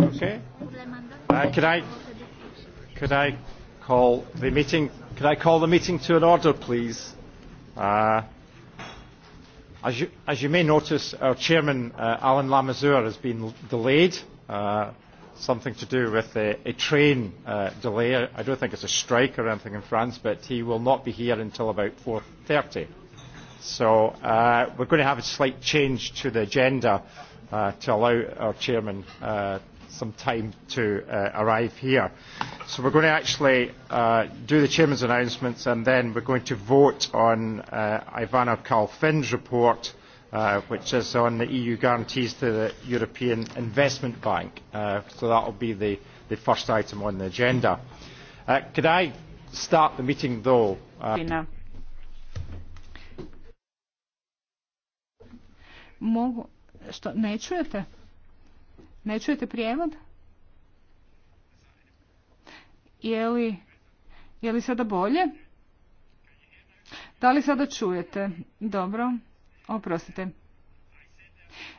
Okay. Uh, could I could I call the meeting? Could I call the meeting to an order, please? Uh, as you, as you may notice, our chairman uh, Alan Lamazur has been delayed. Uh, something to do with a, a train uh, delay. I don't think it's a strike or anything in France, but he will not be here until about 4.30. So uh, we're going to have a slight change to the agenda uh, to allow our chairman uh, some time to uh, arrive here. So we're going to actually uh, do the chairman's announcements and then we're going to vote on uh, Ivana Kalfin's report uh, which is on the EU guarantees to the European Investment Bank. Uh, so that will be the, the first item on the agenda. Uh, could I start the meeting though? Uh... Mogu što, ne čujete? Ne čujete prijevod? Je li, sada bolje? Da li sada čujete? Dobro, oprostite.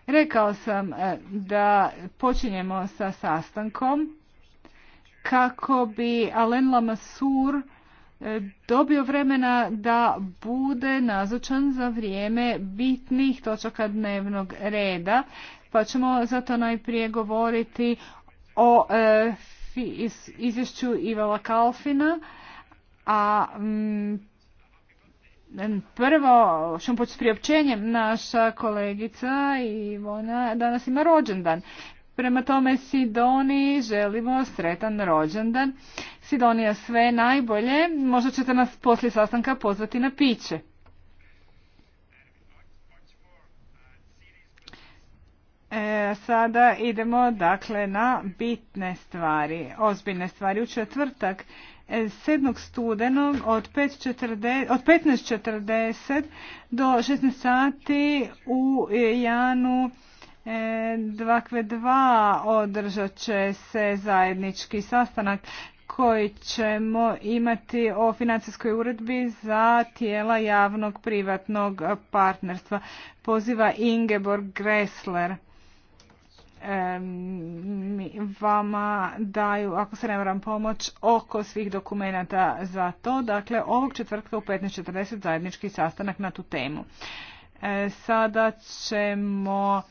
Rekao sam e, da počinjemo sa sastankom kako bi Alen Lamassur dobio vremena da bude nazočan za vrijeme bitnih točaka dnevnog reda, pa ćemo zato najprije govoriti o e, izvješću Ivala Kalfina, a m, mm, prvo ćemo početi priopćenjem naša kolegica Ivona danas ima rođendan. Prema tome Sidoni želimo sretan rođendan. Sidonija sve najbolje. Možda ćete nas poslije sastanka pozvati na piće. E, sada idemo dakle na bitne stvari, ozbiljne stvari. U četvrtak 7. E, studenog od 15.40 do 16 sati u Janu E, Dvakve dva održat će se zajednički sastanak koji ćemo imati o financijskoj uredbi za tijela javnog privatnog partnerstva. Poziva Ingeborg Gressler. E, vama daju, ako se ne moram pomoć, oko svih dokumenata za to. Dakle, ovog četvrtka u 15.40 zajednički sastanak na tu temu. E, sada ćemo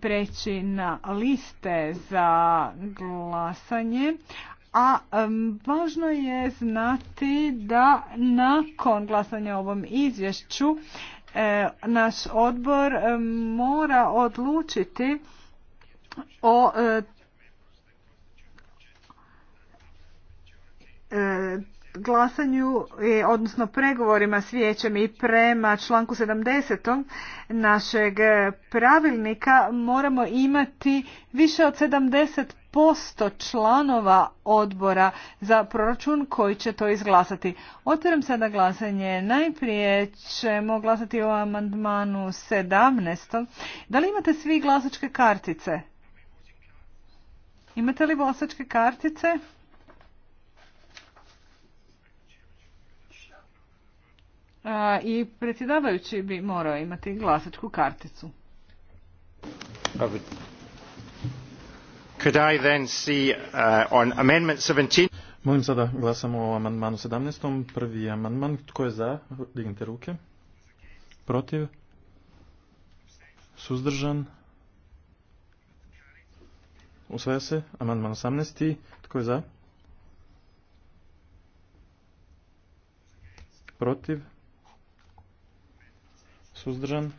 preći na liste za glasanje, a važno je znati da nakon glasanja o ovom izvješću e, naš odbor e, mora odlučiti o e, glasanju, odnosno pregovorima s vijećem i prema članku 70. našeg pravilnika moramo imati više od 70% članova odbora za proračun koji će to izglasati. Otvaram sada glasanje. Najprije ćemo glasati o amandmanu 17. Da li imate svi glasačke kartice? Imate li glasačke kartice? i predsjedavajući bi morao imati glasačku karticu. Could I 17? Uh, Molim sada glasamo o amandmanu 17. Prvi amandman. Tko je za? Dignite ruke. Protiv? Suzdržan? Usvaja se. Amandman 18. Tko je za? Protiv? Suzdržan?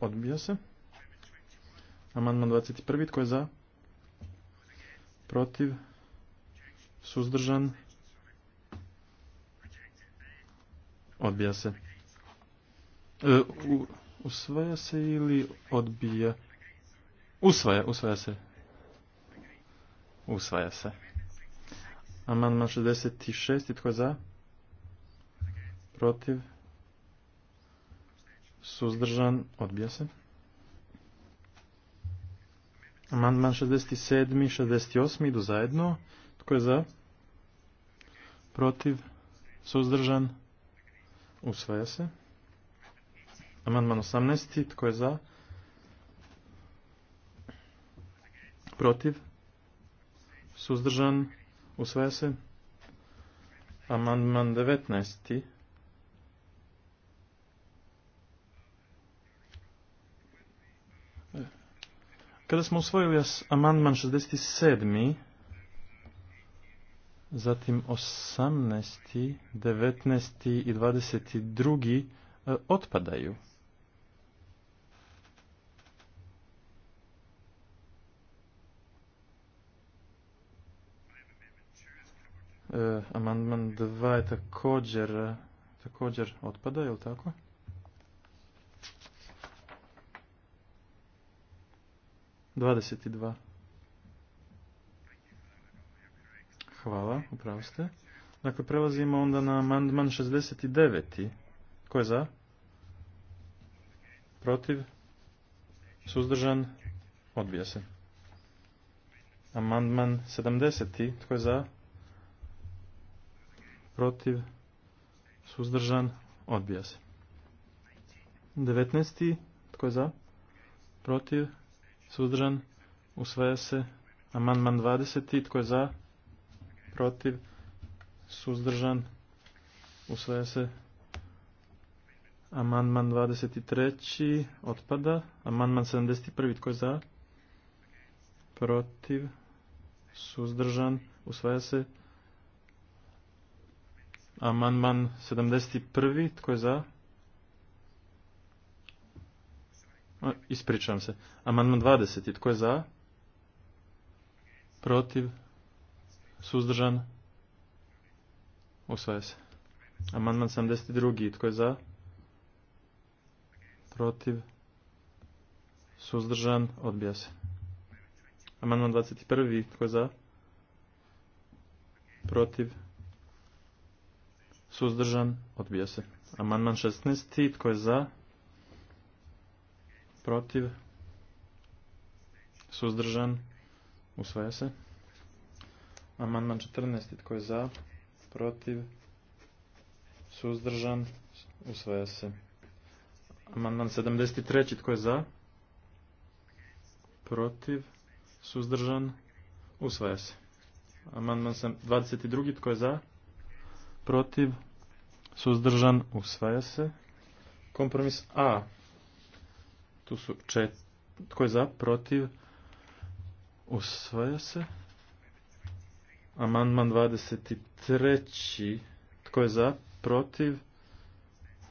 Odbija se. Amandman 21. Tko je za? Protiv? Suzdržan? Odbija se. E, usvaja se ili odbija? Usvaja, usvaja se. Usvaja se. Amandman 66. Tko je za? Protiv? suzdržan, odbija se. Amandman 67. i 68. idu zajedno. Tko je za? Protiv? Suzdržan? Usvaja se. Amandman 18. Tko je za? Protiv? Suzdržan? Usvaja se. Amandman 19. Kada smo usvojili amandman 67. Zatim 18. 19. i 22. E, otpadaju. E, amandman 2 je također, također otpada, je li tako? 22. Hvala, upravo ste. Dakle, prelazimo onda na amandman 69. Ko je za? Protiv? Suzdržan? Odbija se. Amandman 70. Tko je za? Protiv? Suzdržan? Odbija se. 19. Tko je za? Protiv? Suzdržan? Usvaja se. Amandman 20. Tko je za? Protiv? Suzdržan? Usvaja se. Amandman 23. Otpada. Amandman 71. Tko je za? Protiv? Suzdržan? Usvaja se. Amandman 71. Tko je za? Ispričavam se. Amandman 20. Tko je za? Protiv? Suzdržan? Usvaja se. Amandman 72. Tko je za? Protiv? Suzdržan? Odbija se. Amandman 21. Tko je za? Protiv? Suzdržan? Odbija se. Amandman 16. Tko je za? protiv, suzdržan, usvaja se. Amandman 14. Tko je za, protiv, suzdržan, usvaja se. Amandman 73. Tko je za, protiv, suzdržan, usvaja se. Amandman 22. Tko je za, protiv, suzdržan, usvaja se. Kompromis A. Tu su čet... Tko je za? Protiv? Usvaja se. Amandman 23. Tko je za? Protiv?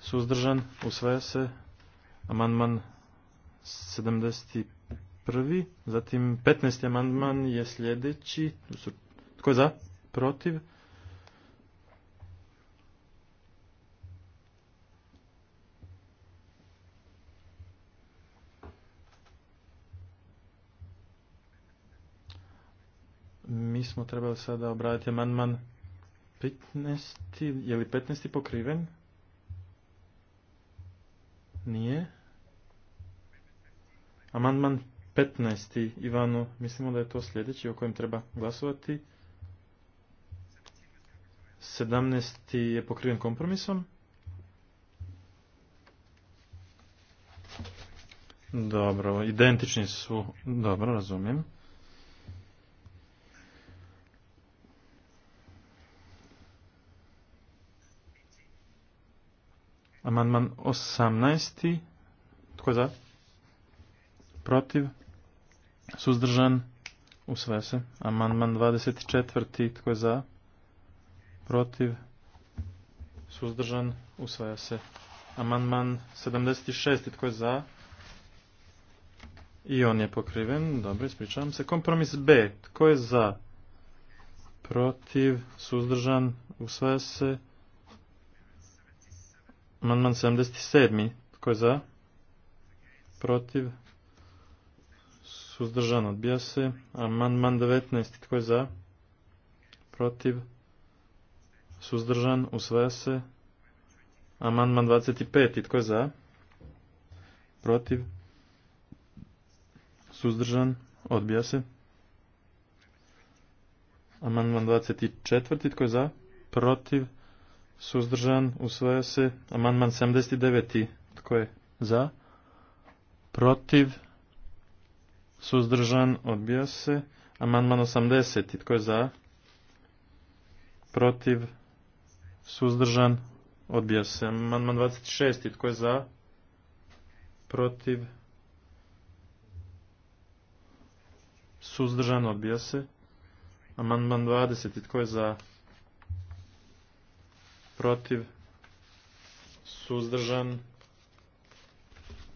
Suzdržan? Usvaja se. Amandman 71. Zatim 15. amandman je sljedeći. Tko je za? Protiv? smo trebali sada obraditi amandman 15. Je li 15. pokriven? Nije. Amandman 15. Ivano, mislimo da je to sljedeći o kojem treba glasovati. 17. je pokriven kompromisom. Dobro, identični su. Dobro, razumijem. Amandman 18. Tko za? Protiv? Suzdržan? Usvaja se. Amandman 24. Tko je za? Protiv? Suzdržan? Usvaja se. Amandman 76. Tko je za? I on je pokriven. Dobro, ispričavam se. Kompromis B. Tko je za? Protiv? Suzdržan? Usvaja se. Amandman 77. Tko je za? Protiv? Suzdržan odbija se. Amandman 19. Tko je za? Protiv? Suzdržan usvaja se. Amandman 25. Tko je za? Protiv? Suzdržan odbija se. Amandman 24. Tko je za? Protiv? Suzdržan, usvaja se. Amandman 79. Tko je za? Protiv. Suzdržan, odbija se. Amandman 80. Tko je za? Protiv. Suzdržan, odbija se. Amandman 26. Tko je za? Protiv. Suzdržan, odbija se. Amandman 20. Tko je za? protiv, suzdržan,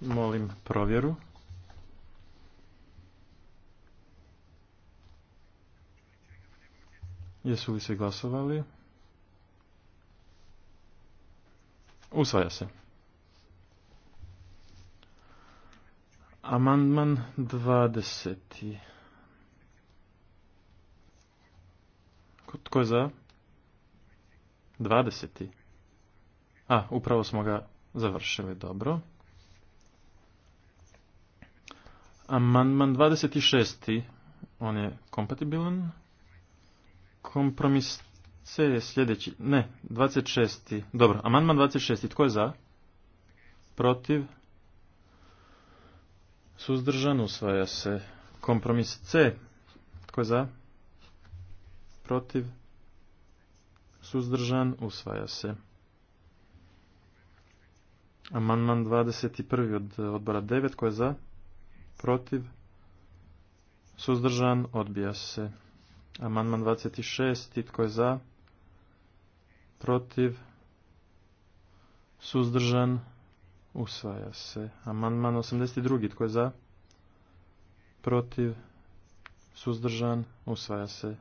molim provjeru. Jesu li se glasovali? Usvaja se. Amandman 20. Tko je za? 20. A, upravo smo ga završili, dobro. Amandman 26. On je kompatibilan. Kompromis C je sljedeći. Ne, 26. Dobro, amandman 26. Tko je za? Protiv? Suzdržan usvaja se. Kompromis C. Tko je za? Protiv? suzdržan, usvaja se. Amandman 21. od odbora 9. tko je za? Protiv? Suzdržan? Odbija se. Amandman 26. Tko je za? Protiv? Suzdržan? Usvaja se. Amandman 82. Tko je za? Protiv? Suzdržan? Usvaja se.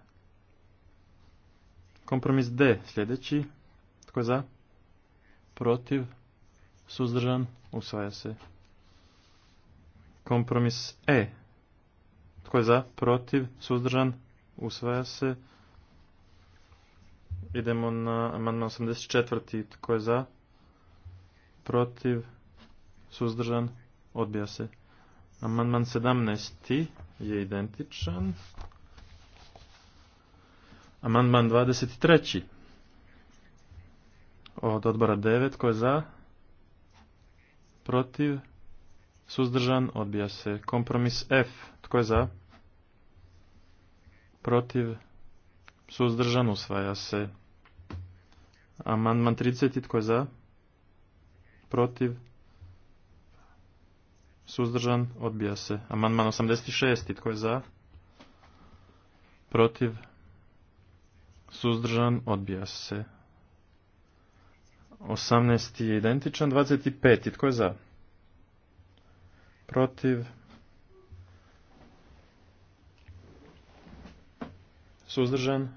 Kompromis D sljedeći. Tko je za? Protiv? Suzdržan? Usvaja se. Kompromis E. Tko je za? Protiv? Suzdržan? Usvaja se. Idemo na amandman 84. Tko je za? Protiv? Suzdržan? Odbija se. Amandman 17. je identičan. Amandman 23. Od odbora 9. Ko je za? Protiv? Suzdržan? Odbija se. Kompromis F. Tko je za? Protiv? Suzdržan? Usvaja se. Amandman 30. Tko je za? Protiv? Suzdržan? Odbija se. Amandman 86. Tko je za? Protiv? suzdržan, odbija se. 18. je identičan, 25. tko je za? Protiv. Suzdržan.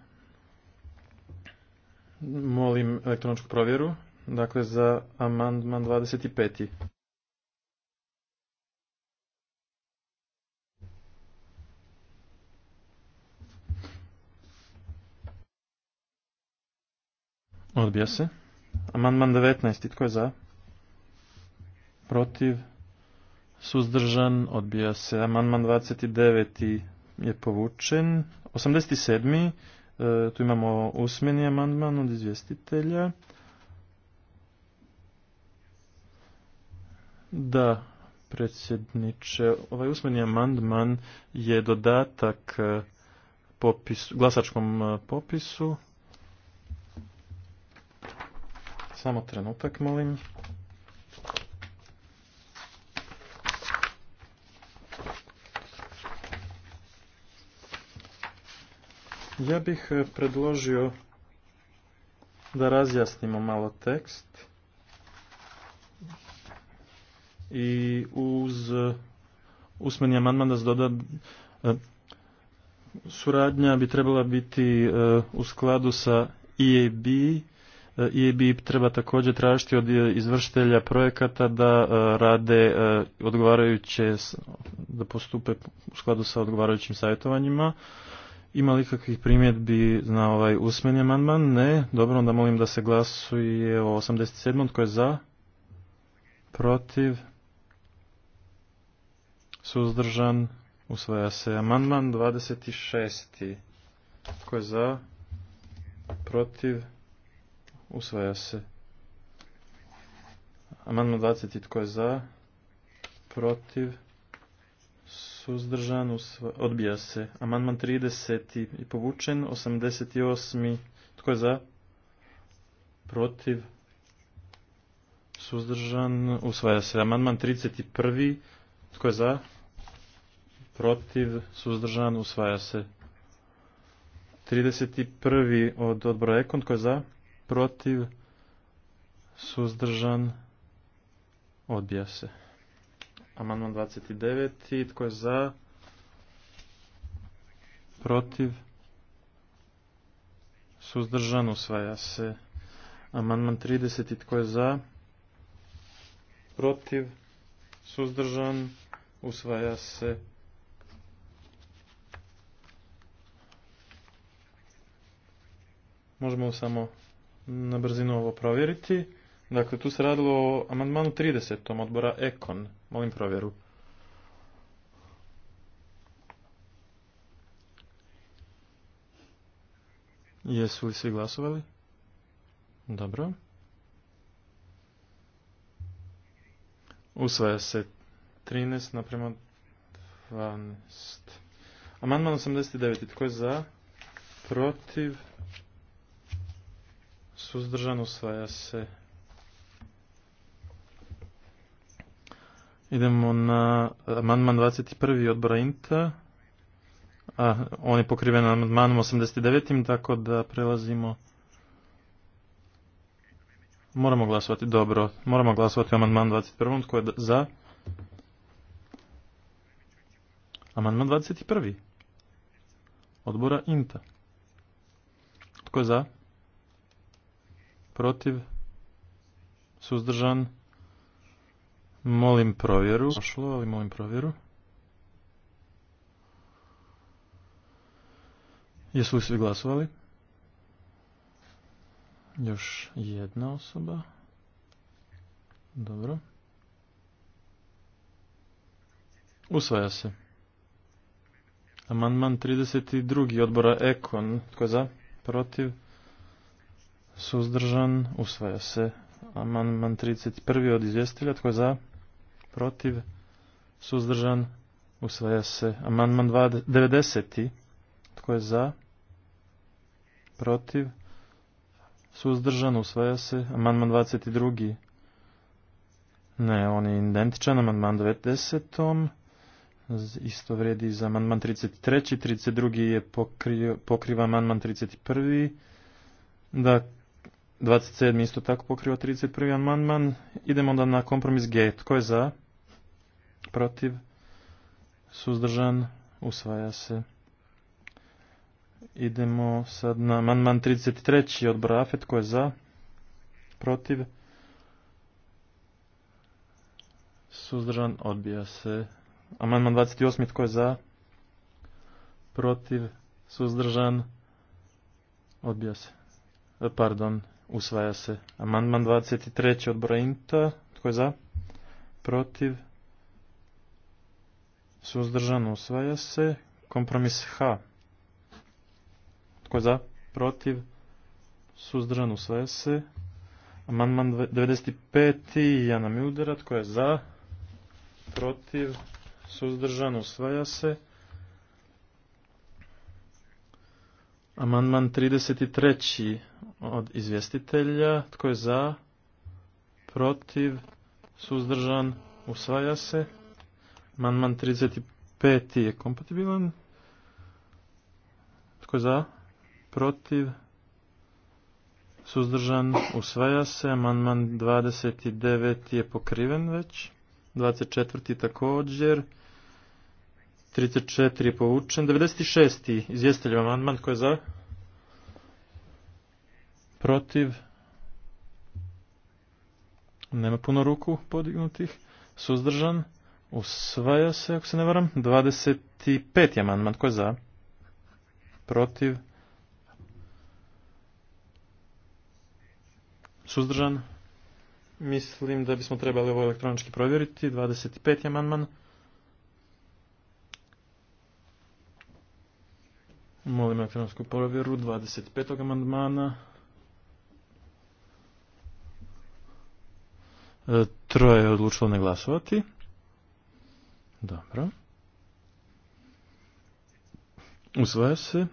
Molim elektroničku provjeru. Dakle, za amandman 25. Odbija se. Amandman 19. Tko je za? Protiv? Suzdržan? Odbija se. Amandman 29. je povučen. 87. E, tu imamo usmeni amandman od izvjestitelja. Da, predsjedniče, ovaj usmeni amandman je dodatak e, e, popisu glasačkom popisu. Samo trenutak, molim. Ja bih e, predložio da razjasnimo malo tekst i uz e, usmeni amandman da se doda e, suradnja bi trebala biti u skladu sa EAB E, e bi treba također tražiti od e, izvršitelja projekata da rade odgovarajuće, da postupe u skladu sa odgovarajućim savjetovanjima. Ima li kakvih primjedbi na ovaj usmeni amandman? Ne. Dobro, onda molim da se glasuje o 87. Tko je za? Protiv? Suzdržan? Usvaja se amandman 26. Tko je za? Protiv? Usvaja se. Amandman 20. Tko je za? Protiv? Suzdržan? odbija se. Amandman 30. I povučen. 88. Tko je za? Protiv? Suzdržan? Usvaja se. Amandman 31. Tko je za? Protiv? Suzdržan? Usvaja se. 31. od odbora Ekon. Tko je za? protiv, suzdržan, odbija se. Amandman 29. Tko je za? Protiv? Suzdržan usvaja se. Amandman 30. Tko je za? Protiv? Suzdržan usvaja se. Možemo samo na brzinu ovo provjeriti. Dakle, tu se radilo o amandmanu 30. odbora Ekon. Molim provjeru. Jesu li svi glasovali? Dobro. Usvaja se 13 naprema 12. Amandman 89. Tko je za? Protiv? suzdržan, usvaja se. Idemo na amandman 21. odbora INTA. A, on je pokriven amandmanom 89. tako da prelazimo... Moramo glasovati, dobro. Moramo glasovati o amandman 21. Tko je za? Amandman 21. Odbora INTA. Tko je za? protiv, suzdržan, molim provjeru, pošlo, ali molim provjeru. Jesu li svi glasovali? Još jedna osoba. Dobro. Usvaja se. Amandman 32. odbora Ekon. Tko je za? Protiv? suzdržan, usvaja se. Amandman 31. od izvjestilja tko je za, protiv, suzdržan, usvaja se. Amandman 90. tko je za, protiv, suzdržan, usvaja se. Amandman 22. Ne, on je identičan, amandman 90. Isto vrijedi za amandman 33. 32. je pokriva amandman 31. Da dakle, 27. isto tako pokriva 31. amandman. Idemo onda na kompromis Gate. Tko je za? Protiv? Suzdržan? Usvaja se. Idemo sad na amandman 33. od Brafe. Tko je za? Protiv? Suzdržan? Odbija se. Amandman 28. Tko je za? Protiv? Suzdržan? Odbija se. Pardon, Usvaja se. Amandman 23. odbora INTA. Tko je za? Protiv? Suzdržano usvaja se. Kompromis H. Tko je za? Protiv? Suzdržano usvaja se. Amandman 95. Jana Mildera. Tko je za? Protiv? Suzdržano usvaja se. Amandman 33 od izvjestitelja. Tko je za? Protiv? Suzdržan? Usvaja se. Manman 35. je kompatibilan. Tko je za? Protiv? Suzdržan? Usvaja se. Manman 29. je pokriven već. 24. također. 34. je povučen. 96. izvjestitelj amandman. Tko je za? protiv, nema puno ruku podignutih, suzdržan, usvaja se, ako se ne varam, 25. amandman, tko je za, protiv, suzdržan, mislim da bismo trebali ovo elektronički provjeriti, 25. amandman, Molim elektronsku provjeru 25. amandmana. E, troje je odlučilo ne glasovati. Dobro. Usvaja se.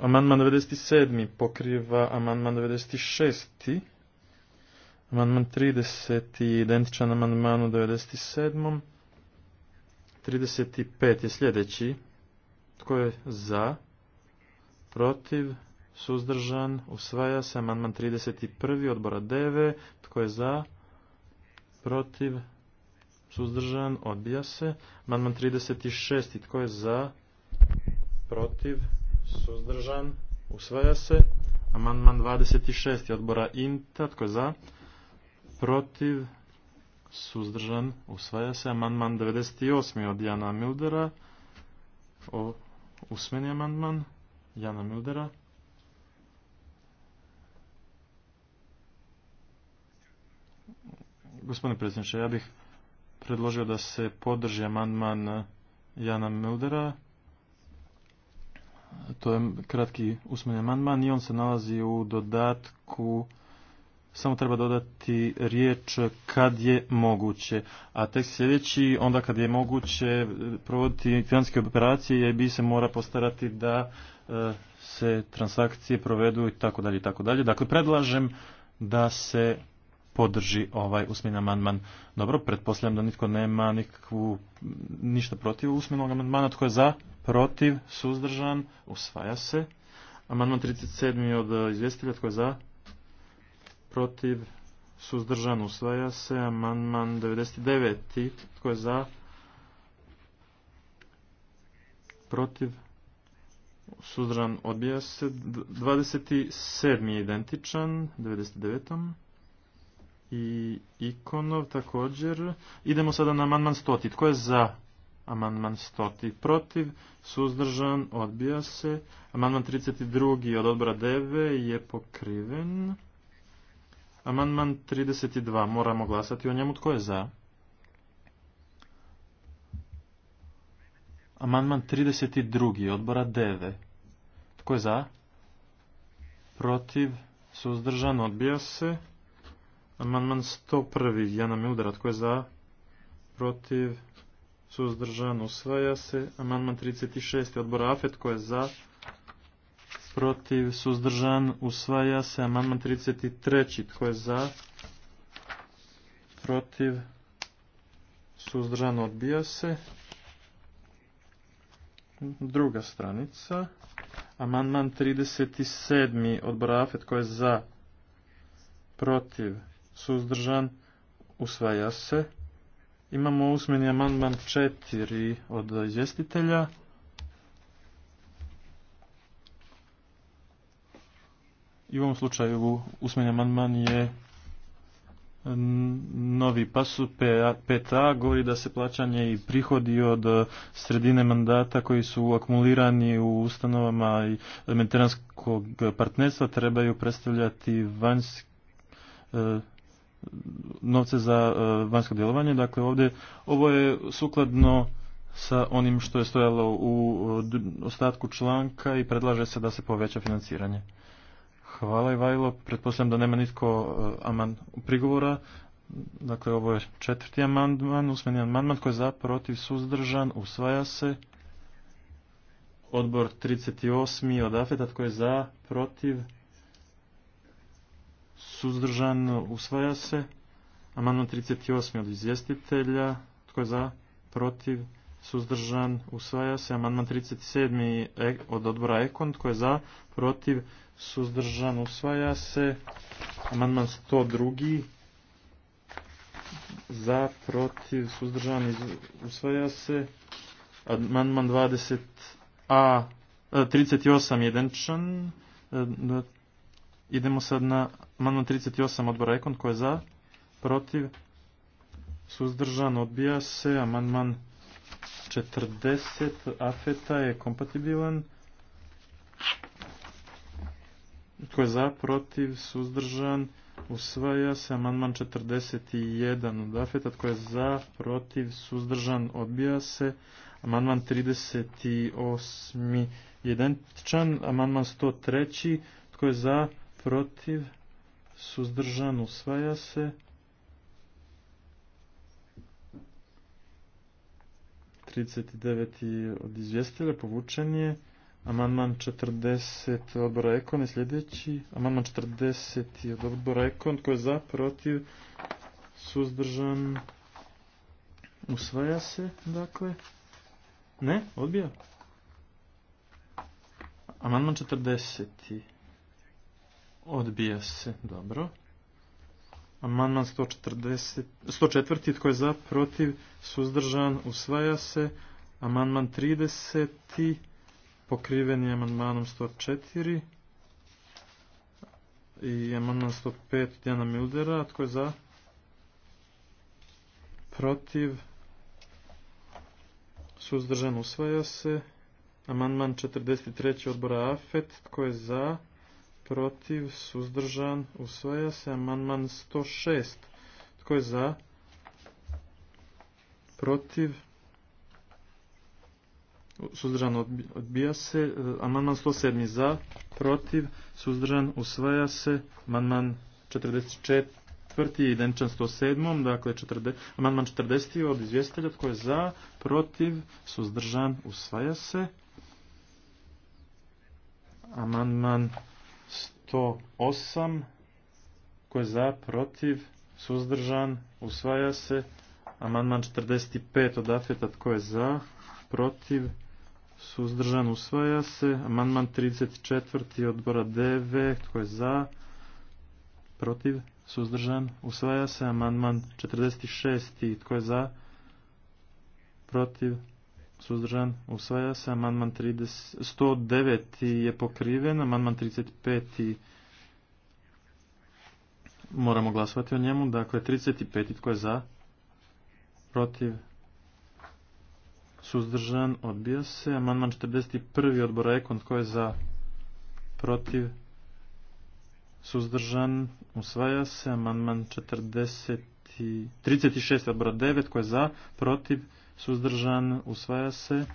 Amandman 97. pokriva amandman 96. Amandman 30. je identičan amandmanu 97. 35 je sljedeći. Tko je za? Protiv? Suzdržan? Usvaja se amandman 31. odbora 9. Tko je za? Protiv? Suzdržan? Odbija se. Amandman 36. Tko je za? Protiv? Suzdržan? Usvaja se. Amandman 26. Odbora INTA. Tko je za? Protiv? Suzdržan? Usvaja se. Amandman 98. Od Jana Mildera. O, usmeni amandman. Jana Mildera. Gospodine predsjedniče, ja bih predložio da se podrži amandman Jana Mildera. To je kratki usmeni amandman i on se nalazi u dodatku samo treba dodati riječ kad je moguće. A tek sljedeći, onda kad je moguće provoditi financijske operacije, bi se mora postarati da e, se transakcije provedu i tako dalje i tako dalje. Dakle, predlažem da se podrži ovaj usmeni amandman. Dobro, pretpostavljam da nitko nema nikakvu, ništa protiv usmenog amandmana. Tko je za? Protiv? Suzdržan? Usvaja se. Amandman 37. od e, izvjestitelja. Tko je za? Protiv? Suzdržan? Usvaja se. Amandman 99. Tko je za? Protiv? Suzdržan? Odbija se. 27. je identičan. 99 i Ikonov također. Idemo sada na amandman stoti. Tko je za amandman stoti? Protiv, suzdržan, odbija se. Amandman 32. od odbora 9 je pokriven. Amandman 32. Moramo glasati o njemu. Tko je za? Amandman 32. odbora 9. Tko je za? Protiv, suzdržan, odbija se. Amandman 101. Jana Mildara, tko je za? Protiv? Suzdržan? Usvaja se. Amandman 36. Odbora AFET, tko je za? Protiv? Suzdržan? Usvaja se. Amandman 33. Tko je za? Protiv? Suzdržan? Odbija se. Druga stranica. Amandman 37. Odbora AFET, tko je za? Protiv? suzdržan, usvaja se. Imamo usmeni amandman četiri od izvjestitelja. I u ovom slučaju usmeni amandman je novi pasu 5a govori da se plaćanje i prihodi od sredine mandata koji su akumulirani u ustanovama i mediteranskog partnerstva trebaju predstavljati vanjski e, novce za e, vanjsko djelovanje. Dakle, ovdje ovo je sukladno sa onim što je stojalo u ostatku članka i predlaže se da se poveća financiranje. Hvala i Vajlo. Pretpostavljam da nema nitko e, aman prigovora. Dakle, ovo je četvrti amandman, usmeni amandman koji je za, protiv, suzdržan, usvaja se. Odbor 38. od Afeta, tko je za, protiv, suzdržan, usvaja se. Amandman 38. od izvjestitelja, tko je za, protiv, suzdržan, usvaja se. Amandman 37. E, od odbora Ekon, tko je za, protiv, suzdržan, usvaja se. Amandman 102. Za, protiv, suzdržan, usvaja se. Amandman 20a, 38. jedeničan, Idemo sad na amandman 38 odbora Ekon, tko je za, protiv, suzdržan, odbija se, amandman 40 afeta je kompatibilan. Tko je za, protiv, suzdržan, usvaja se, amandman 41 od afeta, tko je za, protiv, suzdržan, odbija se, amandman 38 identičan, amandman 103, tko je za, protiv, suzdržan, usvaja se. 39. od izvjestelja, povučen je. Amandman 40 odbora Ekon je sljedeći. Amandman 40 od odbora Ekon koji je za, protiv, suzdržan, usvaja se, dakle. Ne, odbija. Amandman 40. Odbija se, dobro. Amandman 140, 104. Tko je za, protiv, suzdržan, usvaja se. Amandman 30. Pokriven je amandmanom 104. I amandman 105. Djana Mildera. Tko je za? Protiv. Suzdržan usvaja se. Amandman 43. odbora AFET. Tko je za? protiv, suzdržan, usvaja se. Amandman 106. Tko je za? Protiv, suzdržan, odbija se. Amandman 107. Za, protiv, suzdržan, usvaja se. Amandman 44. Identičan 107. Dakle, amandman 40. od izvjestelja. Tko je za? Protiv, suzdržan, usvaja se. Amandman 108 Ko je za, protiv, suzdržan, usvaja se. Amandman 45 od Afeta tko je za, protiv, suzdržan, usvaja se. Amandman 34 odbora 9 tko je za, protiv, suzdržan, usvaja se. Amandman 46 tko je za, protiv, suzdržan, usvaja se, amandman 109. je pokriven, amandman 35. moramo glasovati o njemu, dakle 35. tko je za, protiv, suzdržan, odbija se, amandman 41. odbora Ekon, tko je za, protiv, suzdržan, usvaja se, amandman 40. 36. odbora 9, tko je za, protiv, suzdržan, usvaja se.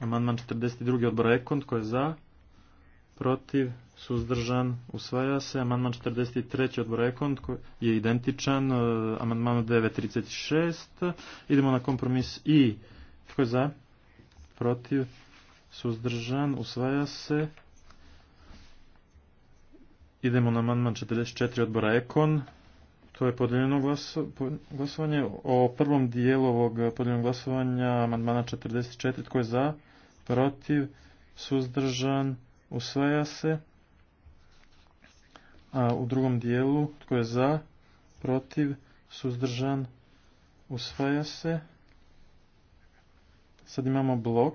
Amandman 42. odbora ekont tko je za, protiv, suzdržan, usvaja se. Amandman 43. odbora ekont koji je identičan. E, amandman 9.36. Idemo na kompromis I. Tko je za, protiv, suzdržan, usvaja se. Idemo na amandman 44. odbora Ekon. To je podeljeno glasovanje. O prvom dijelu ovog podijeljenog glasovanja, amandmana 44, tko je za, protiv, suzdržan, usvaja se. A u drugom dijelu, tko je za, protiv, suzdržan, usvaja se. Sad imamo blok.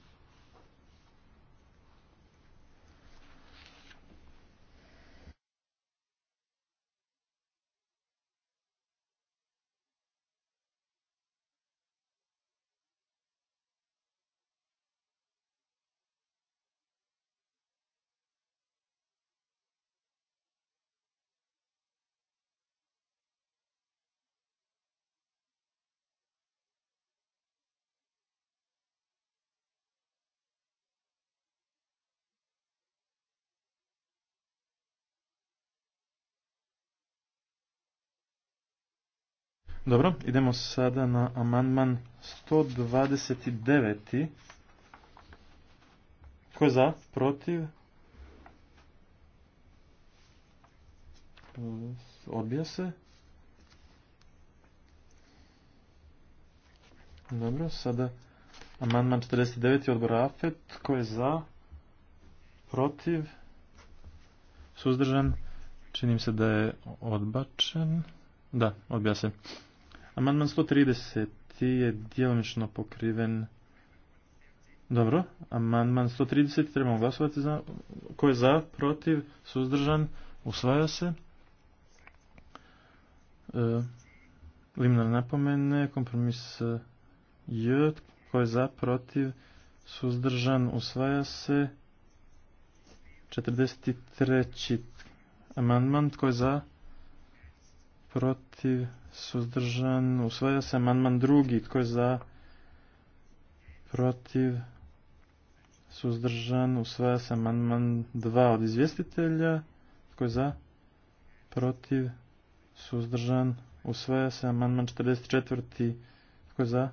Dobro, idemo sada na amandman 129. Ko je za? Protiv? Odbija se. Dobro, sada amandman 49. odbor AFET. Ko je za? Protiv? Suzdržan? Činim se da je odbačen. Da, odbija se. Amandman 130 je djelomično pokriven. Dobro, amandman 130 trebamo glasovati za. Ko je za, protiv, suzdržan, usvaja se. E, Limnar napomene, kompromis e, J, ko je za, protiv, suzdržan, usvaja se. 43. amandman, tko je za, protiv, suzdržan, usvaja se amandman drugi, tko je za, protiv, suzdržan, usvaja se amandman dva od izvjestitelja, tko je za, protiv, suzdržan, usvaja se amandman 44, tko je za,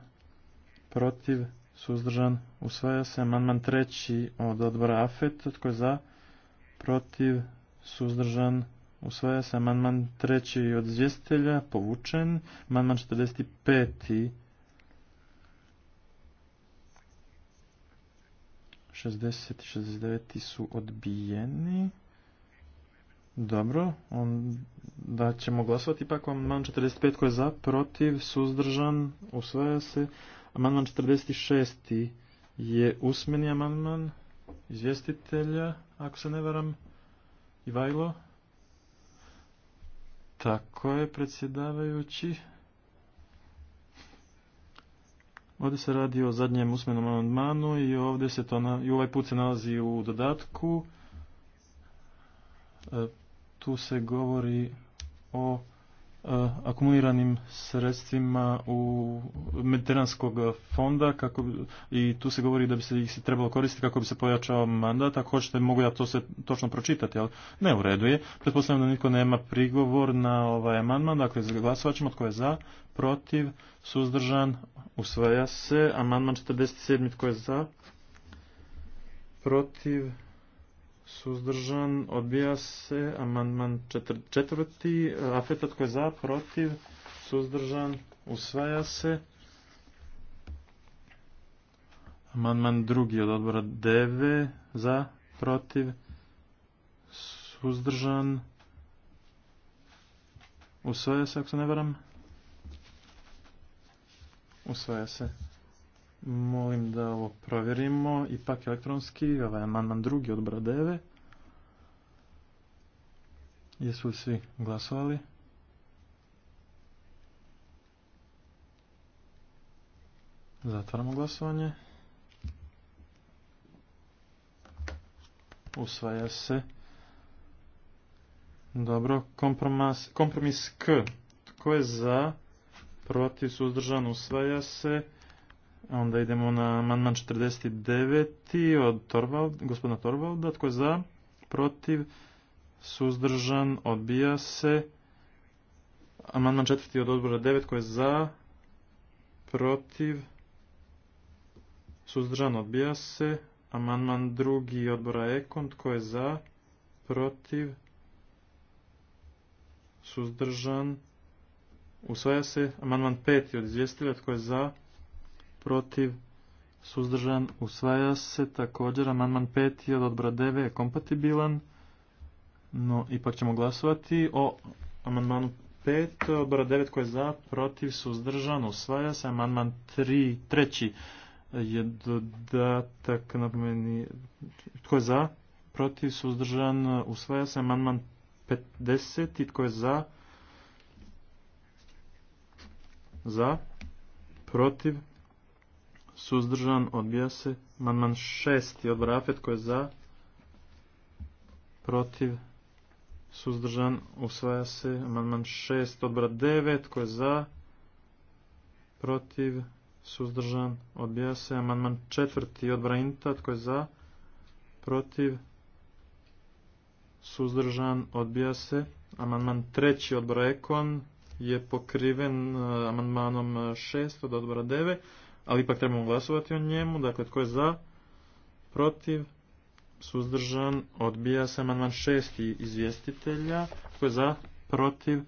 protiv, suzdržan, usvaja se amandman treći od odbora AFET, tko je za, protiv, suzdržan, Usvaja se amandman treći od izvjestitelja, povučen. Amandman 45. 60 i 69 su odbijeni. Dobro, da ćemo glasovati ipak amandman 45 koji je za, protiv, suzdržan, usvaja se. Amandman 46 je usmeni amandman izvjestitelja, ako se ne varam, Ivajlo. Tako je, predsjedavajući. Ovdje se radi o zadnjem usmenom amandmanu i ovdje se to i ovaj put se nalazi u dodatku. E, tu se govori o akumuliranim sredstvima u Mediteranskog fonda kako, i tu se govori da bi se ih se trebalo koristiti kako bi se pojačao mandat. Ako hoćete, mogu ja to se točno pročitati, ali ne u redu je. Pretpostavljam da niko nema prigovor na ovaj amandman. Dakle, glasovat ćemo tko je za, protiv, suzdržan, usvaja se. Amandman 47. tko je za, protiv, suzdržan, odbija se, amandman četvrti, afetat tko je za, protiv, suzdržan, usvaja se. Amandman drugi od odbora deve, za, protiv, suzdržan, usvaja se, ako se ne varam. Usvaja se. Molim da ovo provjerimo. Ipak elektronski, ovaj amandman drugi od Bradeve. Jesu li svi glasovali? Zatvaramo glasovanje. Usvaja se. Dobro, kompromis, K. Tko je za? Protiv suzdržan usvaja se. Onda idemo na manman 49. od Torvald, gospodina Torvalda. Tko je za? Protiv? Suzdržan? Odbija se. Amandman četvrti od odbora 9. Tko je za? Protiv? Suzdržan? Odbija se. Amandman drugi odbora Ekon. Tko je za? Protiv? Suzdržan? Usvaja se. Amandman peti od izvjestitelja. Tko je za? protiv, suzdržan, usvaja se. Također, amandman 5 od odbora 9 je kompatibilan, no ipak ćemo glasovati o amandmanu 5 odbora 9 koji je za, protiv, suzdržan, usvaja se. Amandman 3, treći je dodatak napomeni tko je za, protiv, suzdržan, usvaja se. Amandman 50 i tko je za, za, protiv, suzdržan, odbija se. Amandman šesti odbora AFET koji je za, protiv, suzdržan, usvaja se. Amandman šest odbora devet koji je za, protiv, suzdržan, odbija se. Amandman četvrti odbora intat koji je za, protiv, suzdržan, odbija se. Amandman treći odbora EKON je pokriven eh, amandmanom eh, šest od odbora devet ali ipak trebamo glasovati o njemu. Dakle, tko je za? Protiv? Suzdržan? Odbija se amandman šesti izvjestitelja. Tko je za? Protiv?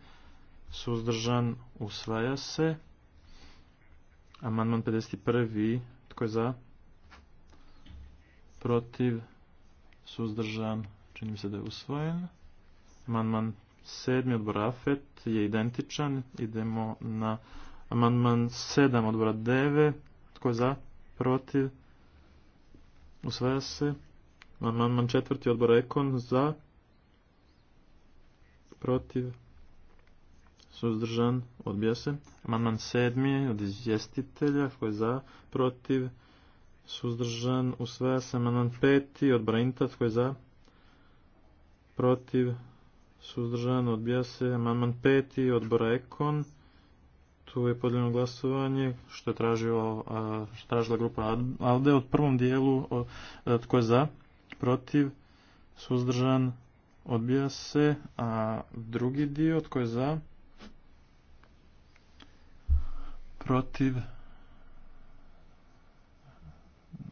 Suzdržan? Usvaja se. Amandman 51. Tko je za? Protiv? Suzdržan? Čini mi se da je usvojen. Amandman sedmi odbor AFET je identičan. Idemo na amandman sedam odbora devet. Tko za? Protiv? Usvaja se. Amandman četvrti odbor Ekon za. Protiv. Suzdržan. Odbija se. Amandman sedmi od izvjestitelja. Tko je za? Protiv. Suzdržan. Usvaja se. Amandman peti odbora Inta. Tko je za? Protiv. Suzdržan. Odbija se. Amandman peti odbora Ekon tu je podijeljeno glasovanje što je tražio, što tražila grupa ALDE od prvom dijelu e, tko je za, protiv, suzdržan, odbija se, a drugi dio tko je za, protiv,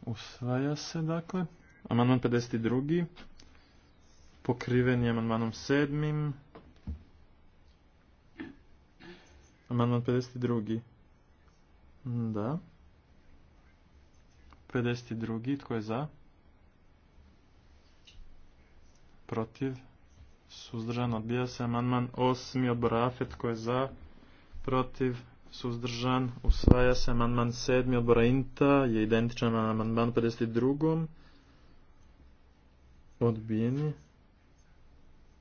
usvaja se dakle. Amandman 52. Pokriven je amandmanom sedmim. Amandman 52. Da. 52. Tko je za? Protiv. Suzdržan odbija se. Amandman 8. Odbor AFE. Tko je za? Protiv. Suzdržan. Usvaja se. Amandman 7. Odbora INTA. Je identičan na amandman 52. Odbijeni.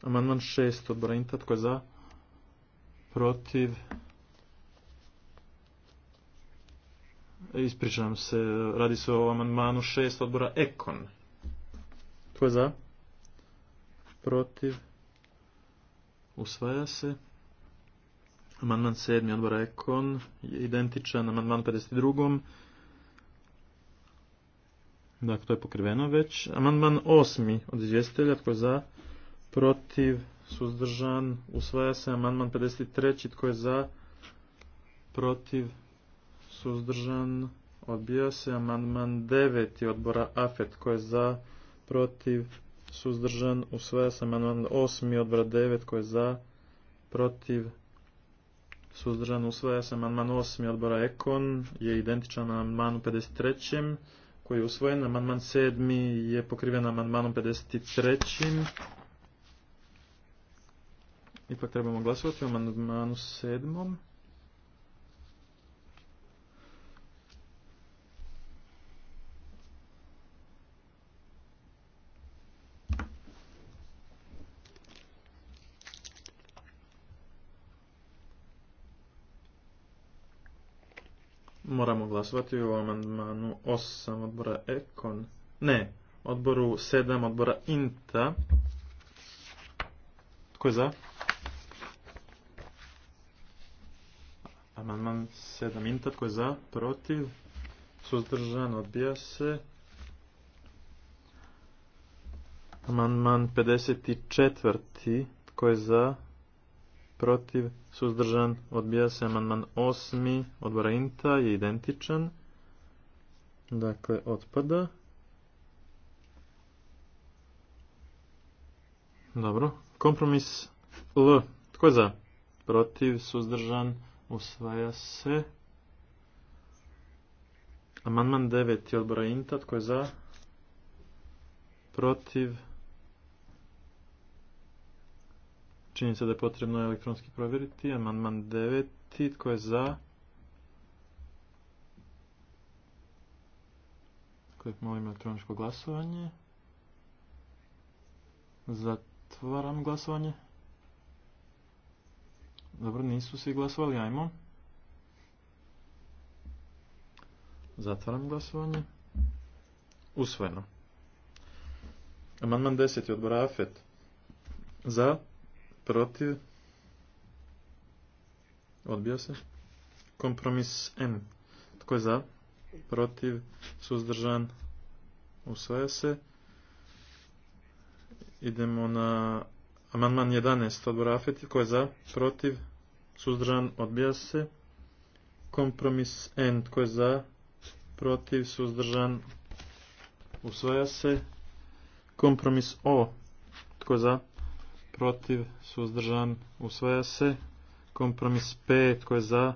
Amandman 6. Odbora INTA. Tko je za? Protiv. Ispričavam se, radi se o amandmanu 6 odbora Ekon. Tko je za? Protiv? Usvaja se. Amandman 7. odbora Ekon je identičan amandman 52. Dakle, to je pokriveno već. Amandman osmi od izvjestitelja, tko je za? Protiv? Suzdržan? Usvaja se. Amandman 53. tko je za? Protiv? suzdržan, odbija se. Amandman 9. odbora AFET koji je za, protiv, suzdržan, usvaja se. Amandman 8. odbora 9 koji je za, protiv, suzdržan, usvaja se. Amandman 8. odbora EKON je identičan amandmanu 53 koji je usvojen. Amandman 7. je pokriven amandmanom 53. Ipak trebamo glasovati o amandmanu sedmom. Moramo glasovati o amandmanu 8 odbora Ekon. Ne, odboru 7 odbora Inta. Tko je za? Amandman 7 Inta. Tko je za? Protiv? Suzdržan? Odbija se. Amandman 54. Tko je za? Protiv? suzdržan, odbija se amandman osmi, odbora INTA je identičan, dakle otpada. Dobro, kompromis L, tko je za? Protiv, suzdržan, usvaja se. Amandman 9 odbora INTA, tko je za? Protiv, se da je potrebno elektronski provjeriti. Amandman 9. Tko je za? Klik molim elektroničko glasovanje. Zatvaram glasovanje. Dobro, nisu svi glasovali, ajmo. Zatvaram glasovanje. Usvojeno. Amandman 10. odbora AFET. Za protiv, odbija se. Kompromis M, tko je za, protiv, suzdržan, usvaja se. Idemo na amandman 11 odbora afeti. tko je za, protiv, suzdržan, odbija se. Kompromis N, tko je za, protiv, suzdržan, usvaja se. Kompromis O, tko je za, protiv, suzdržan, usvaja se. Kompromis 5, tko je za?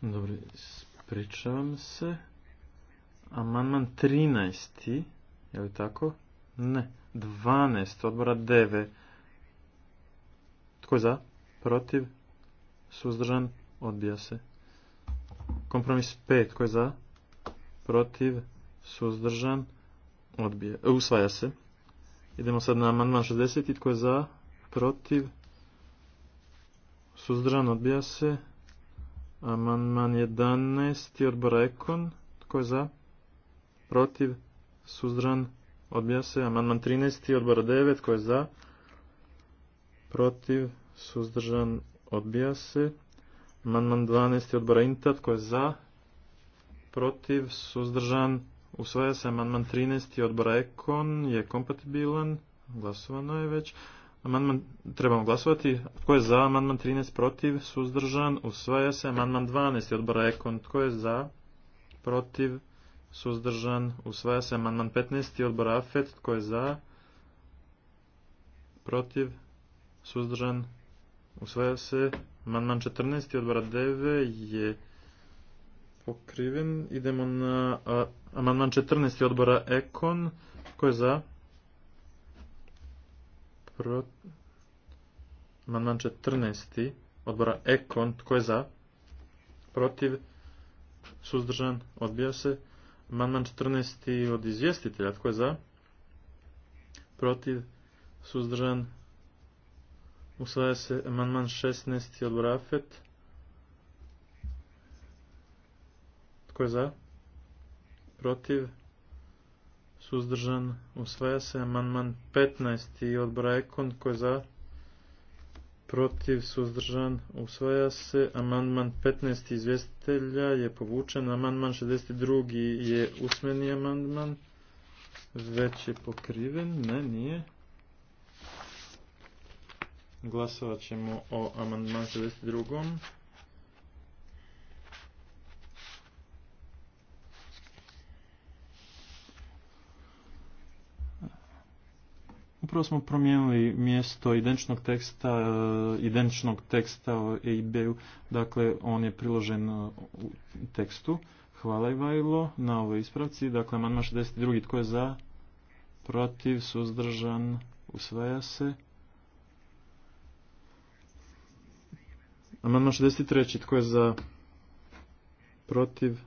Dobro, spričavam se. amanman 13. Je li tako? Ne. 12. Odbora 9. Tko je za? Protiv? suzdržan, odbija se. Kompromis 5, tko je za, protiv, suzdržan, odbija, e, usvaja se. Idemo sad na amandman 60, tko je za, protiv, suzdržan, odbija se. Amandman 11, odbora Ekon, tko je za, protiv, suzdržan, odbija se. Amandman 13, odbora 9, tko je za, protiv, suzdržan, Odbija se. Amandman 12. odbora Intat, Tko je za? Protiv? Suzdržan? Usvaja se. Amandman 13. odbora Ekon. Je kompatibilan. Glasovano je već. Amandman trebamo glasovati. Tko je za? Amandman 13 protiv, suzdržan, usvaja se. Amandman 12 odbora Ekon. Tko je za? Protiv, suzdržan, usvaja se. Amandman 15 odbora Afet. Tko je za? Protiv, suzdržan, Usvaja se manman 14. odbora 9 je pokriven. Idemo na amandman 14. odbora Ekon. Ko je za? Prvo. Amandman 14. odbora Ekon. Tko je za? Protiv? Suzdržan? Odbija se. Amandman 14. od izvjestitelja. Tko je za? Protiv? Suzdržan? Usvaja se amandman 16. od Tko je za? Protiv? Suzdržan? Usvaja se amandman 15. od Brajkon, Tko je za? Protiv? Suzdržan? Usvaja se amandman 15. izvjestitelja je povučen. Amandman 62. je usmeni amandman. Već je pokriven. Ne, nije. Glasovat ćemo o amandman 62. Upravo smo promijenili mjesto identičnog teksta, e, identičnog teksta o eib dakle on je priložen e, u tekstu. Hvala Ivajlo na ovoj ispravci. Dakle, amandman 62. Tko je za? Protiv? Suzdržan? Usvaja se. Amandman 63. Tko je za? Protiv?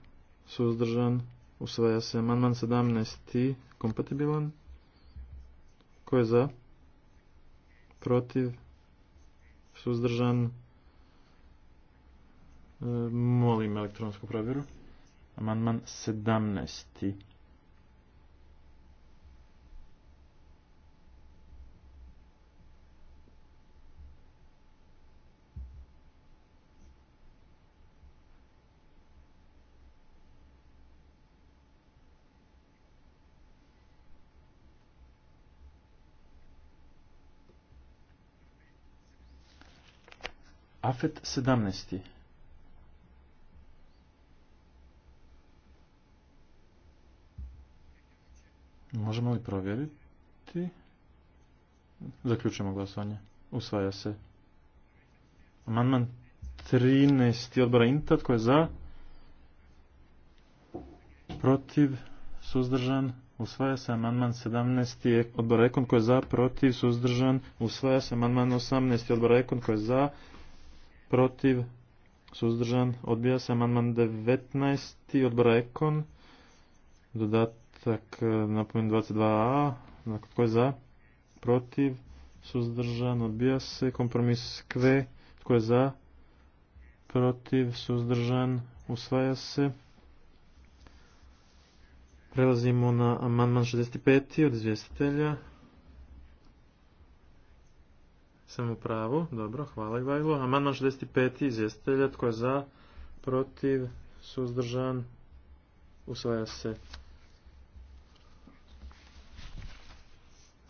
Suzdržan? Usvaja se. Amandman 17. Kompatibilan? Tko je za? Protiv? Suzdržan? E, molim elektronsku provjeru. Amandman 17. Afet 17. Možemo li provjeriti? Zaključujemo glasovanje. Usvaja se. Amandman 13. odbora Intat koji je za, protiv, suzdržan, usvaja se. Amandman 17. odbora Ekon koji je za, protiv, suzdržan, usvaja se. Amandman 18. odbora Ekon koji je za, protiv, suzdržan, odbija se amandman 19. odbora Ekon, dodatak e, napomenu 22a, dakle, tko je za, protiv, suzdržan, odbija se, kompromis kve, tko je za, protiv, suzdržan, usvaja se. Prelazimo na amandman 65. od izvjestitelja. Sam u pravu, dobro, hvala Ivajlo. Amandman 65. izvjestitelja, tko je za, protiv, suzdržan, usvaja se.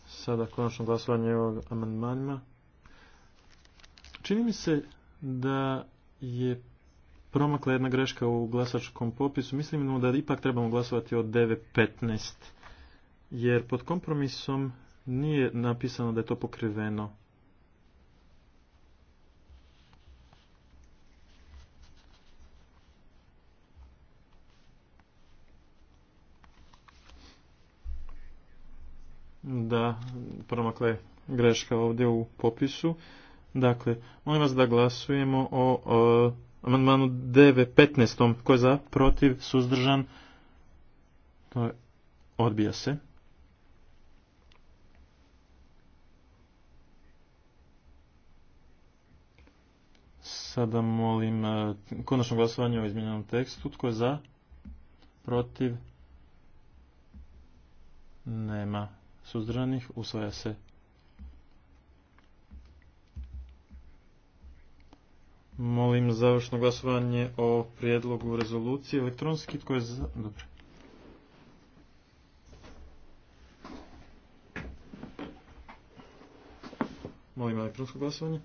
Sada konačno glasovanje o amandmanima. Čini mi se da je promakla jedna greška u glasačkom popisu. Mislim da ipak trebamo glasovati od 9.15. Jer pod kompromisom nije napisano da je to pokriveno da promakle greška ovdje u popisu. Dakle, molim vas da glasujemo o, o amandmanu 9.15. Ko je za, protiv, suzdržan? To je, odbija se. Sada molim e, konačno glasovanje o izmijenjenom tekstu. Tko je za? Protiv? Nema suzdržanih, usvaja se. Molim završno glasovanje o prijedlogu rezolucije elektronski. Tko je za? Dobro. Molim elektronsko glasovanje.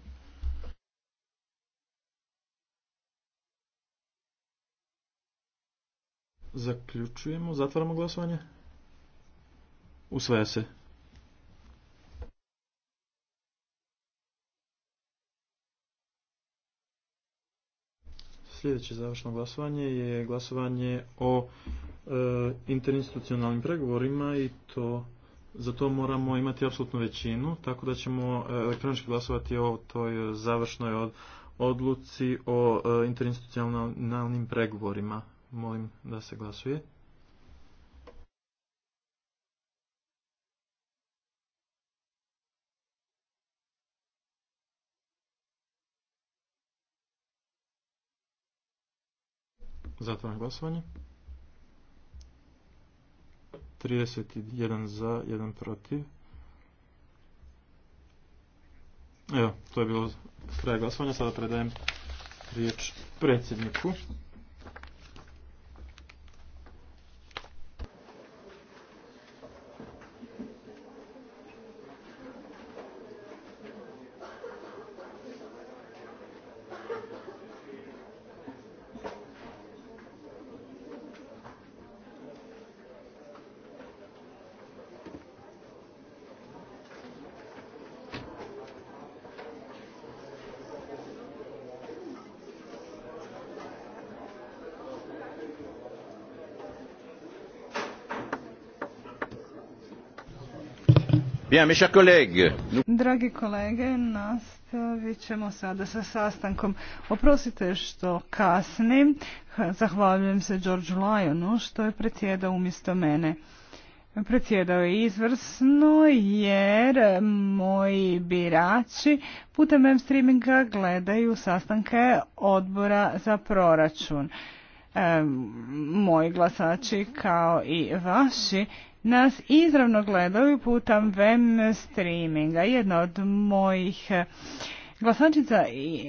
Zaključujemo, zatvaramo glasovanje. Usvaja se. Sljedeće završno glasovanje je glasovanje o e, interinstitucionalnim pregovorima i to za to moramo imati apsolutnu većinu, tako da ćemo e, elektronički glasovati o toj završnoj odluci o e, interinstitucionalnim pregovorima. Molim da se glasuje. Zatvoreno glasovanje. 31 za, 1 protiv. Evo, to je bilo kraj glasovanja. Sada predajem riječ predsjedniku. Dragi kolege, nastavit ćemo sada sa sastankom. Oprostite što kasnim. Zahvaljujem se George Lyonu što je predsjedao umjesto mene. Predsjedao je izvrsno jer moji birači putem web streaminga gledaju sastanke odbora za proračun. moji glasači kao i vaši nas izravno gledaju putem web streaminga. Jedna od mojih eh, glasačica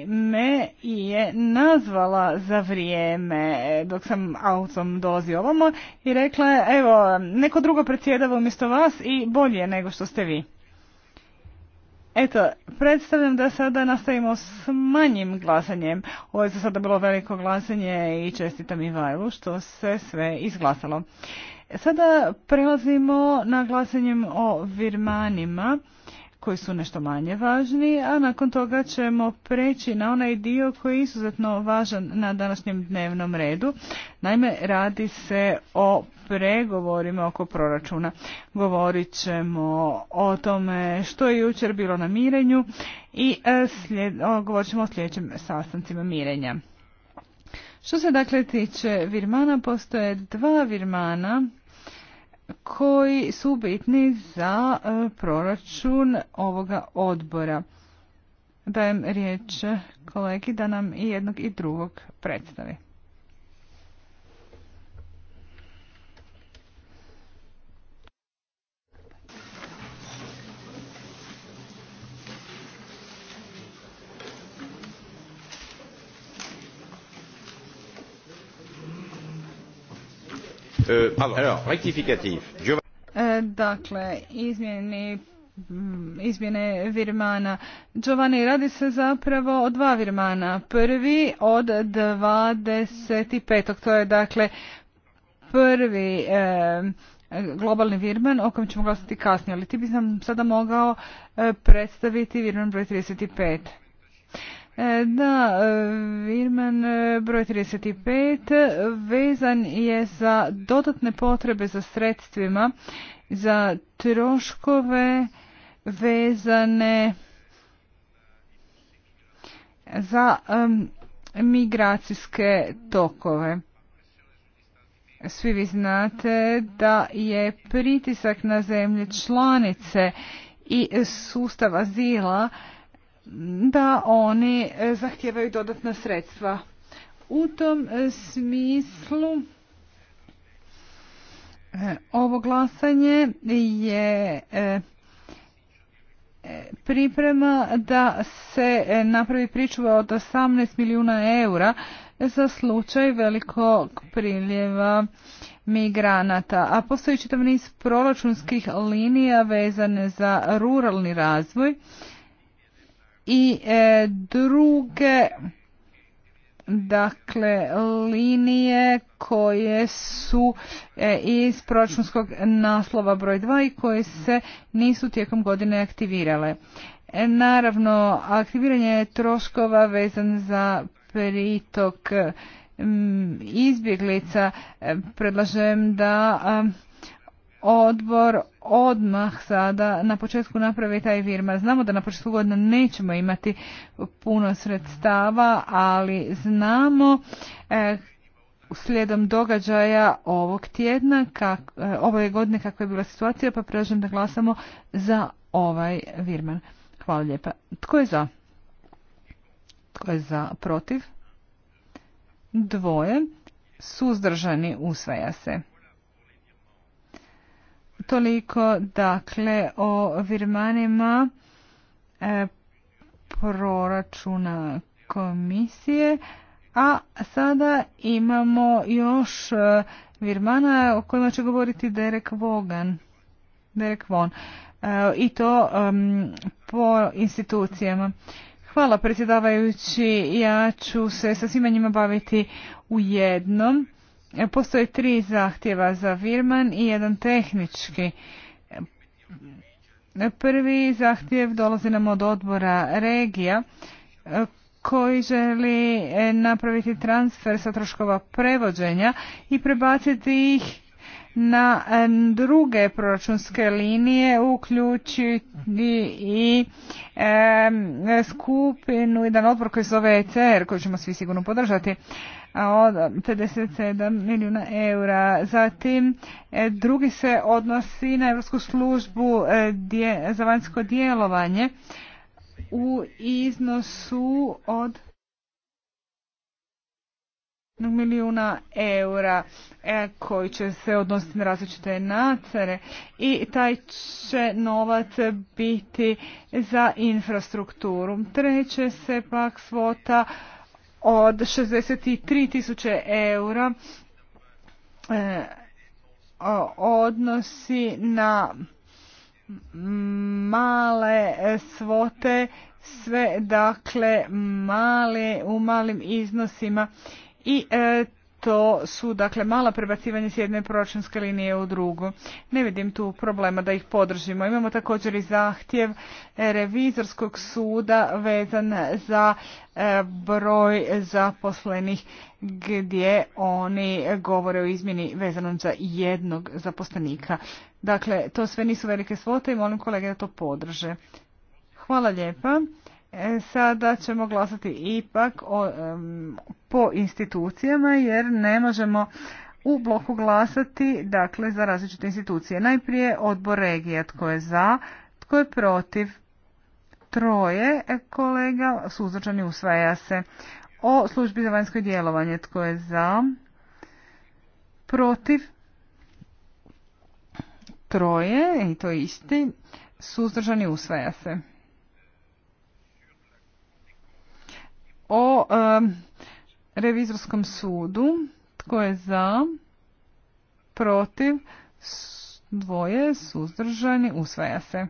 me je nazvala za vrijeme eh, dok sam autom dozio ovamo i rekla evo neko drugo predsjedava umjesto vas i bolje nego što ste vi. Eto, predstavljam da sada nastavimo s manjim glasanjem. Ovo je za sada bilo veliko glasanje i čestitam Vajlu što se sve izglasalo. Sada prelazimo na glasanjem o Virmanima koji su nešto manje važni, a nakon toga ćemo preći na onaj dio koji je izuzetno važan na današnjem dnevnom redu. Naime, radi se o pregovorima oko proračuna. Govorit ćemo o tome što je jučer bilo na mirenju i e, govorit ćemo o sljedećim sastancima mirenja. Što se dakle tiče virmana, postoje dva virmana koji su bitni za e, proračun ovoga odbora. Dajem riječ kolegi da nam i jednog i drugog predstavi. Euh, e, dakle, mm, izmjene virmana. Giovanni, radi se zapravo o dva virmana. Prvi od 25. To je dakle prvi e, globalni virman o kojem ćemo glasati kasnije, ali ti bi sada mogao e, predstaviti virman broj 35. E, da, Virman e, e, broj 35 vezan je za dodatne potrebe za sredstvima, za troškove vezane za migracijske tokove. Svi vi znate da je pritisak na zemlje članice i sustav azila da oni e, zahtijevaju dodatna sredstva. U tom e, smislu e, ovo glasanje je priprema da se napravi pričuva od 18 milijuna eura za slučaj velikog priljeva migranata, a postoji čitav niz proračunskih linija vezane za ruralni razvoj i e, druge dakle linije koje su e, iz proračunskog naslova broj 2 i koje se nisu tijekom godine aktivirale. E, naravno, aktiviranje troškova vezan za pritok izbjeglica predlažem da odbor odmah sada na početku napravi taj Virma. Znamo da na početku godina nećemo imati puno sredstava, ali znamo e, slijedom događaja ovog tjedna, kak, e, ove godine kakva je bila situacija, pa predlažem da glasamo za ovaj Virman. Hvala lijepa. Tko je za? Tko je za protiv? Dvoje. Suzdržani usvaja se. Toliko dakle o virmanima e, proračuna komisije. A sada imamo još e, virmana o kojima će govoriti Derek Vogan. Derek e, I to po institucijama. Hvala predsjedavajući. Ja ću se sa svima njima baviti u jednom. Postoje tri zahtjeva za Virman i jedan tehnički. Prvi zahtjev dolazi nam od odbora regija koji želi e, napraviti transfer sa troškova prevođenja i prebaciti ih na e, druge proračunske linije uključiti i e, skupinu, jedan odbor koji se zove ECR koji ćemo svi sigurno podržati od 57 milijuna eura. Zatim e, drugi se odnosi na Europsku službu e, za vanjsko djelovanje u iznosu od milijuna eura e, koji će se odnositi na različite nacere i taj će novac biti za infrastrukturu. Treće se pak svota od 63 tisuće eura e, odnosi na male svote sve dakle male u malim iznosima i e, to su dakle mala prebacivanja s jedne proračunske linije u drugu. Ne vidim tu problema da ih podržimo. Imamo također i zahtjev e, revizorskog suda vezan za e, broj zaposlenih gdje oni govore o izmjeni vezanom za jednog zaposlenika. Dakle, to sve nisu velike svote i molim kolege da to podrže. Hvala lijepa. E, sada ćemo glasati ipak o, po institucijama jer ne možemo u bloku glasati dakle za različite institucije. Najprije odbor regija tko je za, tko je protiv, troje e, kolega, suzdržani usvaja se. O službi za vanjsko djelovanje tko je za, protiv, troje i to isti, suzdržani usvaja se. o revizorskom sudu. Tko je za? Protiv? Dvoje? Suzdržani? Usvaja se.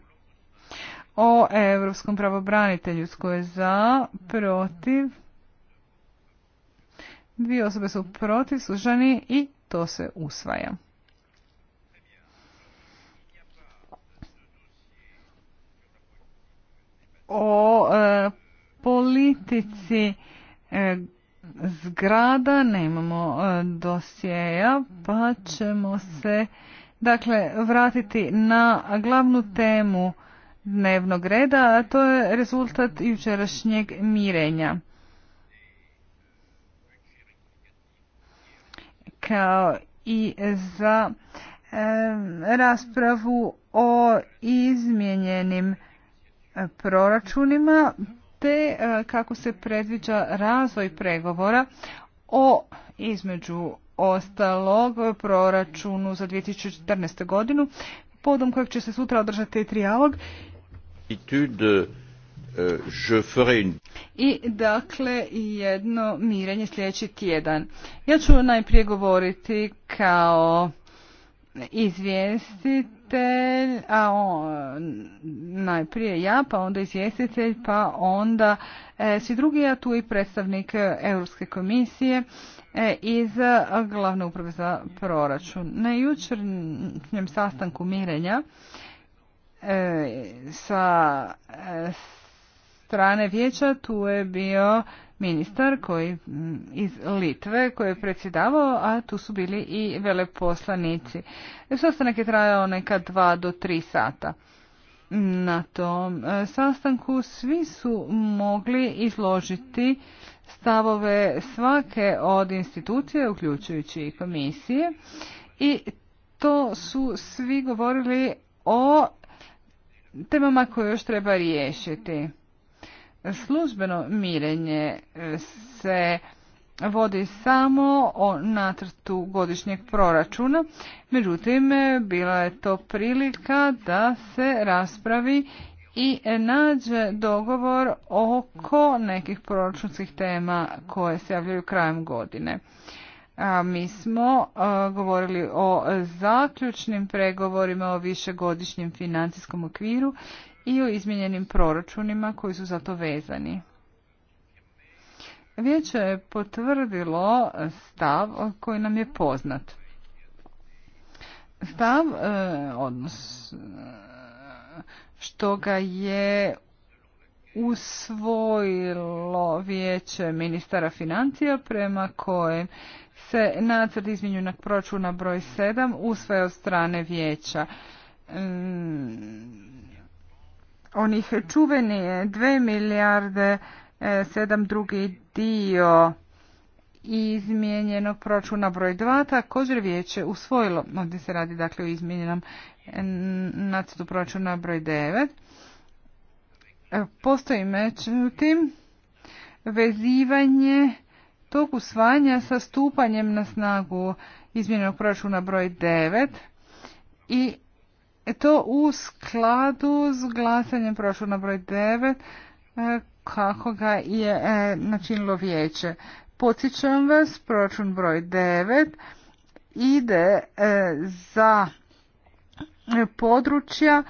O Europskom pravobranitelju. Tko je za? Protiv? Dvije osobe su protiv, suzdržani i to se usvaja. O politici e, zgrada, nemamo e, dosjeja, pa ćemo se dakle vratiti na glavnu temu dnevnog reda, a to je rezultat jučerašnjeg mirenja. Kao i za e, raspravu o izmijenjenim proračunima te e, kako se predviđa razvoj pregovora o između ostalog proračunu za 2014. godinu podom kojeg će se sutra održati trijalog e, i dakle jedno mirenje sljedeći tjedan. Ja ću najprije govoriti kao izvijestiti a on, najprije ja, pa onda izvjestitelj, pa onda e, svi drugi, a tu i predstavnik Europske komisije e, iz glavne uprave za proračun. Na jučernjem sastanku mirenja e, sa e, strane vijeća tu je bio ministar koji iz Litve koji je predsjedavao, a tu su bili i veleposlanici. Sastanak je trajao neka dva do tri sata. Na tom e, sastanku svi su mogli izložiti stavove svake od institucije, uključujući i komisije, i to su svi govorili o temama koje još treba riješiti. Službeno mirenje e, se vodi samo o natrtu godišnjeg proračuna, međutim e, bila je to prilika da se raspravi i nađe dogovor oko nekih proračunskih tema koje se javljaju krajem godine. mi smo e, govorili o zaključnim pregovorima o višegodišnjem financijskom okviru i o izmijenjenim proračunima koji su za to vezani. Vijeće je potvrdilo stav koji nam je poznat. Stav, e, odnos, e, što ga je usvojilo vijeće ministara financija prema kojem se nacrt izmjenjenog proračuna broj 7 usvaja od strane vijeća. Mm, onih čuveni 2 milijarde e, sedam drugi dio izmijenjenog proračuna broj 2 također vijeće usvojilo. Ovdje se radi dakle o izmijenjenom nacrtu proračuna broj 9. E, postoji međutim vezivanje tog usvajanja sa stupanjem na snagu izmijenjenog proračuna broj 9 i E to u skladu s glasanjem prošlo broj 9 e, kako ga je e, načinilo vijeće. Podsjećam vas, proračun broj 9 ide za područja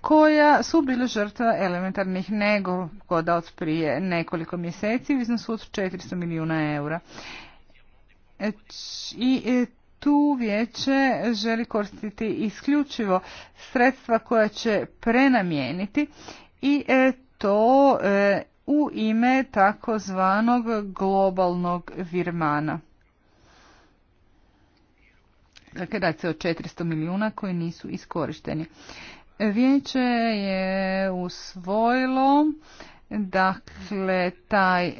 koja su bile žrtva elementarnih negoda od prije nekoliko mjeseci u iznosu od 400 milijuna eura. I tu vijeće želi koristiti isključivo sredstva koja će prenamijeniti i e, to e, u ime takozvanog globalnog virmana. Dakle, da se o 400 milijuna koji nisu iskorišteni. Vijeće je usvojilo dakle taj e,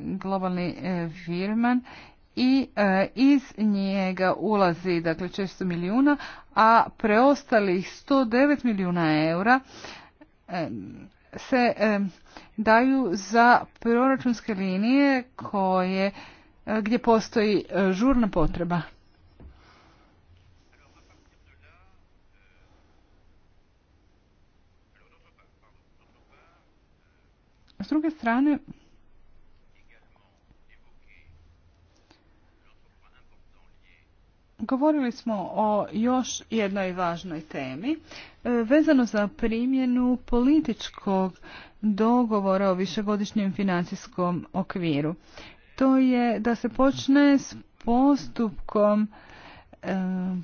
globalni virman i e, iz njega ulazi dakle 600 milijuna, a preostalih 109 milijuna eura e, se e, daju za proračunske linije koje gdje postoji žurna potreba. S druge strane, Govorili smo o još jednoj važnoj temi e, vezano za primjenu političkog dogovora o višegodišnjem financijskom okviru. To je da se počne s postupkom e,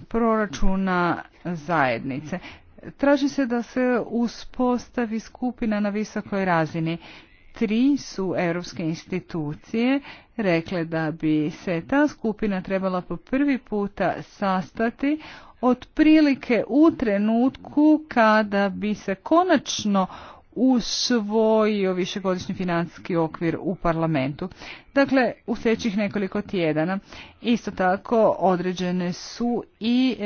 proračuna zajednice. Traži se da se uspostavi skupina na visokoj razini tri su europske institucije rekle da bi se ta skupina trebala po prvi puta sastati otprilike u trenutku kada bi se konačno usvojio višegodišnji financijski okvir u parlamentu. Dakle, u sljedećih nekoliko tjedana. Isto tako određene su i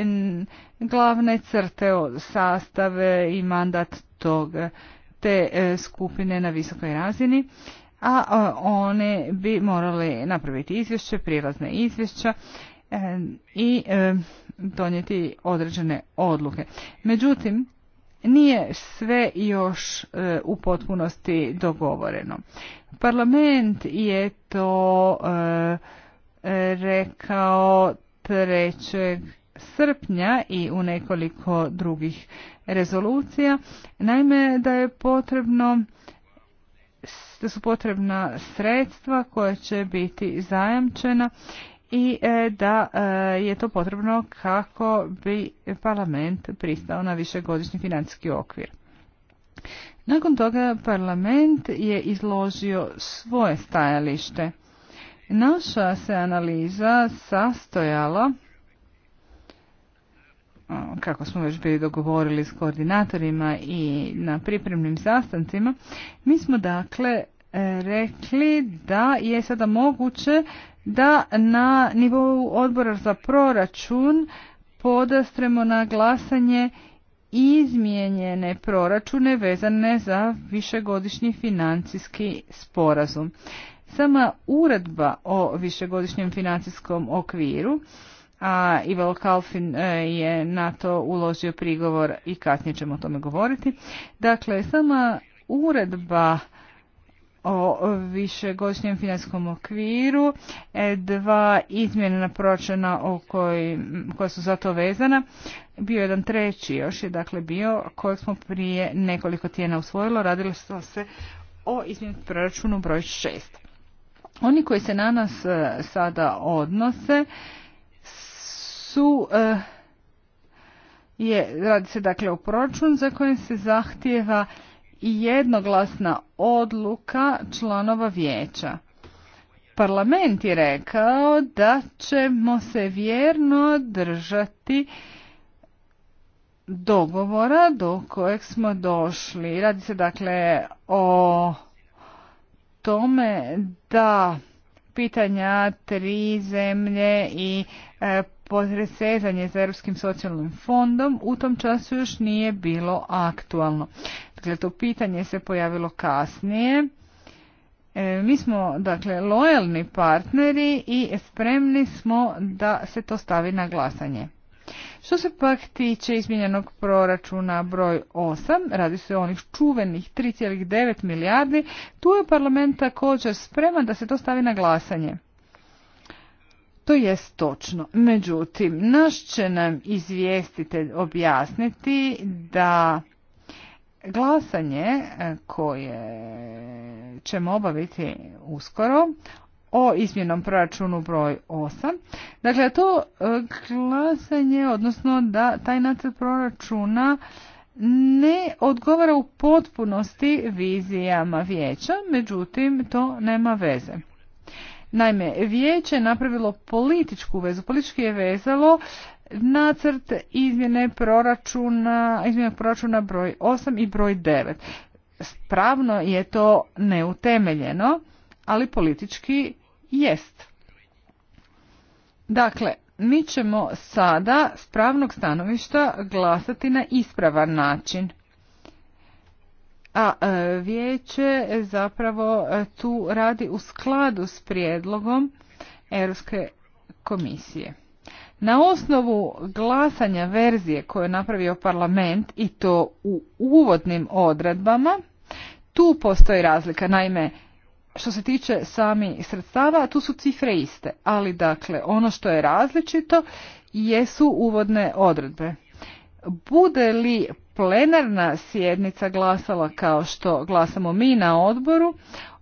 glavne crte sastave i mandat tog te e, skupine na visokoj razini, a e, one bi morale napraviti izvješće, prijelazne izvješća e, i donijeti određene odluke. Međutim, nije sve još u potpunosti dogovoreno. Parlament je to rekao trećeg, srpnja i u nekoliko drugih rezolucija. Naime, da je potrebno da su potrebna sredstva koja će biti zajamčena i e, da e, je to potrebno kako bi parlament pristao na višegodišnji financijski okvir. Nakon toga parlament je izložio svoje stajalište. Naša se analiza sastojala kako smo već bili dogovorili s koordinatorima i na pripremnim sastancima, mi smo dakle e, rekli da je sada moguće da na nivou odbora za proračun podastremo na glasanje izmijenjene proračune vezane za višegodišnji financijski sporazum. Sama uredba o višegodišnjem financijskom okviru a Ivel Kalfin e, je na to uložio prigovor i kasnije ćemo o tome govoriti. Dakle, sama uredba o višegodišnjem finanskom okviru, e, dva izmjena proračuna o koja su za to vezana, bio jedan treći još je dakle bio kojeg smo prije nekoliko tjedana usvojilo, radilo se o izmjeni proračunu broj 6. Oni koji se na nas e, sada odnose, su e, je, radi se dakle o proračun za kojim se zahtijeva i jednoglasna odluka članova vijeća. Parlament je rekao da ćemo se vjerno držati dogovora do kojeg smo došli. Radi se dakle o tome da pitanja tri zemlje i e, potresezanje za Europskim socijalnim fondom u tom času još nije bilo aktualno. Dakle, to pitanje se pojavilo kasnije. E, mi smo, dakle, lojalni partneri i spremni smo da se to stavi na glasanje. Što se pak tiče izmijenjenog proračuna broj 8, radi se o onih čuvenih 3,9 milijardi, tu je parlament također spreman da se to stavi na glasanje. To je točno. Međutim, naš će nam izvjestitelj objasniti da glasanje e, koje ćemo obaviti uskoro o izmjenom proračunu broj 8. Dakle, to e, glasanje, odnosno da taj nacrt proračuna ne odgovara u potpunosti vizijama vijeća, međutim to nema veze. Naime, vijeće je napravilo političku vezu, politički je vezalo nacrt izmjene proračuna, izmjene proračuna broj 8 i broj 9. Pravno je to neutemeljeno, ali politički jest. Dakle, mi ćemo sada s pravnog stanovišta glasati na ispravan način a e, vijeće zapravo e, tu radi u skladu s prijedlogom Europske komisije. Na osnovu glasanja verzije koju je napravio parlament i to u uvodnim odredbama, tu postoji razlika. Naime, što se tiče sami sredstava, tu su cifre iste, ali dakle ono što je različito jesu uvodne odredbe. Bude li plenarna sjednica glasala kao što glasamo mi na odboru,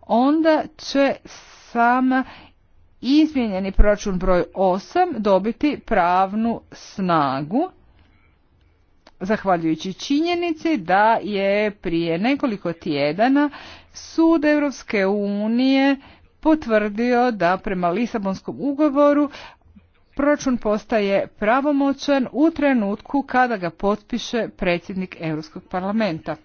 onda će sam izmijenjeni proračun broj 8 dobiti pravnu snagu zahvaljujući činjenici da je prije nekoliko tjedana sud Europske unije potvrdio da prema Lisabonskom ugovoru proračun postaje pravomoćan u trenutku kada ga potpiše predsjednik Europskog parlamenta.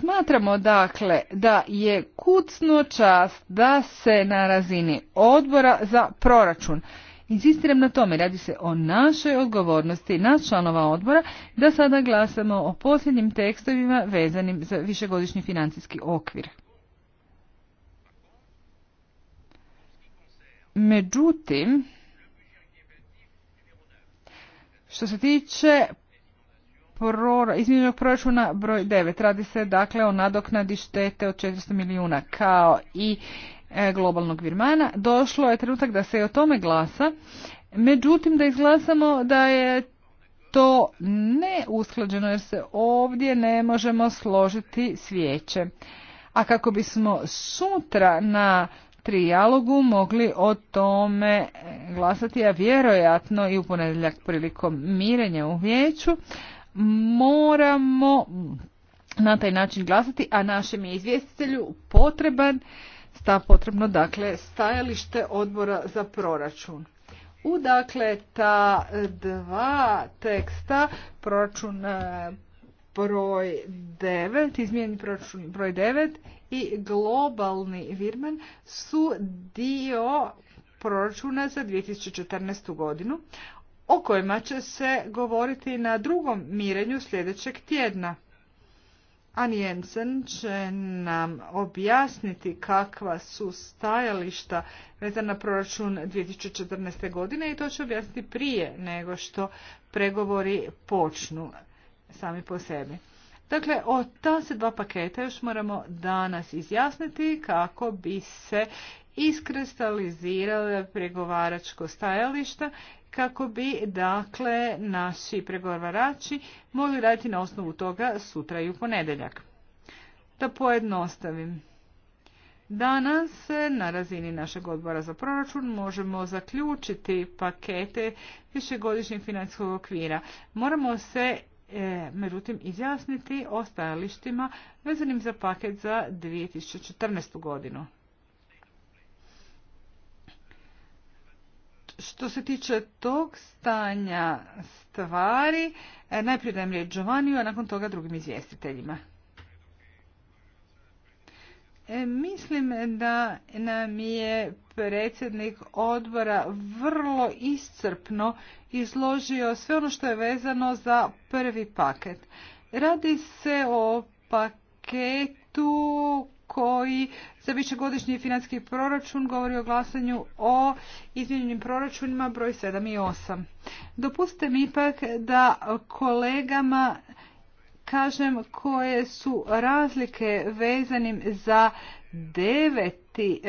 Smatramo dakle da je kucno čast da se na razini odbora za proračun Insistiram na tome, radi se o našoj odgovornosti na članova odbora da sada glasamo o posljednjim tekstovima vezanim za višegodišnji financijski okvir. Međutim, što se tiče izmjenjenog proračuna broj 9, radi se dakle o nadoknadi štete od 400 milijuna kao i e, globalnog virmana, došlo je trenutak da se i o tome glasa, međutim da izglasamo da je to ne jer se ovdje ne možemo složiti svijeće. A kako bismo sutra na trijalogu mogli o tome glasati, a vjerojatno i u ponedjeljak prilikom mirenja u vijeću moramo na taj način glasati, a našem je izvjestitelju potreban sta potrebno dakle stajalište odbora za proračun. U dakle ta dva teksta proračun e, broj 9, izmijeni proračun broj 9 i globalni virmen su dio proračuna za 2014. godinu o kojima će se govoriti na drugom mirenju sljedećeg tjedna. Ann Jensen će nam objasniti kakva su stajališta vezana na proračun 2014. godine i to će objasniti prije nego što pregovori počnu sami po sebi. Dakle, o ta se dva paketa još moramo danas izjasniti kako bi se iskristalizirale pregovaračko stajalište kako bi dakle naši pregovarači mogli raditi na osnovu toga sutra i u ponedjeljak. Da pojednostavim. Danas na razini našeg odbora za proračun možemo zaključiti pakete višegodišnjeg financijskog okvira. Moramo se E, međutim izjasniti o stajalištima vezanim za paket za 2014. godinu. Što se tiče tog stanja stvari, e, najprije dajem riječ a nakon toga drugim izvjestiteljima. E, mislim da nam je predsjednik odbora vrlo iscrpno izložio sve ono što je vezano za prvi paket. Radi se o paketu koji za višegodišnji financijski proračun govori o glasanju o izmjenjenim proračunima broj 7 i 8. Dopustite mi ipak da kolegama kažem koje su razlike vezanim za deveti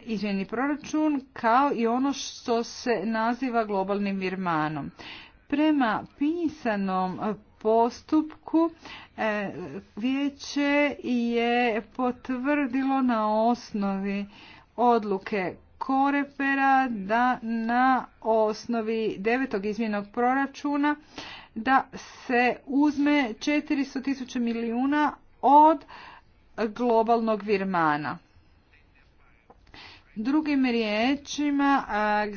izmjeni proračun kao i ono što se naziva globalnim virmanom. Prema pisanom postupku e, vijeće je potvrdilo na osnovi odluke Korepera da na osnovi devetog izmjenog proračuna da se uzme 400 tisuća milijuna od globalnog virmana. Drugim riječima,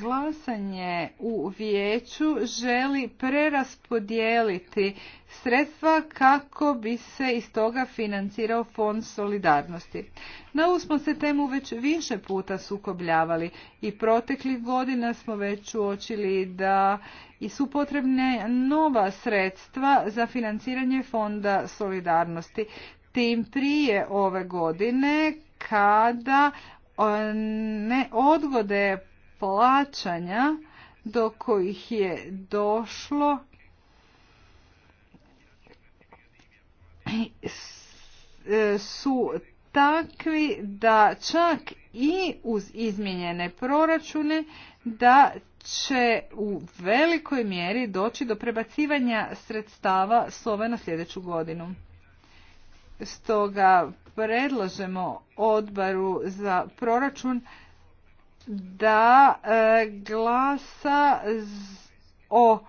glasanje u vijeću želi preraspodijeliti sredstva kako bi se iz toga financirao fond solidarnosti. Na ovu smo se temu već više puta sukobljavali i proteklih godina smo već uočili da i su potrebne nova sredstva za financiranje fonda solidarnosti. Tim prije ove godine kada e, ne odgode plaćanja do kojih je došlo su takvi da čak i uz izmijenjene proračune da će u velikoj mjeri doći do prebacivanja sredstava s ove na sljedeću godinu. Stoga predlažemo odbaru za proračun da e, glasa o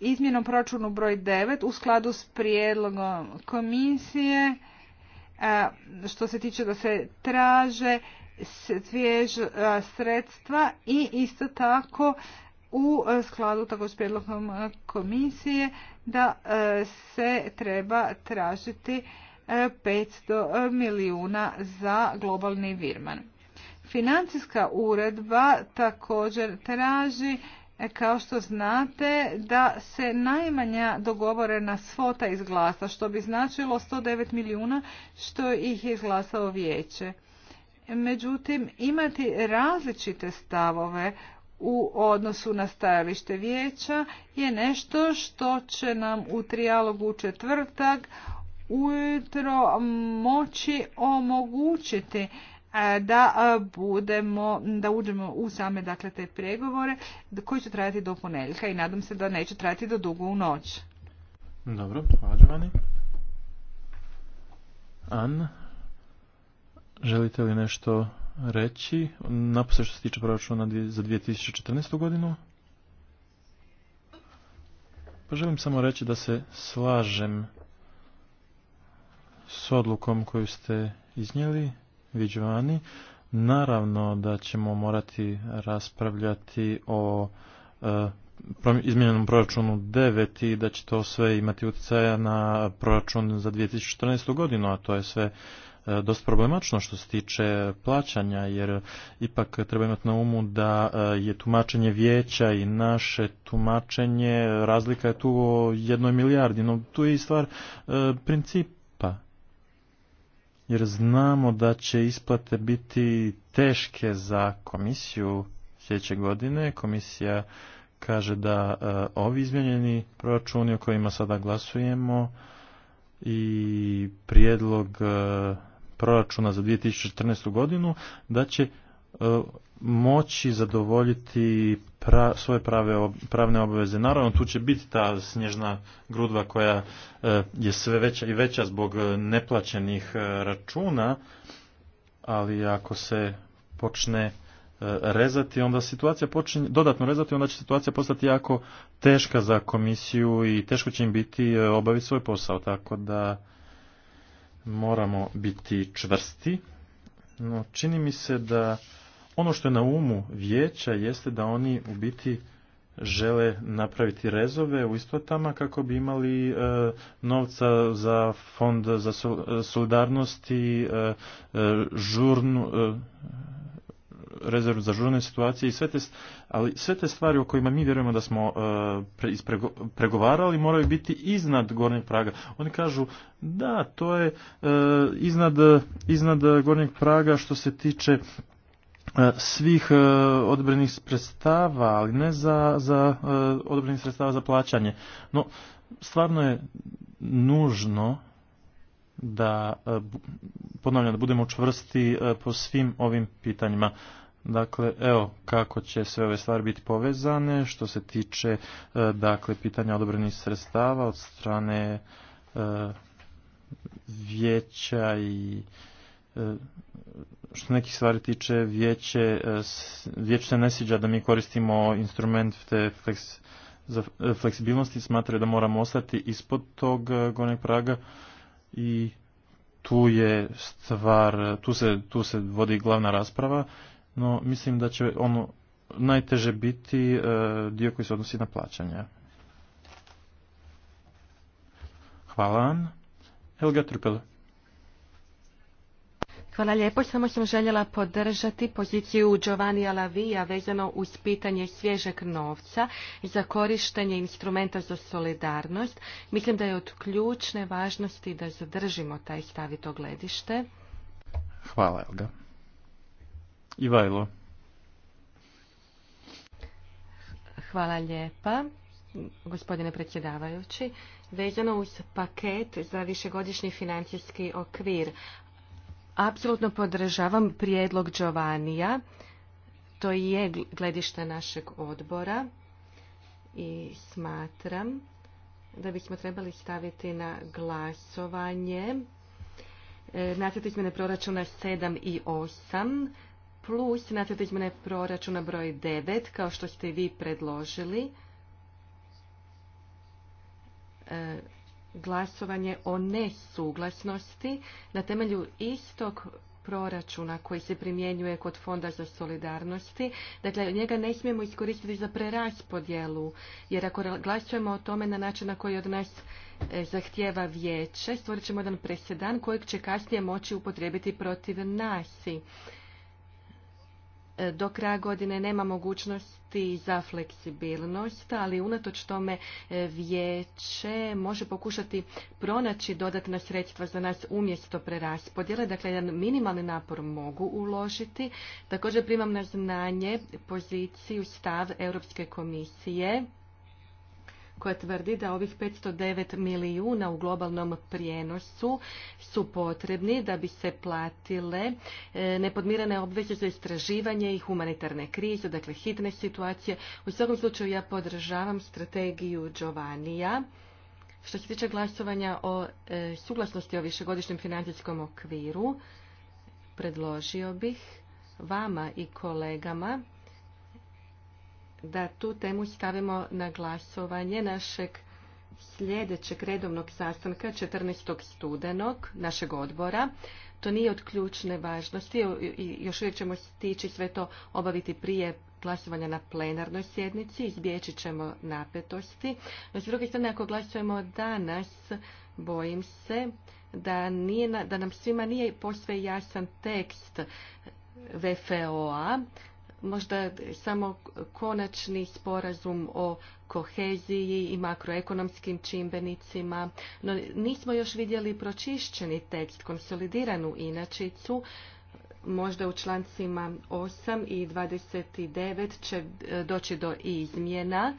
izmjenom proračunu broj 9 u skladu s prijedlogom komisije e, što se tiče da se traže svježa sredstva i isto tako u e, skladu tako s prijedlogom e, komisije da e, se treba tražiti 500 milijuna za globalni virman. Financijska uredba također traži kao što znate da se najmanja dogovorena svota izglasa što bi značilo 109 milijuna što ih je izglasao vijeće međutim imati različite stavove u odnosu na stajalište vijeća je nešto što će nam u trijalogu u četvrtak ujutro moći omogućiti e, da e, budemo, da uđemo u same dakle te pregovore koji će trajati do ponedjeljka i nadam se da neće trajati do dugo u noć. Dobro, Želite li nešto reći? Napose što se tiče proračuna za 2014. godinu? Pa želim samo reći da se slažem s odlukom koju ste iznijeli, viđovani. Naravno da ćemo morati raspravljati o e, izmijenjenom proračunu 9 i da će to sve imati utjecaja na proračun za 2014. godinu, a to je sve E, dosta problematično što se tiče plaćanja, jer ipak treba imati na umu da e, je tumačenje vijeća i naše tumačenje, razlika je tu o jednoj milijardi, no tu je i stvar e, principa. Jer znamo da će isplate biti teške za komisiju sljedeće godine. Komisija kaže da ovi izmjenjeni proračuni o kojima sada glasujemo i prijedlog proračuna za 2014. godinu da će e, moći zadovoljiti svoje pravne obaveze. Naravno, tu će biti ta snježna grudva koja e, je sve veća i veća zbog e, neplaćenih računa, ali ako se počne rezati, onda situacija počinje, dodatno rezati, onda će situacija postati jako teška za komisiju i teško će im biti obaviti svoj posao, tako da moramo biti čvrsti, no čini mi se da ono što je na umu vijeća jeste da oni u biti žele napraviti rezove u isplatama kako bi imali e, novca za fond za solidarnost i e, e, žurnu rezervu za žurne situacije i sve te, ali sve te stvari o kojima mi vjerujemo da smo e, pre, pregovarali moraju biti iznad gornjeg praga. Oni kažu da, to je e, iznad, iznad gornjeg praga što se tiče e, svih odobrenih sredstava, ali ne za, za odobrenih sredstava za plaćanje. No, stvarno je nužno da, ponavljam, da budemo čvrsti po svim ovim pitanjima. Dakle, evo kako će sve ove stvari biti povezane što se tiče e, dakle pitanja odobrenih sredstava od strane e, vijeća i e, što nekih stvari tiče vijeće, vijeće se ne sviđa da mi koristimo instrument te fleks, za fleksibilnosti, smatraju da moramo ostati ispod tog gornjeg praga i tu je stvar, tu se, tu se vodi glavna rasprava no mislim da će ono najteže biti e, dio koji se odnosi na plaćanje. Hvala. Helga Trupel. Hvala lijepo. Samo sam željela podržati poziciju Giovanni Alavija vezano uz pitanje svježeg novca za korištenje instrumenta za solidarnost. Mislim da je od ključne važnosti da zadržimo taj stavito gledište. Hvala, Elga. Ivajlo. Hvala lijepa, gospodine predsjedavajući. Vezano uz paket za višegodišnji financijski okvir, apsolutno podržavam prijedlog Giovanija. To je gledište našeg odbora i smatram da bismo trebali staviti na glasovanje e, nacrt izmjene proračuna 7 i 8 plus nacrt izmjene proračuna broj 9, kao što ste vi predložili. E, glasovanje o nesuglasnosti na temelju istog proračuna koji se primjenjuje kod Fonda za solidarnosti. Dakle, njega ne smijemo iskoristiti za preraspodjelu, jer ako glasujemo o tome na način na koji od nas e, zahtjeva vijeće, stvorit ćemo jedan presedan kojeg će kasnije moći upotrijebiti protiv nasi do kraja godine nema mogućnosti za fleksibilnost, ali unatoč tome e, vijeće može pokušati pronaći dodatna sredstva za nas umjesto preraspodjele. Dakle, jedan minimalni napor mogu uložiti. Također primam na znanje poziciju stav Europske komisije koja tvrdi da ovih 509 milijuna u globalnom prijenosu su potrebni da bi se platile e, nepodmirene obveze za istraživanje i humanitarne krize, dakle hitne situacije. U svakom slučaju ja podržavam strategiju Giovanija. Što se tiče glasovanja o e, suglasnosti o višegodišnjem financijskom okviru, predložio bih vama i kolegama da tu temu stavimo na glasovanje našeg sljedećeg redovnog sastanka 14. studenog našeg odbora. To nije od ključne važnosti i još uvijek ćemo stići sve to obaviti prije glasovanja na plenarnoj sjednici, izbjeći ćemo napetosti. S druge strane, ako glasujemo danas, bojim se da, da nam svima nije posve jasan tekst VFO-a, možda samo konačni sporazum o koheziji i makroekonomskim čimbenicima, no nismo još vidjeli pročišćeni tekst, konsolidiranu inačicu, možda u člancima 8 i 29 će e, doći do izmjena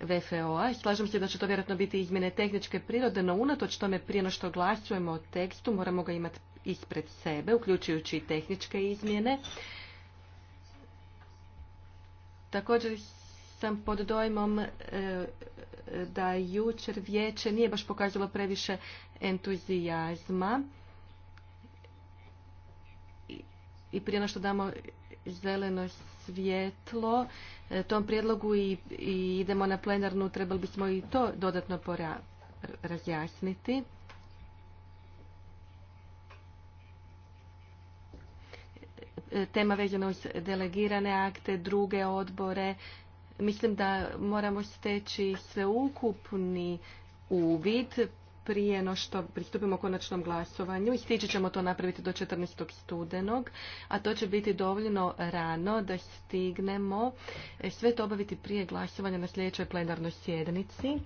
VFO-a. Slažem se da će to vjerojatno biti izmjene tehničke prirode, no unatoč tome prije no što glasujemo o tekstu moramo ga imati ispred sebe, uključujući i tehničke izmjene Također sam pod dojmom e, da jučer vijeće nije baš pokazalo previše entuzijazma. I prije što damo zeleno svjetlo e, tom prijedlogu i, idemo na plenarnu, trebali bismo i to dodatno pora, razjasniti. tema vezana uz delegirane akte, druge odbore. Mislim da moramo steći sveukupni uvid prije no što pristupimo konačnom glasovanju i stići ćemo to napraviti do 14. studenog, a to će biti dovoljno rano da stignemo sve to obaviti prije glasovanja na sljedećoj plenarnoj sjednici.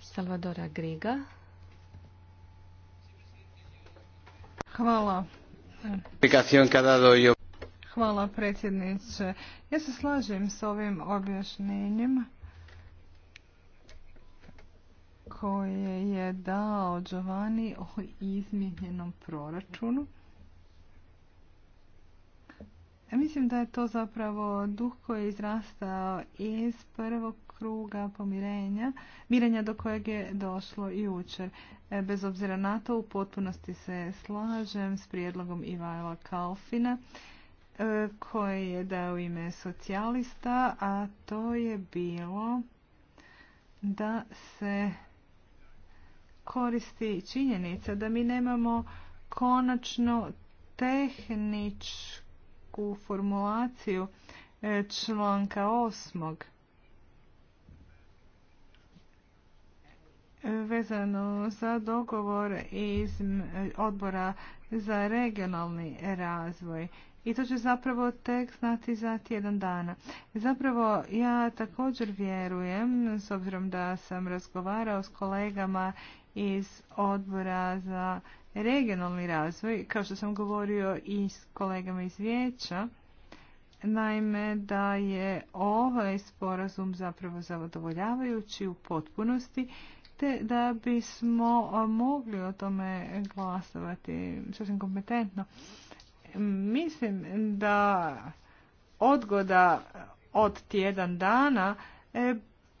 Salvadora Griga. Hvala Hvala predsjedniče. Ja se slažem s ovim objašnjenjem koje je dao Giovanni o izmijenjenom proračunu. Mislim da je to zapravo duh koji je izrastao iz prvog kruga pomirenja, mirenja do kojeg je došlo i jučer. E, bez obzira na to, u potpunosti se slažem s prijedlogom Ivajla Kalfina, e, koji je dao ime socijalista, a to je bilo da se koristi činjenica da mi nemamo konačno tehničku formulaciju e, članka osmog vezano za dogovor iz odbora za regionalni razvoj. I to će zapravo tek znati za tjedan dana. Zapravo ja također vjerujem, s obzirom da sam razgovarao s kolegama iz odbora za regionalni razvoj, kao što sam govorio i s kolegama iz vijeća, naime da je ovaj sporazum zapravo zadovoljavajući u potpunosti te da bismo mogli o tome glasovati sasvim kompetentno. Mislim da odgoda od tjedan dana e,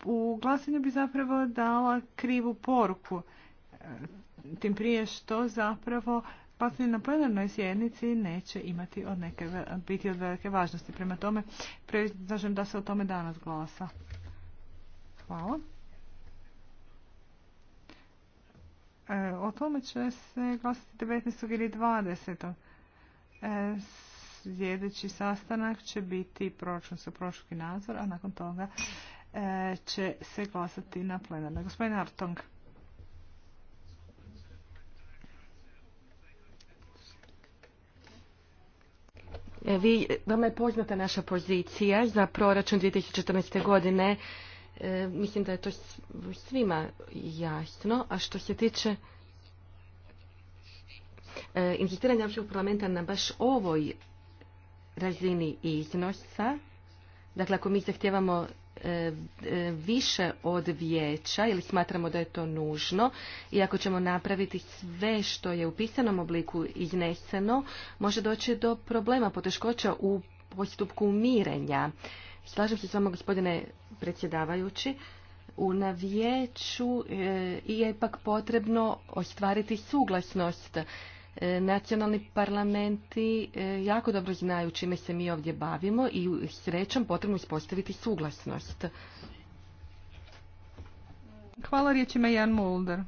u glasanju bi zapravo dala krivu poruku. E, tim prije što zapravo glasanje na plenarnoj sjednici neće imati od neke, biti od velike važnosti. Prema tome, predlažem da se o tome danas glasa. Hvala. E, o tome će se glasiti 19. ili 20. E, sljedeći sastanak će biti proračun sa prošli nadzor, a nakon toga e, će se glasati na plenarno. Gospodin Artong. Vi, vama je poznata naša pozicija za proračun 2014. godine E, mislim da je to svima jasno. A što se tiče e, inzistiranja Europskog parlamenta na baš ovoj razini iznosa, dakle ako mi zahtijevamo e, e, više od vijeća ili smatramo da je to nužno i ako ćemo napraviti sve što je u pisanom obliku izneseno, može doći do problema poteškoća u postupku mirenja. Slažem se s vama gospodine predsjedavajući. U navijeću e, je ipak potrebno ostvariti suglasnost. E, nacionalni parlamenti e, jako dobro znaju čime se mi ovdje bavimo i srećom potrebno ispostaviti suglasnost. Hvala riječima Jan Mulder.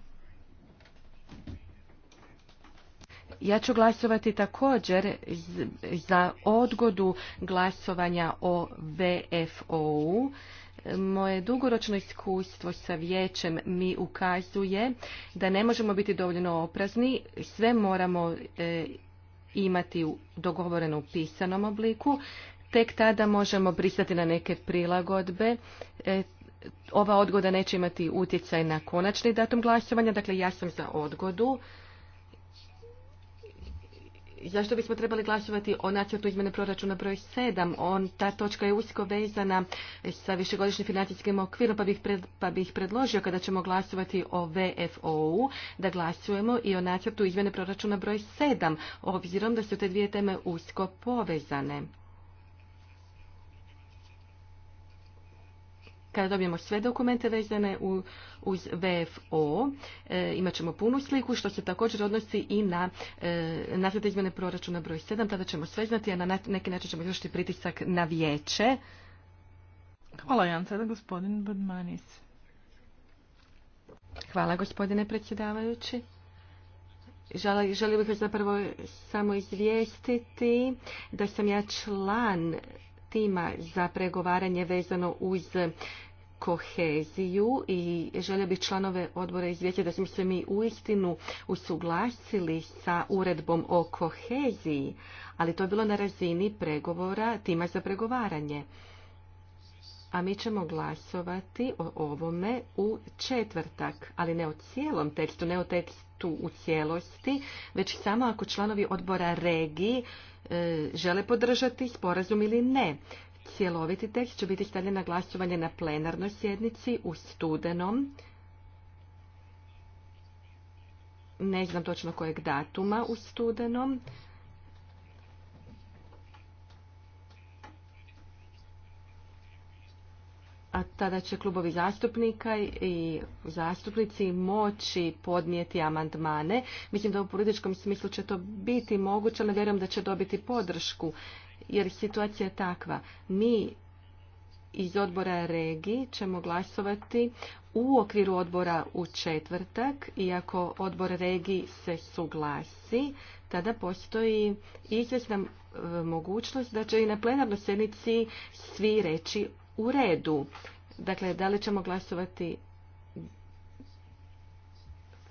Ja ću glasovati također za odgodu glasovanja o vfo Moje dugoročno iskustvo sa vijećem mi ukazuje da ne možemo biti dovoljno oprazni, sve moramo e, imati dogovoreno u pisanom obliku, tek tada možemo pristati na neke prilagodbe. E, ova odgoda neće imati utjecaj na konačni datum glasovanja, dakle ja sam za odgodu zašto bismo trebali glasovati o nacrtu izmjene proračuna broj 7? On, ta točka je usko vezana sa višegodišnjim financijskim okvirom, pa bih, pred, pa bih predložio kada ćemo glasovati o vfo da glasujemo i o nacrtu izmjene proračuna broj 7, obzirom da su te dvije teme usko povezane. kada dobijemo sve dokumente vezane uz VFO, e, imat ćemo punu sliku, što se također odnosi i na e, nacrte izmjene proračuna broj 7, tada ćemo sve znati, a na neki način ćemo izvršiti pritisak na vijeće. Hvala vam sada gospodin Hvala gospodine predsjedavajući. Želio bih vas zapravo samo izvijestiti da sam ja član tima za pregovaranje vezano uz koheziju i želio bih članove odbora izvjetiti da smo se mi uistinu usuglasili sa uredbom o koheziji, ali to je bilo na razini pregovora tima za pregovaranje. A mi ćemo glasovati o ovome u četvrtak, ali ne o cijelom tekstu, ne o tekstu u cijelosti, već samo ako članovi odbora regiji e, žele podržati sporazum ili ne. Cjeloviti tekst će biti stavljen na glasovanje na plenarnoj sjednici u studenom. Ne znam točno kojeg datuma u studenom. a tada će klubovi zastupnika i zastupnici moći podnijeti amandmane. Mislim da u političkom smislu će to biti moguće, ali vjerujem da će dobiti podršku jer situacija je takva. Mi iz odbora regiji ćemo glasovati u okviru odbora u četvrtak i ako odbor regiji se suglasi, tada postoji izvjesna e, mogućnost da će i na plenarnoj sjednici svi reći u redu. Dakle, da li ćemo glasovati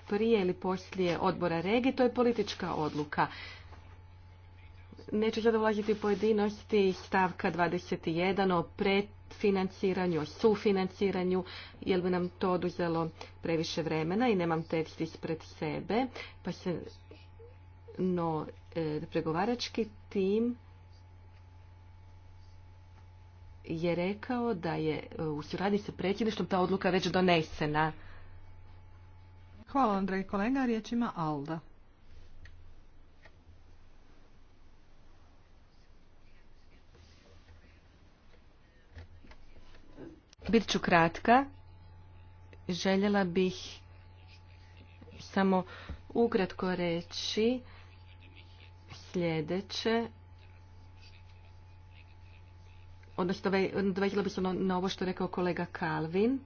prije ili poslije odbora regi, to je politička odluka. Neću sad ulaziti u pojedinosti stavka 21 o predfinanciranju, o sufinanciranju, jer bi nam to oduzelo previše vremena i nemam tekst ispred sebe, pa se no e, pregovarački tim je rekao da je e, u suradnji sa predsjedništvom ta odluka već donesena. Hvala Andrej kolega, riječ ima Alda. Bit ću kratka. Željela bih samo ukratko reći sljedeće. Odnosno, ovaj, dovedila bih se ono- na ovo što je rekao kolega Kalvin.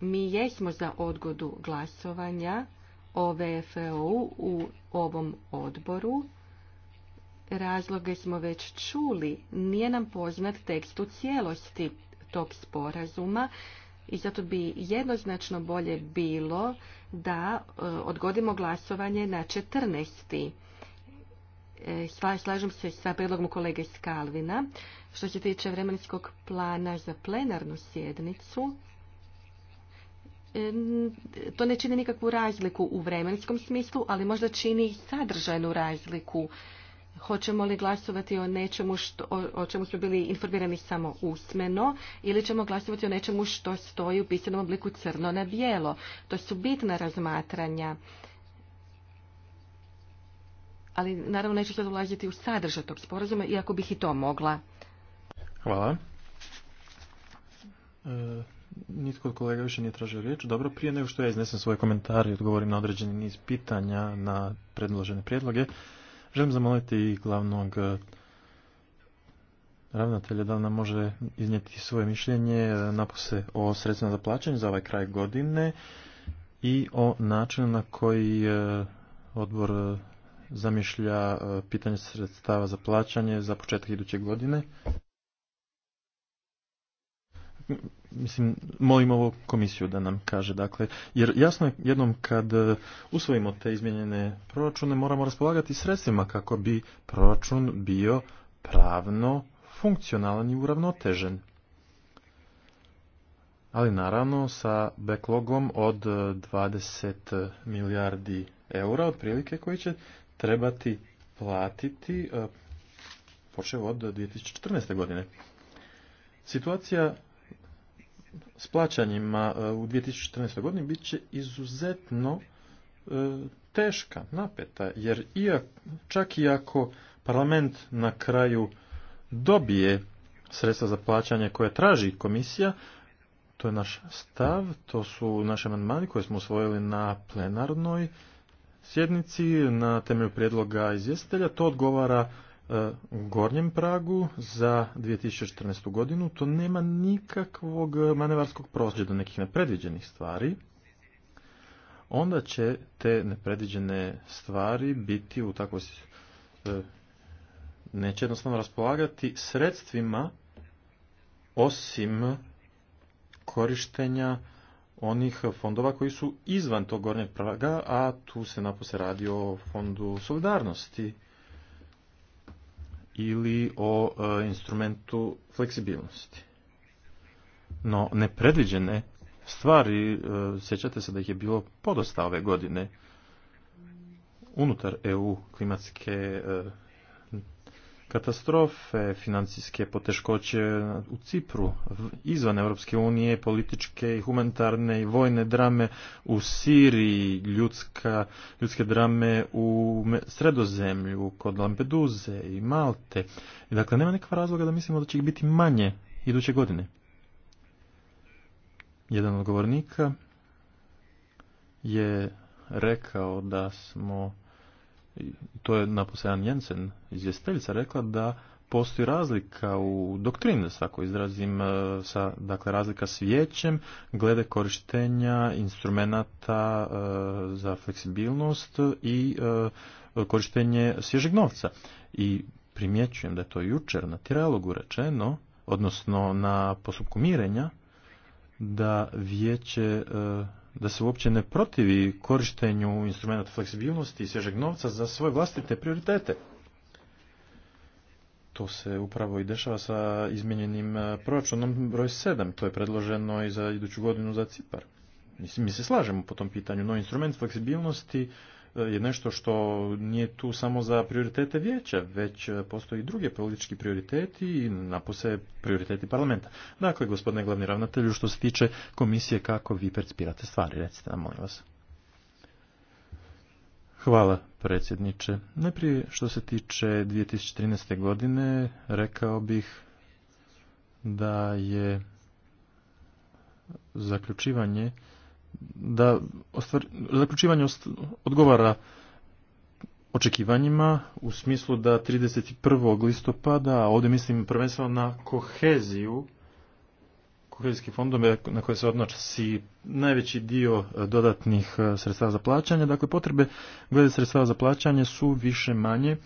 Mi jesmo za odgodu glasovanja o VFO u ovom odboru. Razloge smo već čuli, nije nam poznat tekst u cijelosti tog sporazuma i zato bi jednoznačno bolje bilo da e, odgodimo glasovanje na 14. E, slažem se sa prijedlogom kolege Skalvina. Što se tiče vremenskog plana za plenarnu sjednicu, e, to ne čini nikakvu razliku u vremenskom smislu, ali možda čini sadržajnu razliku hoćemo li glasovati o nečemu što, o, čemu smo bili informirani samo usmeno ili ćemo glasovati o nečemu što stoji u pisanom obliku crno na bijelo. To su bitna razmatranja. Ali naravno neću sad ulaziti u sadržaj tog sporazuma, iako bih i to mogla. Hvala. E, nitko od kolega više nije tražio riječ. Dobro, prije nego što ja iznesem svoje komentare i odgovorim na određeni niz pitanja na predložene prijedloge, Želim zamoliti i glavnog e, ravnatelja da nam može iznijeti svoje mišljenje e, napose o sredstvima za plaćanje za ovaj kraj godine i o načinu na koji e, odbor zamišlja pitanje sredstava za plaćanje za početak iduće godine mislim, molim ovo komisiju da nam kaže, dakle, jer jasno je jednom kad e, usvojimo te izmijenjene proračune, moramo raspolagati sredstvima kako bi proračun bio pravno funkcionalan i uravnotežen. Ali naravno sa backlogom od 20 e, milijardi eura, otprilike koji će trebati platiti e, počeo od 2014. godine. Situacija s plaćanjima e, u 2014. godini bit će izuzetno e, teška, napeta, jer iako, čak i ako parlament na kraju dobije sredstva za plaćanje koje traži komisija, to je naš stav, to su naše amandmani koje smo usvojili na plenarnoj sjednici na temelju prijedloga izvjestitelja, to odgovara u e, gornjem pragu za 2014. godinu, to nema nikakvog manevarskog prosjeđa do nekih nepredviđenih stvari, onda će te nepredviđene stvari biti u takvoj e, neće jednostavno raspolagati sredstvima osim korištenja onih fondova koji su izvan tog gornjeg praga, a tu se napose radi o fondu solidarnosti ili o e, instrumentu fleksibilnosti. No, nepredviđene stvari, e, sjećate se da ih je bilo podosta ove godine, unutar EU klimatske e, katastrofe, financijske poteškoće u Cipru, izvan Europske unije, političke i humanitarne i vojne drame u Siriji, ljudska, ljudske drame u Sredozemlju, kod Lampeduze i Malte. I dakle, nema nekakva razloga da mislimo da će ih biti manje iduće godine. Jedan od govornika je rekao da smo to je naposljedan Jensen, izvjestiteljica, rekla da postoji razlika u doktrini, da tako izrazim, e, sa, dakle razlika s vijećem glede korištenja instrumenata e, za fleksibilnost i e, korištenje svježeg novca. I primjećujem da je to jučer na tiralogu rečeno, odnosno na postupku mirenja, da vijeće da se uopće ne protivi korištenju instrumenta fleksibilnosti i svježeg novca za svoje vlastite prioritete. To se upravo i dešava sa izmijenjenim e, proračunom broj 7, to je predloženo i za iduću godinu za Cipar. Mislim, mi se slažemo po tom pitanju, no instrument fleksibilnosti je nešto što nije tu samo za prioritete vijeća, već postoji i druge politički prioriteti i napose prioriteti parlamenta. Dakle, gospodine glavni ravnatelju, što se tiče komisije, kako vi percipirate stvari, recite nam, molim vas. Hvala, predsjedniče. Najprije, što se tiče 2013. godine, rekao bih da je zaključivanje da ostvar, zaključivanje odgovara očekivanjima u smislu da 31. listopada, a ovdje mislim prvenstveno na koheziju, kohezijski fondove na koje se odnosi najveći dio e, dodatnih e, sredstava za plaćanje. Dakle, potrebe glede sredstava za plaćanje su više manje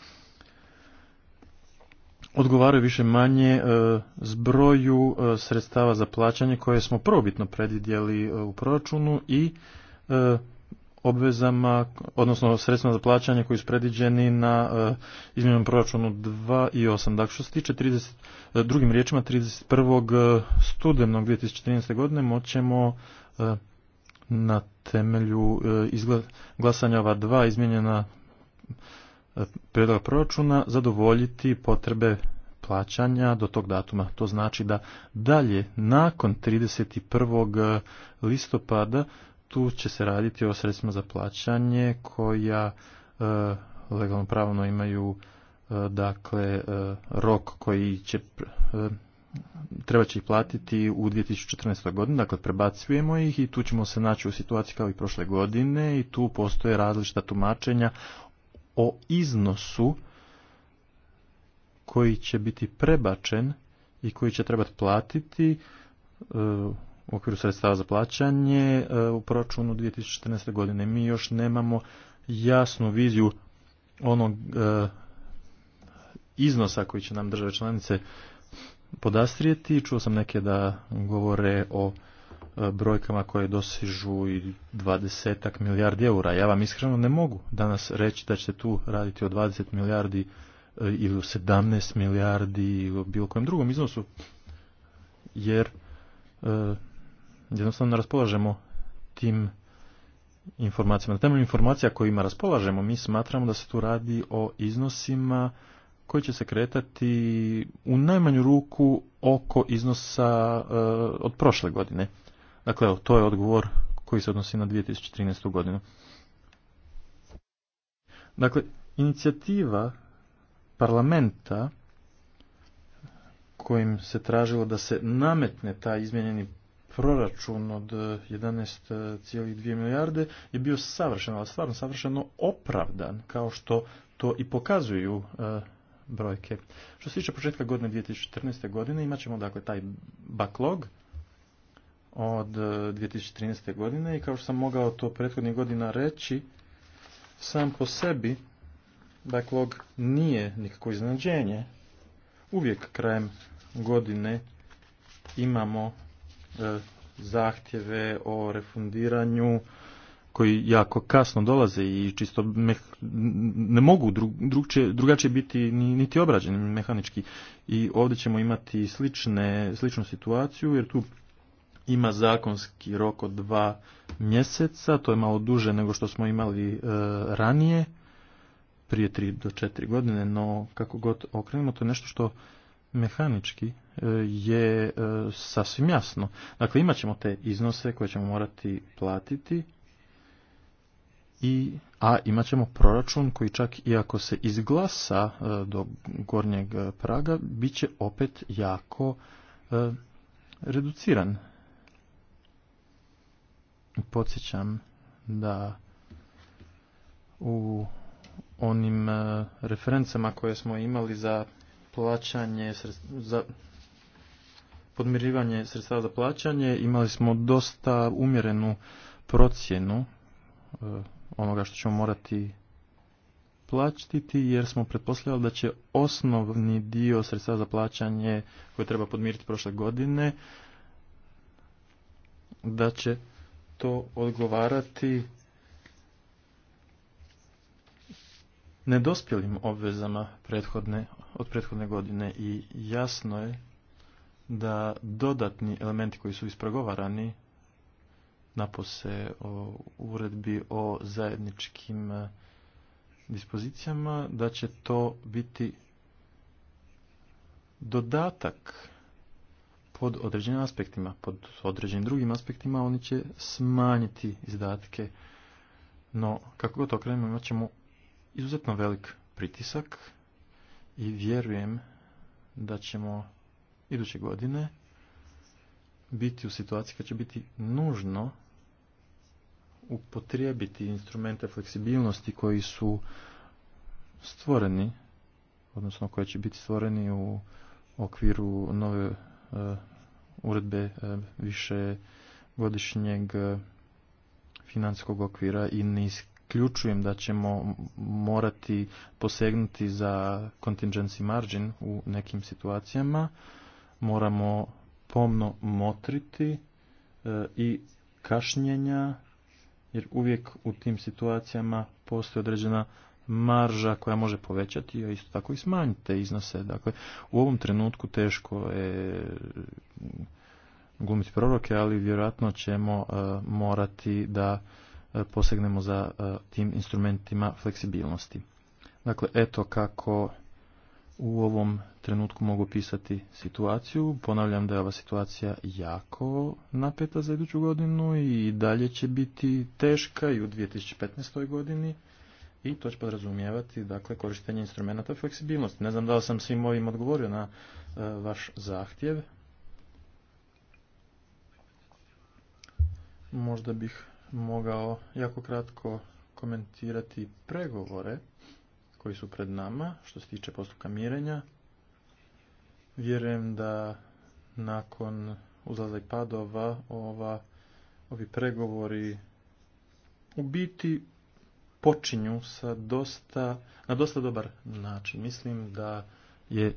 odgovaraju više manje e, zbroju e, sredstava za plaćanje koje smo probitno predvidjeli e, u proračunu i obvezama, odnosno sredstvima za plaćanje koji su predviđeni na izmjenom proračunu 2 i 8. Dakle, što se tiče 30, drugim riječima 31. studenog 2013. godine moćemo na temelju glasanja ova dva izmjenjena prijedloga proračuna zadovoljiti potrebe plaćanja do tog datuma. To znači da dalje, nakon 31. listopada, tu će se raditi o sredstvima za plaćanje koja e, legalno pravno imaju e, dakle e, rok koji će treba će ih platiti u 2014. godini, dakle prebacujemo ih i tu ćemo se naći u situaciji kao i prošle godine i tu postoje različita tumačenja o iznosu koji će biti prebačen i koji će trebati platiti e, u okviru sredstava za plaćanje e, u proračunu 2014. godine. Mi još nemamo jasnu viziju onog e, iznosa koji će nam države članice podastrijeti. Čuo sam neke da govore o brojkama koje dosižu i dvadesetak milijardi eura. Ja vam iskreno ne mogu danas reći da ćete tu raditi o 20 milijardi e, ili o 17 milijardi ili o bilo kojem drugom iznosu, jer e, jednostavno ne raspolažemo tim informacijama. Na temelju informacija kojima raspolažemo, mi smatramo da se tu radi o iznosima koji će se kretati u najmanju ruku oko iznosa e, od prošle godine. Dakle, to je odgovor koji se odnosi na 2013. godinu. Dakle, inicijativa parlamenta kojim se tražilo da se nametne taj izmijenjeni proračun od 11,2 milijarde je bio savršeno, ali stvarno savršeno opravdan, kao što to i pokazuju e, brojke. Što se tiče početka godine 2014. godine, imat ćemo dakle taj backlog, od 2013. E, godine i kao što sam mogao to prethodnih godina reći, sam po sebi backlog nije nikako iznenađenje. Uvijek krajem godine imamo e, zahtjeve o refundiranju koji jako kasno dolaze i čisto meh, ne mogu drugačije biti niti obrađeni mehanički. I ovdje ćemo imati slične, sličnu situaciju jer tu ima zakonski rok od dva mjeseca, to je malo duže nego što smo imali e, ranije, prije tri do četiri godine, no kako god okrenemo, to je nešto što mehanički e, je e, sasvim jasno. Dakle, imat ćemo te iznose koje ćemo morati platiti, i, a imat ćemo proračun koji čak i ako se izglasa do gornjeg praga, bit će opet jako reduciran podsjećam da u onim e, referencama koje smo imali za plaćanje za podmirivanje sredstava za plaćanje imali smo dosta umjerenu procjenu e, onoga što ćemo morati plaćiti jer smo pretpostavljali da će osnovni dio sredstava za plaćanje koje treba podmiriti prošle godine da će to odgovarati nedospjelim obvezama prethodne, od prethodne godine i jasno je da dodatni elementi koji su ispregovarani napose o uredbi o zajedničkim e, dispozicijama, da će to biti dodatak pod određenim aspektima, pod određenim drugim aspektima oni će smanjiti izdatke. No, kako god okrenemo, imat ćemo izuzetno velik pritisak i vjerujem da ćemo iduće godine biti u situaciji kad će biti nužno upotrijebiti instrumente fleksibilnosti koji su stvoreni, odnosno koji će biti stvoreni u okviru nove E, uredbe e, više godišnjeg e, financijskog okvira i ne isključujem da ćemo morati posegnuti za contingency margin u nekim situacijama. Moramo pomno motriti i kašnjenja jer uvijek u tim situacijama postoji određena marža koja može povećati, a isto tako i te iznose. Dakle, u ovom trenutku teško je glumiti proroke, ali vjerojatno ćemo e, morati da e, posegnemo za e, tim instrumentima fleksibilnosti. Dakle, eto kako u ovom trenutku mogu pisati situaciju. Ponavljam da je ova situacija jako napeta za iduću godinu i dalje će biti teška i u 2015. godini i to će podrazumijevati dakle, korištenje instrumenta fleksibilnosti. Ne znam da li sam svim ovim odgovorio na e, vaš zahtjev. Možda bih mogao jako kratko komentirati pregovore koji su pred nama što se tiče postupka mirenja. Vjerujem da nakon uzlaza padova ova, ovi pregovori u biti počinju sa dosta, na dosta dobar način. Mislim da je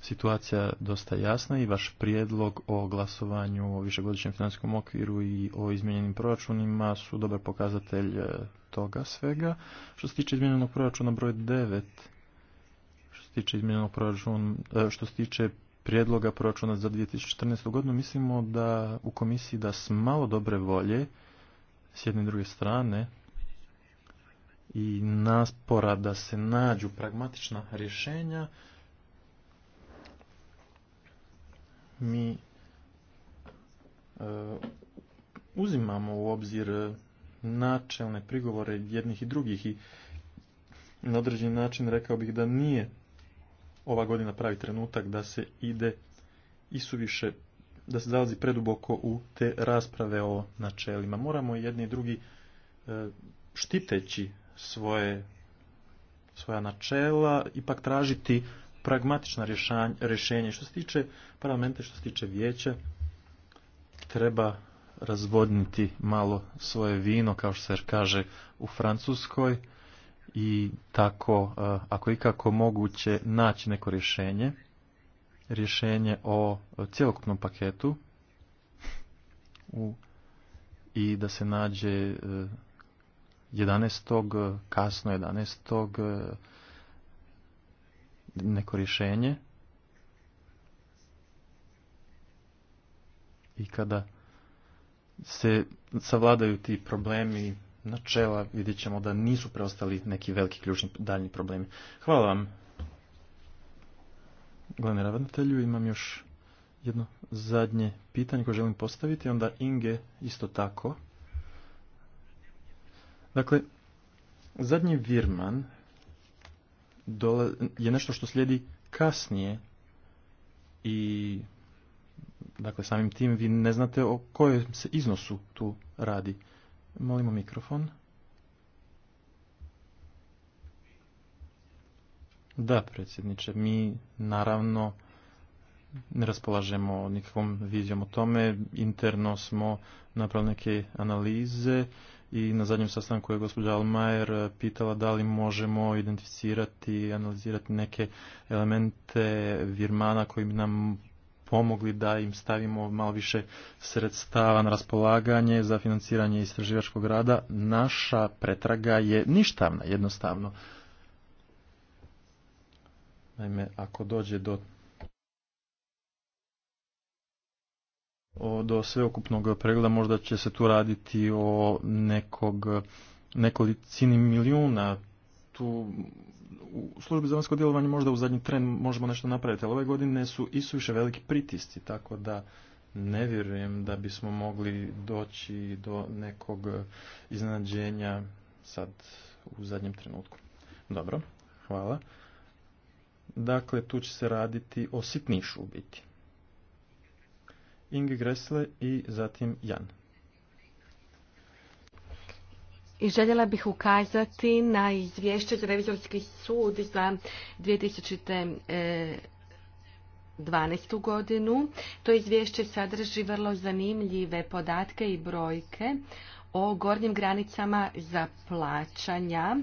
situacija dosta jasna i vaš prijedlog o glasovanju o višegodišnjem financijskom okviru i o izmijenjenim proračunima su dobar pokazatelj e, toga svega. Što se tiče izmijenjenog proračuna broj 9, što se tiče izmijenjenog proračuna, e, što se tiče prijedloga proračuna za 2014. godinu, mislimo da u komisiji da s malo dobre volje s jedne i druge strane i naspora da se nađu pragmatična rješenja, mi e, uzimamo u obzir načelne prigovore jednih i drugih i na određeni način rekao bih da nije ova godina pravi trenutak da se ide i suviše, da se zalazi preduboko u te rasprave o načelima. Moramo jedni i drugi e, štiteći svoje, svoja načela, ipak tražiti pragmatična rješenja. Što se tiče parlamenta, što se tiče vijeća, treba razvodniti malo svoje vino, kao što se kaže u Francuskoj, i tako, e, ako ikako moguće, naći neko rješenje, rješenje o cjelokupnom paketu u, i da se nađe e, 11. kasno 11. Eh, neko rješenje i kada se savladaju ti problemi načela vidjet ćemo da nisu preostali neki veliki ključni daljni problemi. Hvala vam glavni ravnatelju. Imam još jedno zadnje pitanje koje želim postaviti. Onda Inge isto tako. Dakle, zadnji virman je nešto što slijedi kasnije i dakle samim tim vi ne znate o kojem se iznosu tu radi. Molimo mikrofon. Da, predsjedniče, mi naravno ne raspolažemo nikakvom vizijom o tome. Interno smo napravili neke analize i na zadnjem sastanku je gospođa Almajer pitala da li možemo identificirati i analizirati neke elemente virmana koji bi nam pomogli da im stavimo malo više sredstava na raspolaganje za financiranje istraživačkog rada. Naša pretraga je ništavna, jednostavno. Naime, ako dođe do do sveukupnog pregleda možda će se tu raditi o nekog nekolicini milijuna tu u službi za vanjsko djelovanje možda u zadnji tren možemo nešto napraviti, ali ove godine su više veliki pritisci, tako da ne vjerujem da bismo mogli doći do nekog iznenađenja sad u zadnjem trenutku. Dobro, hvala. Dakle, tu će se raditi o sitnišu u biti. Inge Gressle i zatim Jan. željela bih ukazati na izvješće za revizorski sud za 2012. E, godinu. To izvješće sadrži vrlo zanimljive podatke i brojke o gornjim granicama za plaćanja.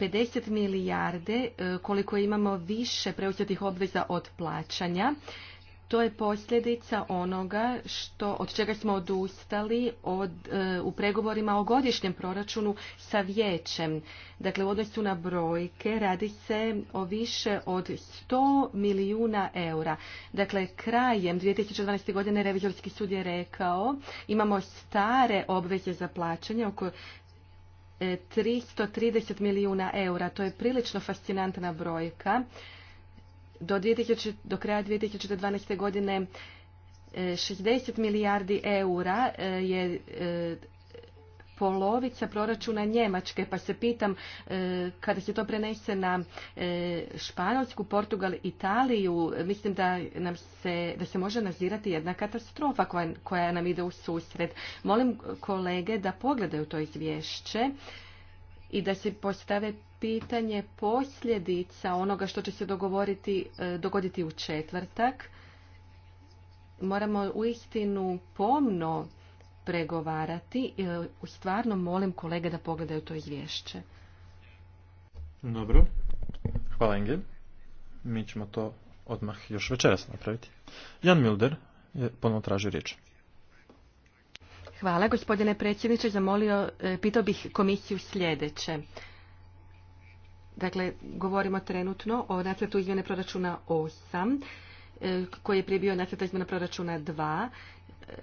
50 e, milijarde e, koliko imamo više preuzetih obveza od plaćanja to je posljedica onoga što, od čega smo odustali od, e, u pregovorima o godišnjem proračunu sa vijećem. Dakle, u odnosu na brojke radi se o više od 100 milijuna eura. Dakle, krajem 2012. godine Revizorski sud je rekao imamo stare obveze za plaćanje oko 330 e, milijuna eura. To je prilično fascinantna brojka do, 2000, do kraja 2012. godine 60 e, milijardi eura e, je e, polovica proračuna Njemačke, pa se pitam kada se to prenese na Španjolsku, Portugal, Italiju, mislim da, nam se, da se može nazirati jedna katastrofa koja, koja nam ide u susret. Molim kolege da pogledaju to izvješće i da se postave pitanje posljedica onoga što će se dogovoriti, e, dogoditi u četvrtak. Moramo u istinu pomno pregovarati i e, stvarno molim kolege da pogledaju to izvješće. Dobro. Hvala Inge. Mi ćemo to odmah još večeras napraviti. Jan Milder je ponovno traži riječ. Hvala gospodine predsjedniče. Zamolio, e, pitao bih komisiju sljedeće. Dakle, govorimo trenutno o nacrtu izmjene proračuna 8, e, koji je prije bio nacrta izmjena proračuna 2. E,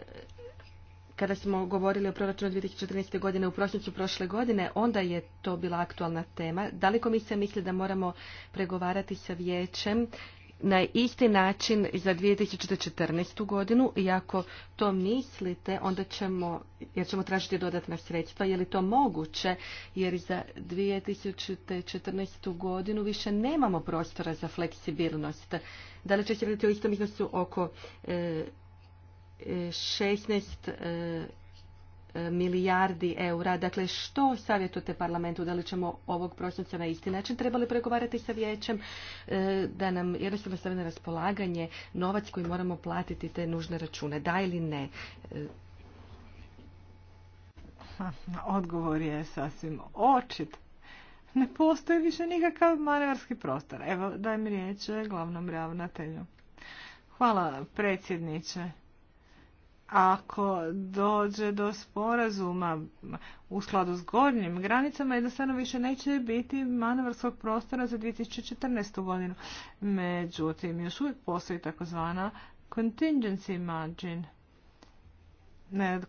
kada smo govorili o proračunu 2014. godine u prosincu prošle godine, onda je to bila aktualna tema. Da li komisija misli da moramo pregovarati sa vijećem na isti način za 2014. godinu i ako to mislite, onda ćemo, jer ćemo tražiti dodatna sredstva, je li to moguće, jer za 2014. godinu više nemamo prostora za fleksibilnost. Da li će se raditi o istom iznosu oko 16 e, e, milijardi eura. Dakle, što savjetujete parlamentu? Da li ćemo ovog prosinca na isti način trebali pregovarati sa vijećem? E, da nam jednostavno stavi na raspolaganje novac koji moramo platiti te nužne račune. Da ili ne? E, odgovor je sasvim očit. Ne postoji više nikakav manevarski prostor. Evo, mi riječ glavnom ravnatelju. Hvala predsjedniče ako dođe do sporazuma u skladu s gornjim granicama, jednostavno više neće biti manevarskog prostora za 2014. godinu. Međutim, još uvijek postoji takozvana contingency margin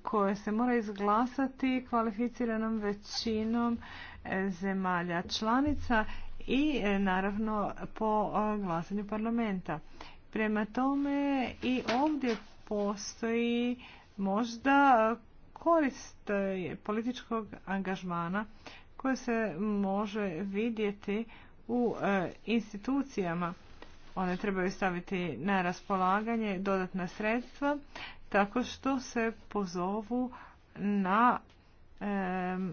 koje se mora izglasati kvalificiranom većinom e, zemalja članica i e, naravno po e, glasanju parlamenta. Prema tome i ovdje postoji možda korist e, političkog angažmana koje se može vidjeti u e, institucijama. One trebaju staviti na raspolaganje dodatna sredstva tako što se pozovu na e,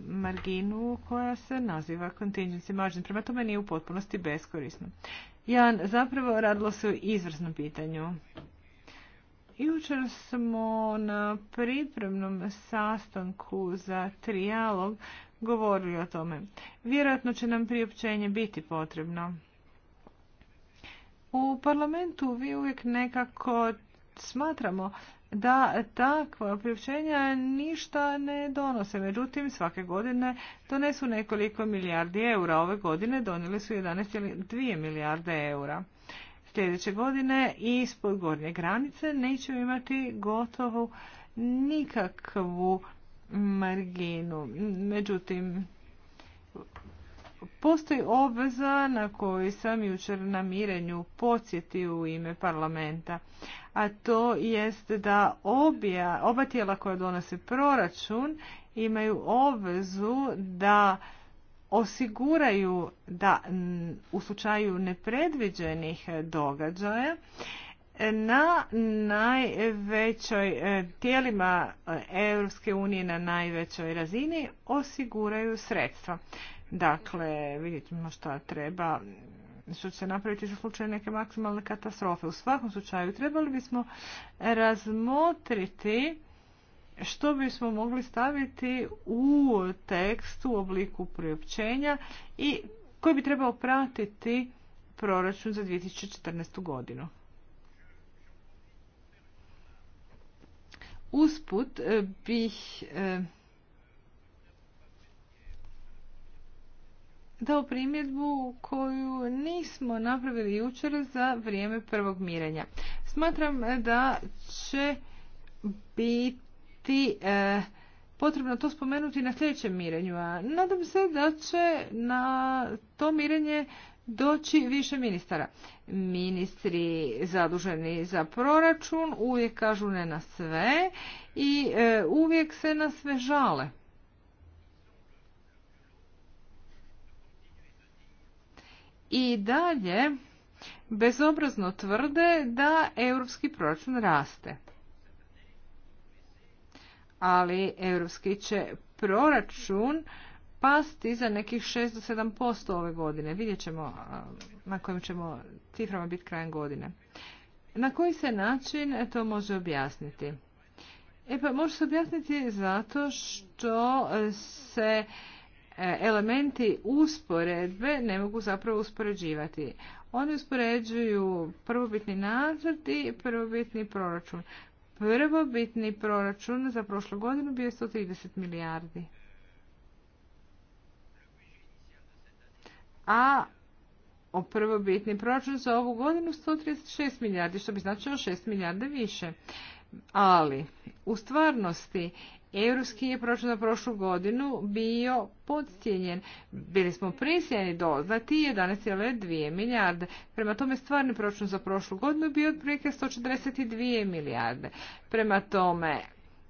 marginu koja se naziva contingency margin. Prema tome nije u potpunosti beskorisno. Jan, zapravo radilo se o izvrsnom pitanju. Jučer smo na pripremnom sastanku za trijalog govorili o tome. Vjerojatno će nam priopćenje biti potrebno. U parlamentu vi uvijek nekako smatramo da takva priopćenja ništa ne donose. Međutim, svake godine donesu nekoliko milijardi eura. Ove godine donijeli su 11,2 milijarde eura sljedeće godine ispod gornje granice neće imati gotovo nikakvu marginu. Međutim, postoji obveza na koju sam jučer na mirenju podsjetio u ime parlamenta, a to jest da obja, oba tijela koja donose proračun imaju obvezu da osiguraju da u slučaju nepredviđenih događaja na najvećoj e, tijelima e, Europske unije na najvećoj razini osiguraju sredstva. Dakle, ćemo što treba što će napraviti za slučaj neke maksimalne katastrofe. U svakom slučaju trebali bismo razmotriti što bismo mogli staviti u tekstu u obliku priopćenja i koji bi trebao pratiti proračun za 2014. godinu. Usput eh, bih eh, dao primjedbu koju nismo napravili jučer za vrijeme prvog mirenja. Smatram eh, da će biti e, potrebno to spomenuti na sljedećem mirenju, a nadam se da će na to mirenje doći više ministara. Ministri zaduženi za proračun uvijek kažu ne na sve i e, uvijek se na sve žale. I dalje bezobrazno tvrde da europski proračun raste ali europski će proračun pasti za nekih 6 do 7% ove godine. Vidjet ćemo na kojim ćemo ciframa biti krajem godine. Na koji se način to može objasniti? E pa može se objasniti zato što se e, elementi usporedbe ne mogu zapravo uspoređivati. Oni uspoređuju prvobitni nadzor i prvobitni proračun. Prvobitni proračun za prošlu godinu bio je 130 milijardi. A o prvobitni proračun za ovu godinu 136 milijardi, što bi značilo 6 milijarde više. Ali, u stvarnosti Europski je proračun za prošlu godinu bio podcijenjen. Bili smo prisjeni doznati 11,2 milijarde. Prema tome stvarni proračun za prošlu godinu bio otprilike 142 milijarde. Prema tome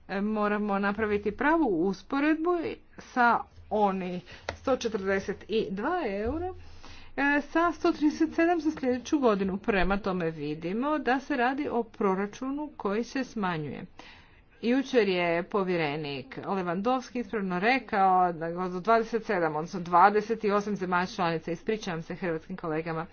e, moramo napraviti pravu usporedbu sa oni 142 eura e, sa 137 za sljedeću godinu. Prema tome vidimo da se radi o proračunu koji se smanjuje. Jučer je povjerenik Levandovski ispravno rekao da od 27, odnosno 28 zemalja članica, ispričavam se hrvatskim kolegama,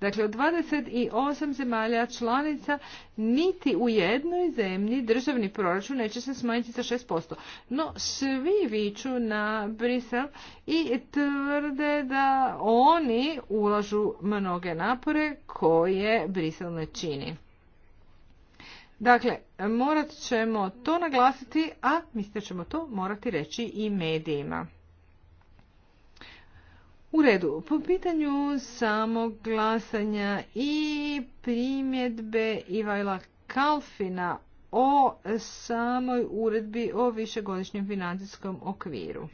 dakle od 28 zemalja članica niti u jednoj zemlji državni proračun neće se smanjiti za 6%. No svi viču na Brisel i tvrde da oni ulažu mnoge napore koje Brisel ne čini. Dakle, morat ćemo to naglasiti, a mislim da ćemo to morati reći i medijima. U redu, po pitanju samog glasanja i primjedbe Ivajla Kalfina o samoj uredbi o višegodišnjem financijskom okviru.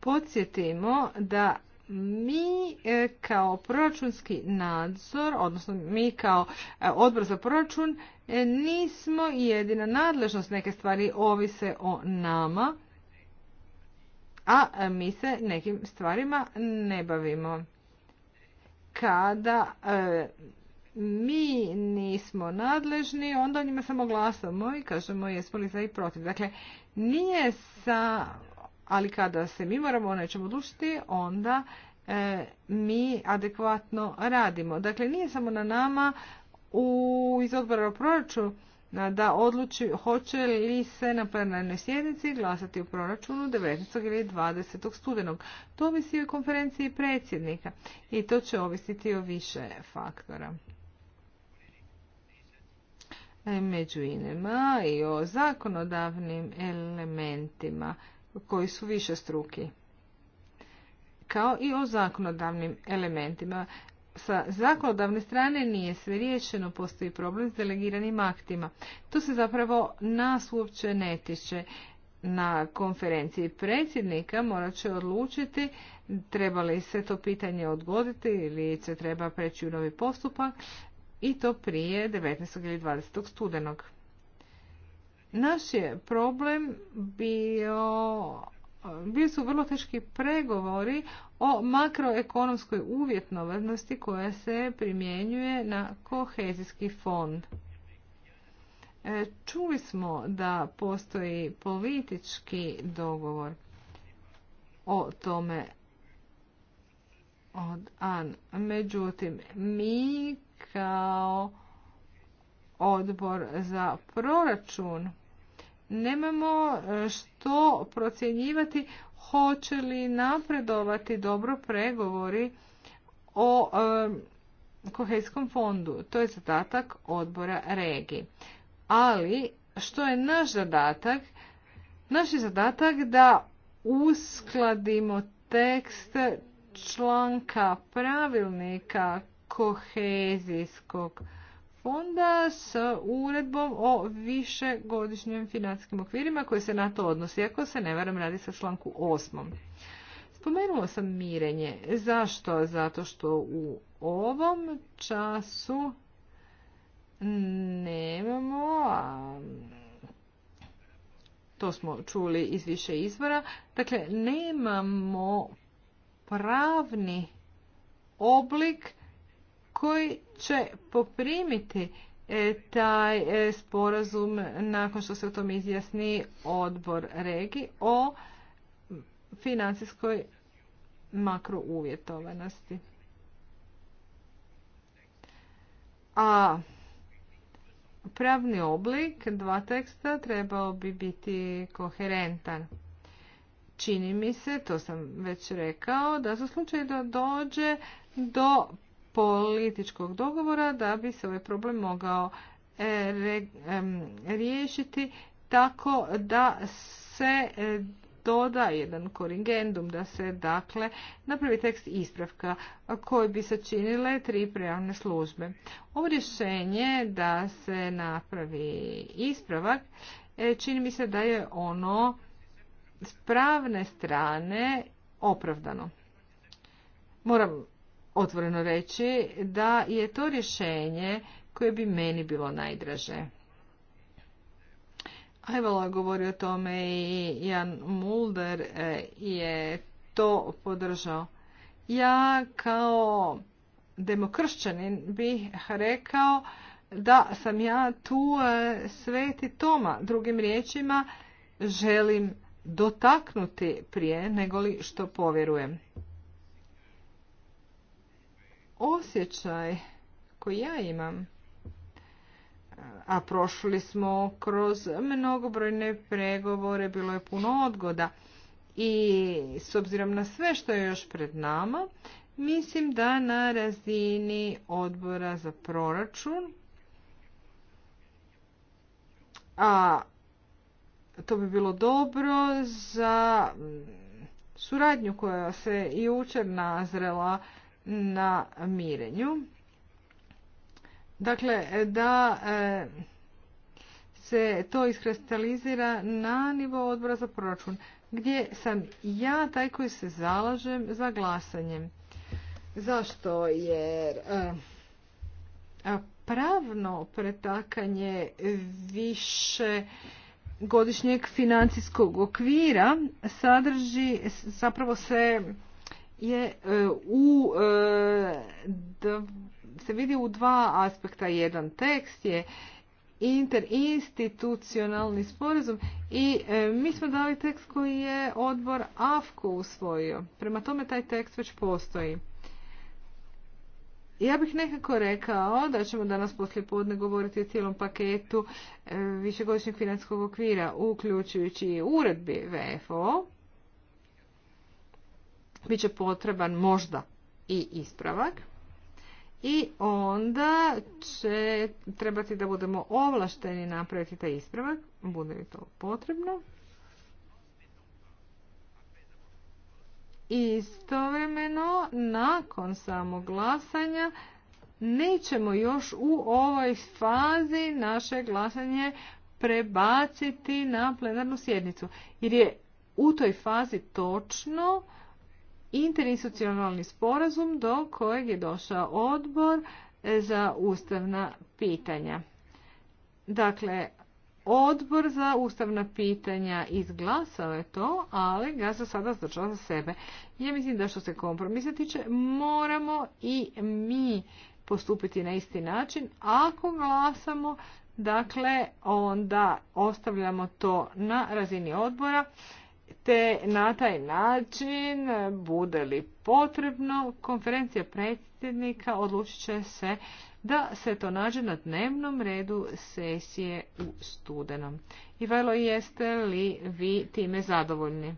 Podsjetimo da mi e, kao proračunski nadzor, odnosno mi kao e, odbor za proračun, e, nismo jedina nadležnost. Neke stvari ovise o nama, a mi se nekim stvarima ne bavimo. Kada mi nismo nadležni, onda njima samo glasamo i kažemo jesmo li za i protiv. Dakle, nije sa ali kada se mi moramo o nečemu odlučiti, onda e, mi adekvatno radimo. Dakle, nije samo na nama u, iz odbora proračunu da odluči hoće li se na plenarnoj sjednici glasati u proračunu 19. ili 20. studenog. To ovisi i o konferenciji predsjednika i to će ovisiti o više faktora. E, među inima i o zakonodavnim elementima koji su više struki. Kao i o zakonodavnim elementima. Sa zakonodavne strane nije sve riješeno, postoji problem s delegiranim aktima. To se zapravo nas uopće ne tiče. Na konferenciji predsjednika morat će odlučiti treba li se to pitanje odgoditi ili se treba preći u novi postupak i to prije 19. ili 20. studenog. Naš je problem bio bili su vrlo teški pregovori o makroekonomskoj uvjetnovednosti koja se primjenjuje na kohezijski fond. E, čuli smo da postoji politički dogovor o tome od An. Međutim, mi kao odbor za proračun nemamo e, što procjenjivati hoće li napredovati dobro pregovori o e, kohezijskom fondu. To je zadatak odbora regi. Ali što je naš zadatak? Naš je zadatak da uskladimo tekst članka pravilnika kohezijskog fonda s uredbom o višegodišnjim financijskim okvirima koji se na to odnosi, ako se ne varam radi sa članku 8. Spomenula sam mirenje. Zašto? Zato što u ovom času nemamo, to smo čuli iz više izvora, dakle nemamo pravni oblik koji će poprimiti e, taj e, sporazum nakon što se o tom izjasni odbor regi o financijskoj makrouvjetovanosti. A pravni oblik dva teksta trebao bi biti koherentan. Čini mi se, to sam već rekao, da za slučaj da dođe do političkog dogovora da bi se ovaj problem mogao e, riješiti tako da se e, doda jedan koringendum, da se dakle napravi tekst ispravka koji bi sačinile tri pravne službe. Ovo rješenje da se napravi ispravak e, čini mi se da je ono s pravne strane opravdano. Moram otvoreno reći da je to rješenje koje bi meni bilo najdraže. Ajvala govori o tome i Jan Mulder e, je to podržao. Ja kao demokršćanin bih rekao da sam ja tu e, sveti Toma. Drugim riječima želim dotaknuti prije nego što povjerujem osjećaj koji ja imam, a prošli smo kroz mnogobrojne pregovore, bilo je puno odgoda i s obzirom na sve što je još pred nama, mislim da na razini odbora za proračun, a to bi bilo dobro za suradnju koja se jučer nazrela na mirenju. Dakle, da e, se to iskristalizira na nivou odbora za proračun, gdje sam ja taj koji se zalažem za glasanjem. Zašto? Jer e, pravno pretakanje više godišnjeg financijskog okvira sadrži, zapravo se je e, u e, se vidi u dva aspekta. Jedan tekst je interinstitucionalni sporazum i e, mi smo dali tekst koji je odbor AFKO usvojio. Prema tome taj tekst već postoji. Ja bih nekako rekao da ćemo danas poslije podne govoriti o cijelom paketu višegodišnjeg financijskog okvira, uključujući i uredbi VFO, će potreban možda i ispravak. I onda će trebati da budemo ovlašteni napraviti taj ispravak, bude li to potrebno. Istovremeno, nakon samog glasanja, nećemo još u ovoj fazi naše glasanje prebaciti na plenarnu sjednicu. Jer je u toj fazi točno interinstitucionalni sporazum do kojeg je došao odbor e, za ustavna pitanja. Dakle, odbor za ustavna pitanja izglasao je to, ali ga se sada za sebe. Ja mislim da što se kompromisa tiče, moramo i mi postupiti na isti način. Ako glasamo, dakle, onda ostavljamo to na razini odbora te na taj način bude li potrebno konferencija predsjednika odlučit će se da se to nađe na dnevnom redu sesije u studenom. Ivalo, jeste li vi time zadovoljni?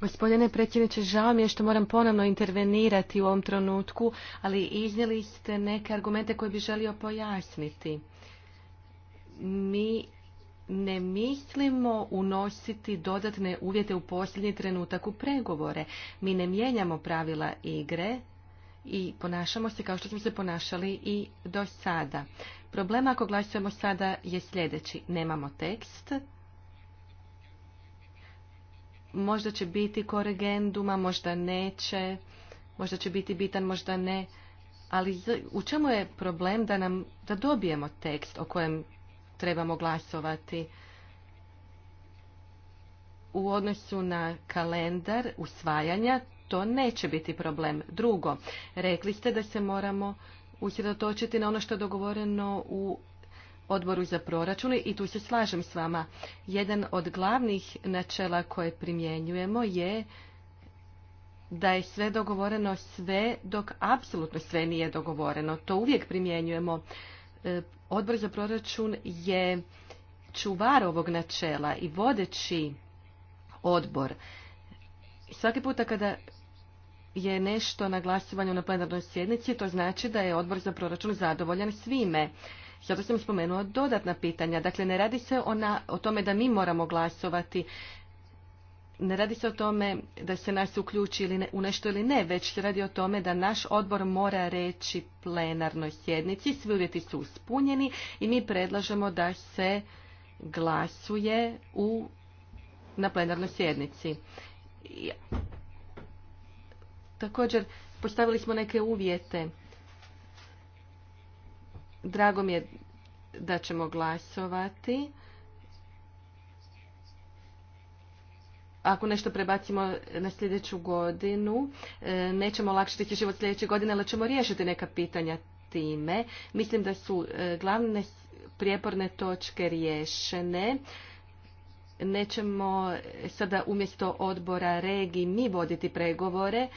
Gospodine predsjedniče, žao mi je što moram ponovno intervenirati u ovom trenutku, ali iznijeli ste neke argumente koje bi želio pojasniti. Mi ne mislimo unositi dodatne uvjete u posljednji trenutak u pregovore. Mi ne mijenjamo pravila igre i ponašamo se kao što smo se ponašali i do sada. Problem ako glasujemo sada je sljedeći. Nemamo tekst. Možda će biti koregenduma, možda neće, možda će biti bitan, možda ne. Ali u čemu je problem da nam da dobijemo tekst o kojem trebamo glasovati. U odnosu na kalendar usvajanja to neće biti problem. Drugo, rekli ste da se moramo usredotočiti na ono što je dogovoreno u odboru za proračune i tu se slažem s vama. Jedan od glavnih načela koje primjenjujemo je da je sve dogovoreno sve dok apsolutno sve nije dogovoreno. To uvijek primjenjujemo E, odbor za proračun je čuvar ovog načela i vodeći odbor. Svaki puta kada je nešto na glasovanju na plenarnoj sjednici, to znači da je odbor za proračun zadovoljan svime. Zato sam spomenuo dodatna pitanja. Dakle, ne radi se o tome da mi moramo glasovati ne radi se o tome da se nas uključi ili ne, u nešto ili ne, već se radi o tome da naš odbor mora reći plenarnoj sjednici, svi uvjeti su uspunjeni i mi predlažemo da se glasuje u, na plenarnoj sjednici. također, postavili smo neke uvjete. Drago mi je da ćemo glasovati. ako nešto prebacimo na sljedeću godinu, e, nećemo olakšati život sljedeće godine, ali ćemo riješiti neka pitanja time. Mislim da su e, glavne prijeporne točke riješene. Nećemo sada umjesto odbora regi mi voditi pregovore.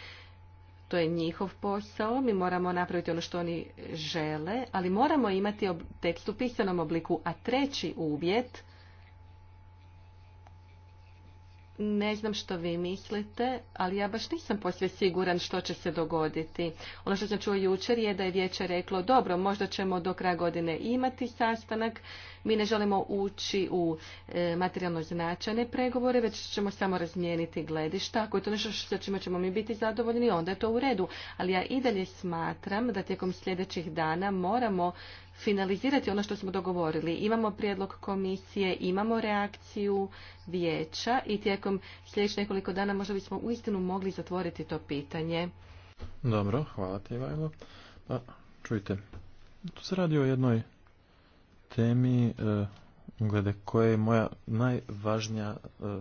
To je njihov posao, mi moramo napraviti ono što oni žele, ali moramo imati tekst u pisanom obliku, a treći uvjet ne znam što vi mislite, ali ja baš nisam posve siguran što će se dogoditi. Ono što sam čuo jučer je da je vijeće reklo, dobro, možda ćemo do kraja godine imati sastanak, mi ne želimo ući u e, materijalno značajne pregovore, već ćemo samo razmijeniti gledišta. Ako je to nešto sa čime ćemo mi biti zadovoljni, onda je to u redu. Ali ja i dalje smatram da tijekom sljedećih dana moramo finalizirati ono što smo dogovorili. Imamo prijedlog komisije, imamo reakciju vijeća i tijekom sljedećih nekoliko dana možda bismo uistinu mogli zatvoriti to pitanje. Dobro, hvala ti, Pa, čujte, tu se radi o jednoj temi e, glede koje je moja najvažnija e,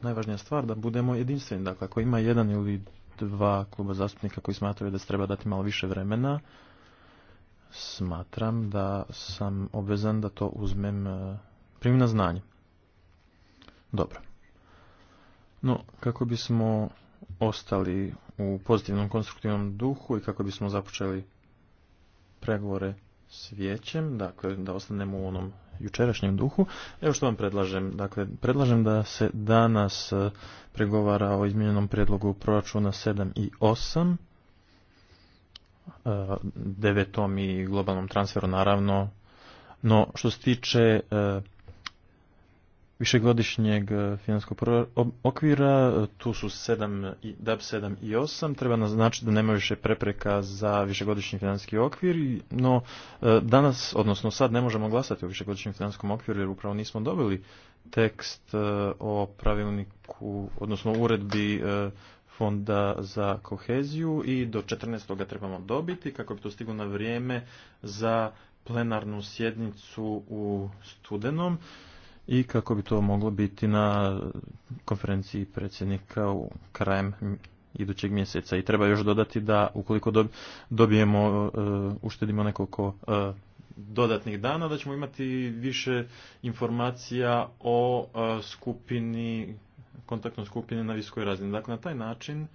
najvažnija stvar da budemo jedinstveni. Dakle, ako ima jedan ili dva kluba zastupnika koji smatraju da se treba dati malo više vremena, smatram da sam obvezan da to uzmem e, primim na znanje. Dobro. No, kako bismo ostali u pozitivnom konstruktivnom duhu i kako bismo započeli pregovore svijećem. dakle da ostanemo u onom jučerašnjem duhu. Evo što vam predlažem. Dakle, predlažem da se danas e, pregovara o izmijenjenom prijedlogu proračuna 7 i 8, e, devetom i globalnom transferu naravno. No, što se tiče e, višegodišnjeg e, finanskog okvira, e, tu su 7, DAB 7 i 8, treba naznačiti da nema više prepreka za višegodišnji financijski okvir, no e, danas, odnosno sad, ne možemo glasati o višegodišnjem finanskom okviru jer upravo nismo dobili tekst o pravilniku, odnosno uredbi fonda za koheziju i do 14. trebamo dobiti kako bi to stiglo na vrijeme za plenarnu sjednicu u studenom i kako bi to moglo biti na konferenciji predsjednika u krajem idućeg mjeseca. I treba još dodati da ukoliko dobijemo, e, uštedimo nekoliko e, dodatnih dana, da ćemo imati više informacija o e, skupini, kontaktnoj skupini na viskoj razini. Dakle, na taj način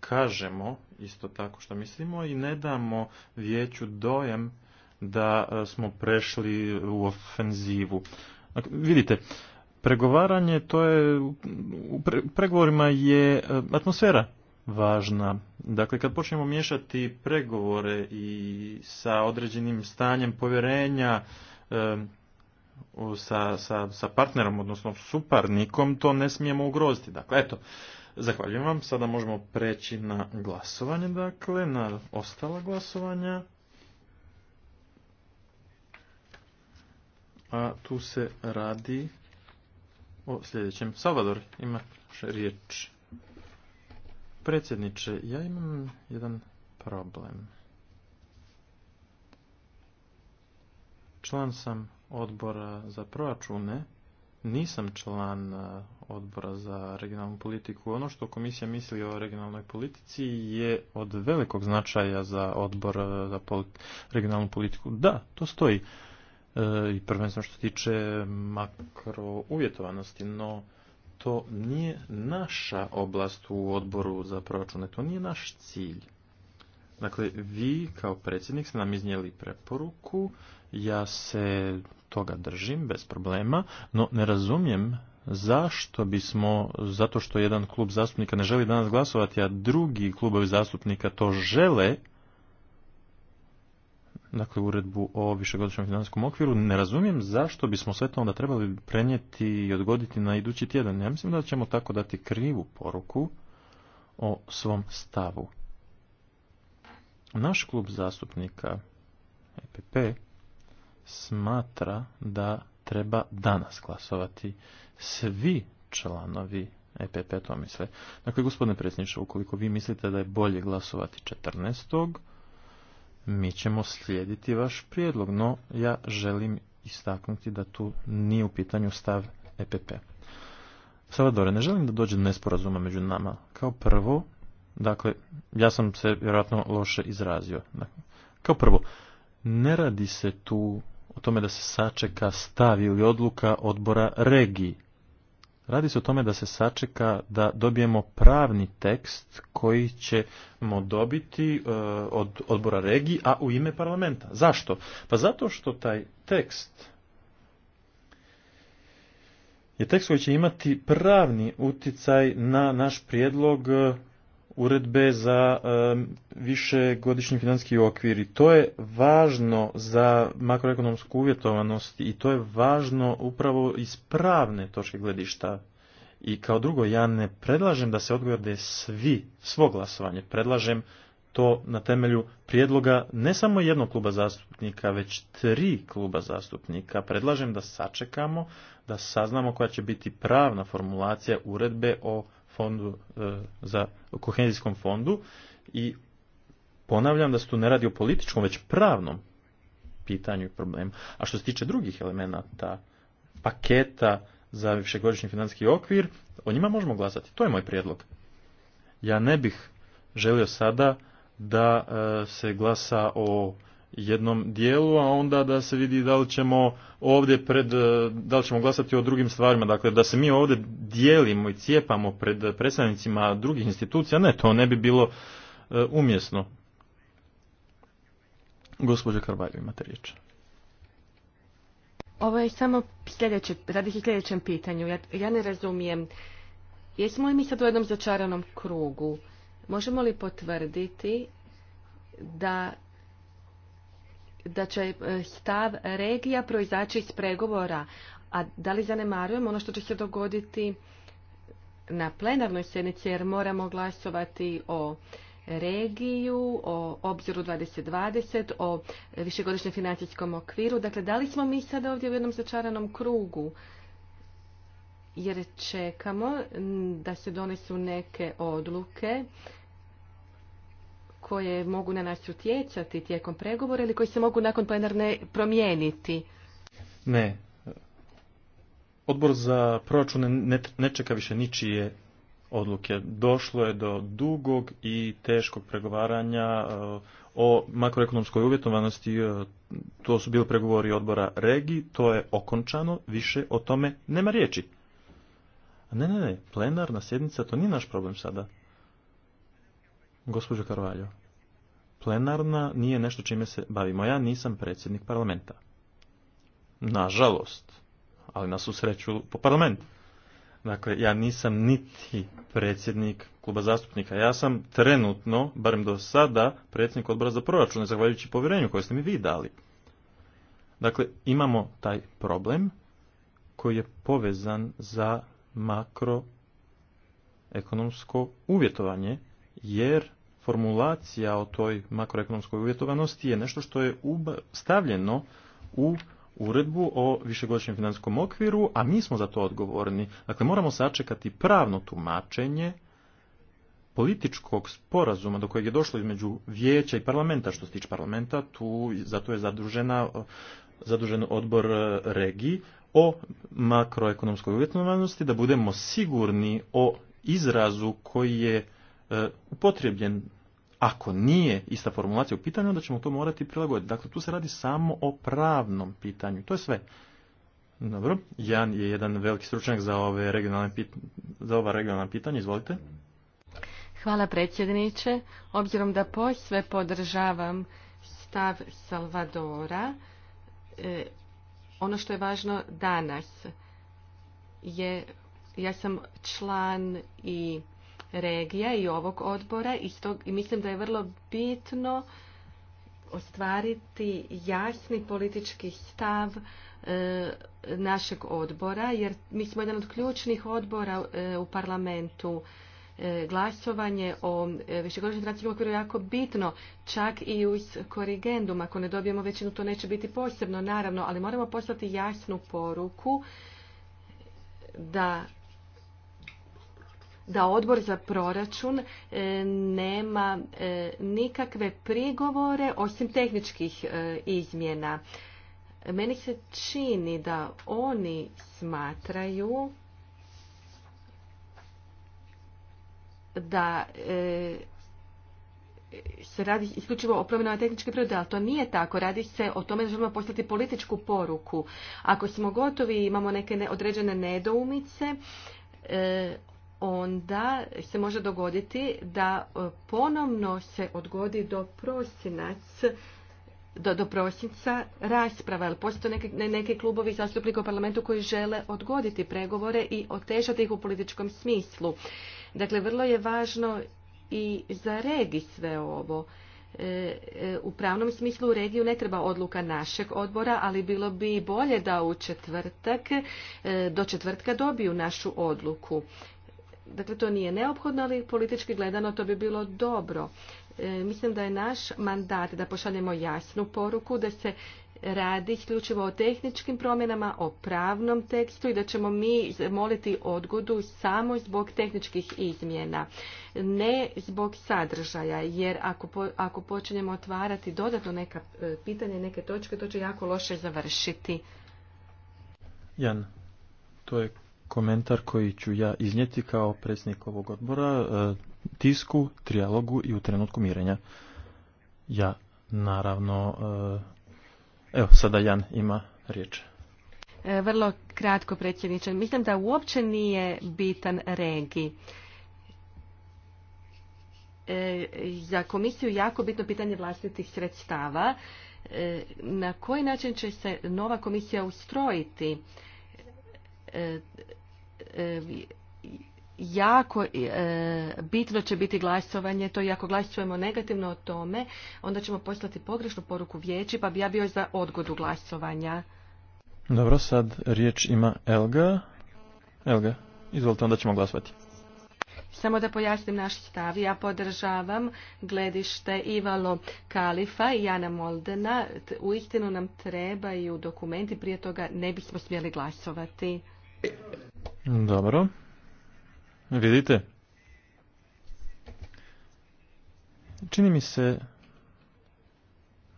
kažemo isto tako što mislimo i ne damo vijeću dojem da e, smo prešli u ofenzivu. vidite, pregovaranje to je, u pregovorima je e, atmosfera važna. Dakle, kad počnemo miješati pregovore i sa određenim stanjem povjerenja e, sa, sa, sa partnerom, odnosno suparnikom, to ne smijemo ugroziti. Dakle, eto, zahvaljujem vam. Sada možemo preći na glasovanje, dakle, na ostala glasovanja. a tu se radi o sljedećem. Salvador, ima riječ. Predsjedniče, ja imam jedan problem. Član sam odbora za proračune, nisam član e, odbora za regionalnu politiku. Ono što komisija misli o regionalnoj politici je od velikog značaja za odbor e, za regionalnu politiku. Da, to stoji. E, i prvenstveno što tiče makro uvjetovanosti, no to nije naša oblast u odboru za proračune, to nije naš cilj. Dakle, vi kao predsjednik ste nam iznijeli preporuku, ja se toga držim bez problema, no ne razumijem zašto bismo, zato što jedan klub zastupnika ne želi danas glasovati, a drugi klubovi zastupnika to žele, dakle, uredbu o višegodišnjem financijskom okviru, ne razumijem zašto bismo sve to onda trebali prenijeti i odgoditi na idući tjedan. Ja mislim da ćemo tako dati krivu poruku o svom stavu. Naš klub zastupnika EPP smatra da treba danas glasovati svi članovi EPP p-a, to misle. Dakle, gospodine predsjedniče, ukoliko vi mislite da je bolje glasovati 14 mi ćemo slijediti vaš prijedlog, no ja želim istaknuti da tu nije u pitanju stav EPP. Salvadore, ne želim da dođe do nesporazuma među nama. Kao prvo, dakle, ja sam se vjerojatno loše izrazio. Dakle, kao prvo, ne radi se tu o tome da se sačeka stav ili odluka odbora regiji. Radi se o tome da se sačeka da dobijemo pravni tekst koji ćemo dobiti e, od odbora regiji, a u ime parlamenta. Zašto? Pa zato što taj tekst je tekst koji će imati pravni uticaj na naš prijedlog uredbe za višegodišnji financijski okvir i to je važno za makroekonomsku uvjetovanost i to je važno upravo iz pravne točke gledišta. I kao drugo, ja ne predlažem da se odgode svi, svo glasovanje, predlažem to na temelju prijedloga ne samo jednog kluba zastupnika, već tri kluba zastupnika. Predlažem da sačekamo, da saznamo koja će biti pravna formulacija uredbe o fondu, e, za kohezijskom fondu i ponavljam da se tu ne radi o političkom, već pravnom pitanju i problemu. A što se tiče drugih elemenata, paketa za višegodišnji financijski okvir, o njima možemo glasati. To je moj prijedlog. Ja ne bih želio sada da e, se glasa o jednom dijelu, a onda da se vidi da li ćemo ovdje pred, e, da li ćemo glasati o drugim stvarima. Dakle, da se mi ovdje dijelimo i cijepamo pred predstavnicima drugih institucija, ne, to ne bi bilo e, umjesno. Gospođa Karbalju, imate riječ. Ovo je samo sljedeće, radi se sljedećem pitanju. Ja, ja ne razumijem. Jesmo li mi sad u jednom začaranom krugu? Možemo li potvrditi da da će e, stav regija proizaći iz pregovora. A da li zanemarujemo ono što će se dogoditi na plenarnoj sjednici jer moramo glasovati o regiju, o obzoru 2020, o višegodišnjem financijskom okviru. Dakle, da li smo mi sada ovdje u jednom začaranom krugu? Jer čekamo da se donesu neke odluke koje mogu na nas utjecati tijekom pregovora ili koji se mogu nakon plenarne promijeniti? Ne. Odbor za proračune ne, čeka više ničije odluke. Došlo je do dugog i teškog pregovaranja e, o makroekonomskoj uvjetovanosti. E, to su bili pregovori odbora Regi. To je okončano. Više o tome nema riječi. Ne, ne, ne. Plenarna sjednica, to nije naš problem sada. Gospođo Karvaljo, plenarna nije nešto čime se bavimo. Ja nisam predsjednik parlamenta. Nažalost, ali nas usreću po parlamentu. Dakle, ja nisam niti predsjednik kluba zastupnika. Ja sam trenutno, barem do sada, predsjednik odbora za proračune, zahvaljujući povjerenju koje ste mi vi dali. Dakle, imamo taj problem koji je povezan za makroekonomsko uvjetovanje, jer formulacija o toj makroekonomskoj uvjetovanosti je nešto što je stavljeno u uredbu o višegodišnjem financijskom okviru, a mi smo za to odgovorni. Dakle, moramo sačekati pravno tumačenje političkog sporazuma do kojeg je došlo između vijeća i parlamenta, što se tiče parlamenta, tu zato je zadužena, zadužen odbor e, regiji o makroekonomskoj uvjetovanosti, da budemo sigurni o izrazu koji je e, upotrijebljen ako nije ista formulacija u pitanju, onda ćemo to morati prilagoditi. Dakle, tu se radi samo o pravnom pitanju. To je sve. Dobro, Jan je jedan veliki stručnjak za, ove regionalne za ova regionalna pitanja. Izvolite. Hvala predsjedniče. Obzirom da posve podržavam stav Salvadora, e, ono što je važno danas je, ja sam član i regija i ovog odbora i, i mislim da je vrlo bitno ostvariti jasni politički stav e, našeg odbora jer mi smo jedan od ključnih odbora e, u parlamentu e, glasovanje o e, višegodišnjem financijskom okviru je jako bitno čak i uz korigendum ako ne dobijemo većinu to neće biti posebno naravno ali moramo poslati jasnu poruku da da odbor za proračun e, nema e, nikakve prigovore osim tehničkih e, izmjena. Meni se čini da oni smatraju da se radi isključivo o promjenama tehničke prirode, ali to nije tako. Radi se o tome da želimo poslati političku poruku. Ako smo gotovi i imamo neke određene nedoumice, onda se može dogoditi da e, ponovno se odgodi do prosinac do, prosinca rasprava. Jer postoje neki, klubovi zastupnika u parlamentu koji žele odgoditi pregovore i otežati ih u političkom smislu. Dakle, vrlo je važno i za regi sve ovo. E, e, u pravnom smislu u regiju ne treba odluka našeg odbora, ali bilo bi bolje da u četvrtak, do četvrtka dobiju našu odluku. Dakle, to nije neophodno, ali politički gledano to bi bilo dobro. E, mislim da je naš mandat da pošaljemo jasnu poruku, da se radi isključivo o tehničkim promjenama, o pravnom tekstu i da ćemo mi moliti odgodu samo zbog tehničkih izmjena, ne zbog sadržaja, jer ako, po, ako počinjemo otvarati dodatno neka e, pitanja, neke točke, to će jako loše završiti. Jan, to je komentar koji ću ja iznijeti kao predsjednik ovog odbora e, tisku, trijalogu i u trenutku mirenja. Ja, naravno, e, evo, sada Jan ima riječ. E, vrlo kratko, predsjedničan, Mislim da uopće nije bitan regi. za komisiju jako bitno pitanje vlastitih sredstava. na koji način će se nova komisija ustrojiti? E, jako e, bitno će biti glasovanje, to i ako glasujemo negativno o tome, onda ćemo poslati pogrešnu poruku vijeći, pa bi ja bio za odgodu glasovanja. Dobro, sad riječ ima Elga. Elga, izvolite, onda ćemo glasovati. Samo da pojasnim naš stav. Ja podržavam gledište Ivalo Kalifa i Jana Moldena. U istinu nam trebaju dokumenti, prije toga ne bismo smjeli glasovati. Dobro. Vidite? Čini mi se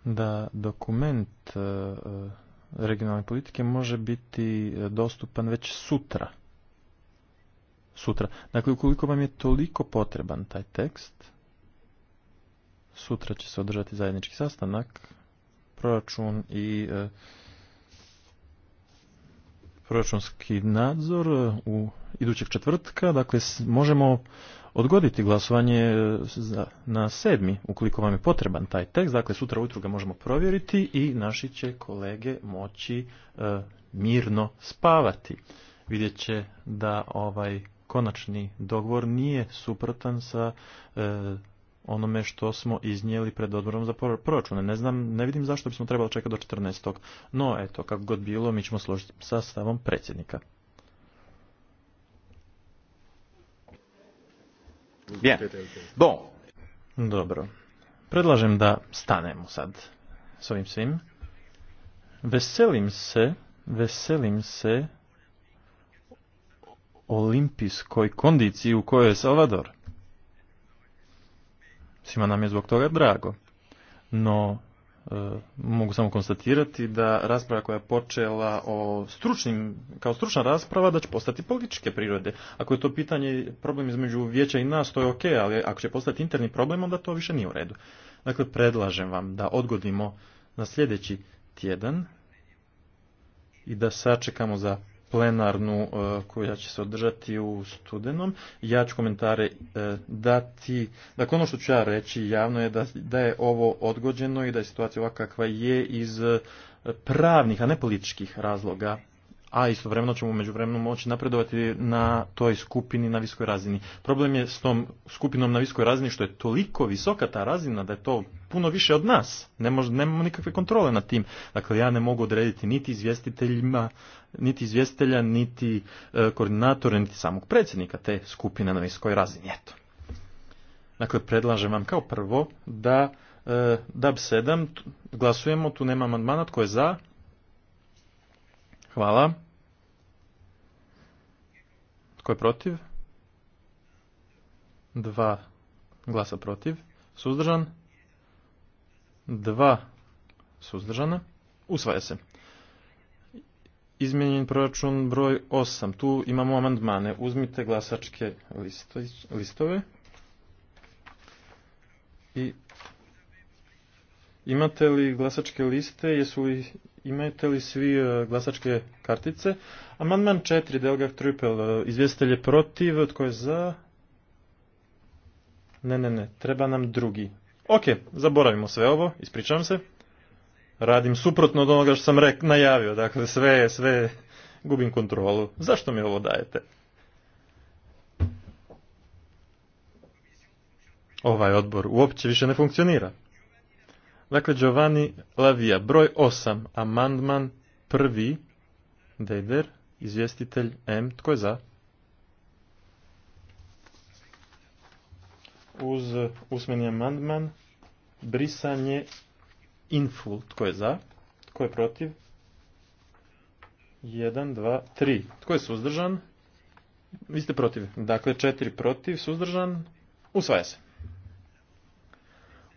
da dokument e, regionalne politike može biti e, dostupan već sutra. Sutra. Dakle, ukoliko vam je toliko potreban taj tekst, sutra će se održati zajednički sastanak, proračun i e, proračunski nadzor e, u idućeg četvrtka, dakle možemo odgoditi glasovanje e, na sedmi, ukoliko vam je potreban taj tekst, dakle sutra ujutru ga možemo provjeriti i naši će kolege moći e, mirno spavati. Vidjet će da ovaj konačni dogovor nije suprotan sa onome što smo iznijeli pred odborom za proračune. Ne znam, ne vidim zašto bismo trebali čekati do 14. No, eto, kako god bilo, mi ćemo složiti sa stavom predsjednika. Bien. Bon. Dobro. Predlažem da stanemo sad s ovim svim. Veselim se, veselim se olimpijskoj kondiciji u kojoj je Salvador. Svima nam je zbog toga drago. No, e, mogu samo konstatirati da rasprava koja je počela o stručnim, kao stručna rasprava da će postati političke prirode. Ako je to pitanje problem između vijeća i nas, to je ok, ali ako će postati interni problem, onda to više nije u redu. Dakle, predlažem vam da odgodimo na sljedeći tjedan i da sačekamo za plenarnu e, koja će se održati u studenom. Ja ću komentare e, dati. Dakle, ono što ću ja reći javno je da, da je ovo odgođeno i da je situacija ovakva kakva je iz e, pravnih, a ne političkih razloga a istovremeno ćemo među vremenu moći napredovati na toj skupini na viskoj razini. Problem je s tom skupinom na viskoj razini što je toliko visoka ta razina da je to puno više od nas. Ne nemamo nikakve kontrole nad tim. Dakle, ja ne mogu odrediti niti izvjestiteljima, niti izvjestitelja, niti e, koordinatora, niti samog predsjednika te skupine na viskoj razini. Eto. Dakle, predlažem vam kao prvo da e, DAB 7 glasujemo, tu nema amandmana, tko je za, Hvala. Tko je protiv? Dva glasa protiv. Suzdržan? Dva suzdržana. Usvaja se. Izmijenjen proračun broj 8. Tu imamo amandmane. Uzmite glasačke listove i Imate li glasačke liste, jesu li, imate li svi e, glasačke kartice? Amandman 4, Delgak Trupel, e, izvjestitelj je protiv, tko je za? Ne, ne, ne, treba nam drugi. Ok, zaboravimo sve ovo, ispričavam se. Radim suprotno od onoga što sam najavio, dakle sve, sve, gubim kontrolu. Zašto mi ovo dajete? Ovaj odbor uopće više ne funkcionira. Dakle, Giovanni Lavija, broj 8, amandman prvi, Dejder, izvjestitelj M, tko je za? Uz usmeni amandman, brisanje inful, tko je za? Tko je protiv? 1, 2, 3. Tko je suzdržan? Vi ste protiv. Dakle, 4 protiv, suzdržan, usvaja se.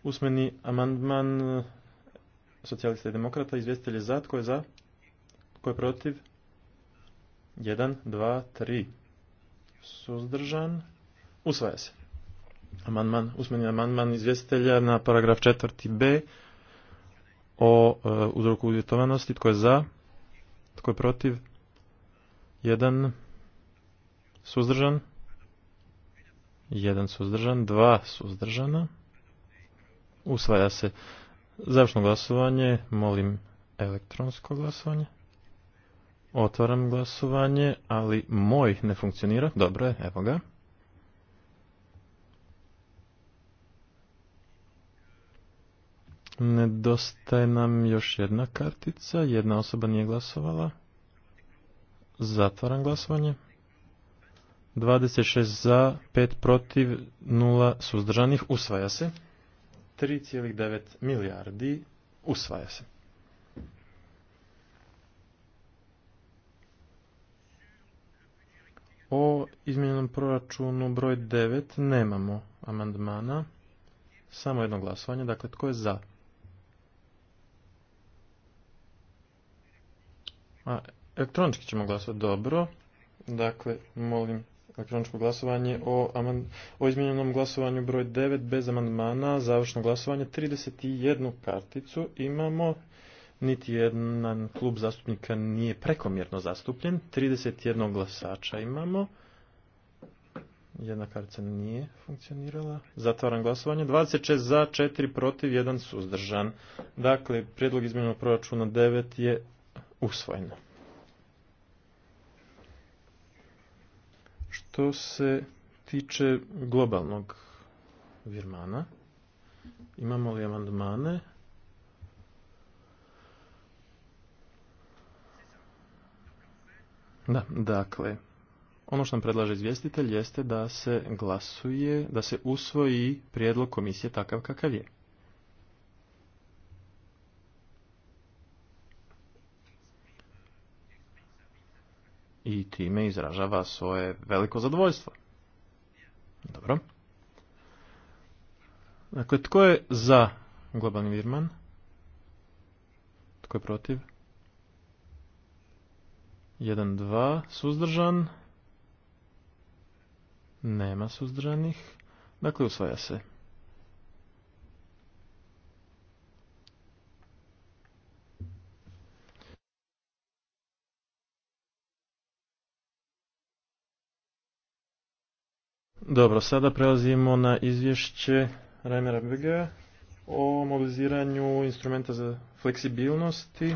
Usmeni amandman eh, socijalista i demokrata, izvjestitelj je za, tko je za, tko je protiv? 1, dva, tri, Suzdržan. Usvaja se. Amandman, usmeni amandman izvjestitelja na paragraf 4b o eh, uzroku uvjetovanosti. Tko je za? Tko je protiv? jedan, Suzdržan. jedan suzdržan. dva suzdržana. Usvaja se. Završno glasovanje. Molim elektronsko glasovanje. Otvaram glasovanje, ali moj ne funkcionira. Dobro je, evo ga. Nedostaje nam još jedna kartica. Jedna osoba nije glasovala. Zatvaram glasovanje. 26 za, 5 protiv, 0 suzdržanih. Usvaja se. 3,9 milijardi usvaja se. O izmjenom proračunu broj 9 nemamo amandmana. Samo jedno glasovanje. Dakle, tko je za? elektronički ćemo glasovati dobro. Dakle, molim elektroničko glasovanje o, o izmijenjenom glasovanju broj 9 bez amandmana, završno glasovanje 31 karticu imamo, niti jedan klub zastupnika nije prekomjerno zastupljen, 31 glasača imamo, jedna kartica nije funkcionirala, zatvaram glasovanje, 26 za, 4 protiv, 1 suzdržan. Dakle, prijedlog izmjene proračuna 9 je usvojeno. Što se tiče globalnog virmana, imamo li amandmane? Da, dakle, ono što nam predlaže izvjestitelj jeste da se glasuje, da se usvoji prijedlog komisije takav kakav je. i time izražava svoje veliko zadovoljstvo. Dobro. Dakle, tko je za globalni virman? Tko je protiv? 1, 2, suzdržan. Nema suzdržanih. Dakle, usvaja se. Dobro, sada prelazimo na izvješće Reimera Böge o mobiliziranju instrumenta za fleksibilnosti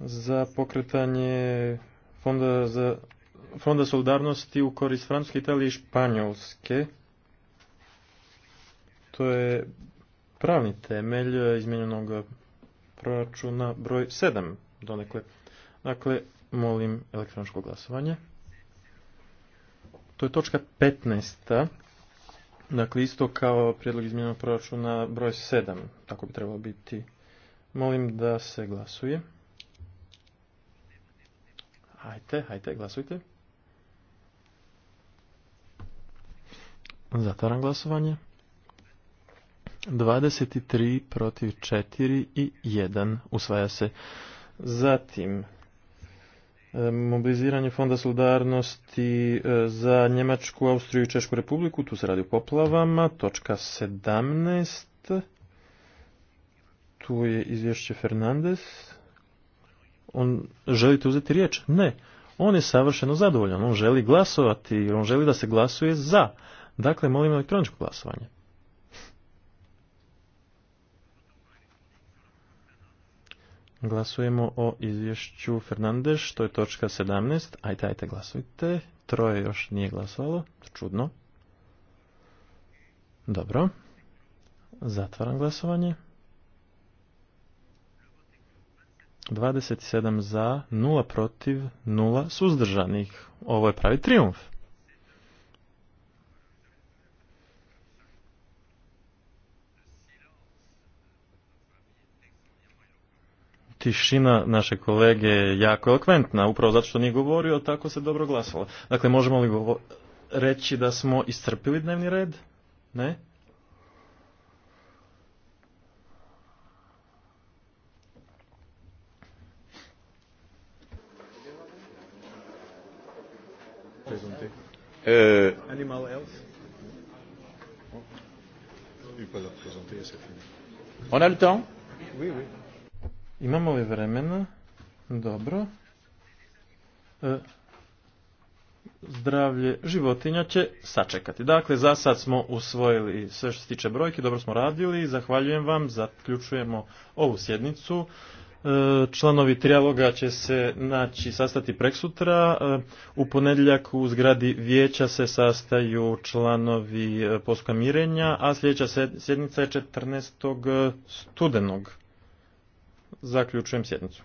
za pokretanje fonda, za, fonda solidarnosti u korist Francuske, Italije i Španjolske. To je pravni temelj izmijenjenog proračuna broj 7 donekle. Dakle, molim elektroničko glasovanje. To je točka 15. Dakle, isto kao prijedlog izmjenog proračuna broj 7. Tako bi trebalo biti. Molim da se glasuje. Hajte, hajte, glasujte. Zatvaram glasovanje. 23 protiv 4 i 1 usvaja se. Zatim E, mobiliziranje fonda solidarnosti e, za Njemačku, Austriju i Češku republiku, tu se radi o poplavama, točka 17, tu je izvješće Fernandez, on, želite uzeti riječ? Ne, on je savršeno zadovoljan, on želi glasovati, on želi da se glasuje za, dakle molim elektroničko glasovanje. Glasujemo o izvješću Fernandez, što je točka 17. Ajde, ajte, glasujte. Troje još nije glasovalo, čudno. Dobro. Zatvaram glasovanje. 27 za, 0 protiv, 0 suzdržanih. Ovo je pravi triumf. tišina naše kolege je jako elokventna, upravo zato što nije govorio, tako se dobro glasalo. Dakle, možemo li reći da smo iscrpili dnevni red? Ne? Euh, Animal health. On a le temps Oui, oui. Imamo li vremena? Dobro. E, zdravlje životinja će sačekati. Dakle, za sad smo usvojili sve što se tiče brojki, dobro smo radili, zahvaljujem vam, zaključujemo ovu sjednicu. E, članovi trijaloga će se naći sastati preksutra. E, u ponedjeljak u zgradi vijeća se sastaju članovi poskamirenja mirenja, a sljedeća sjednica je 14. studenog. Zaključujem sjednicu.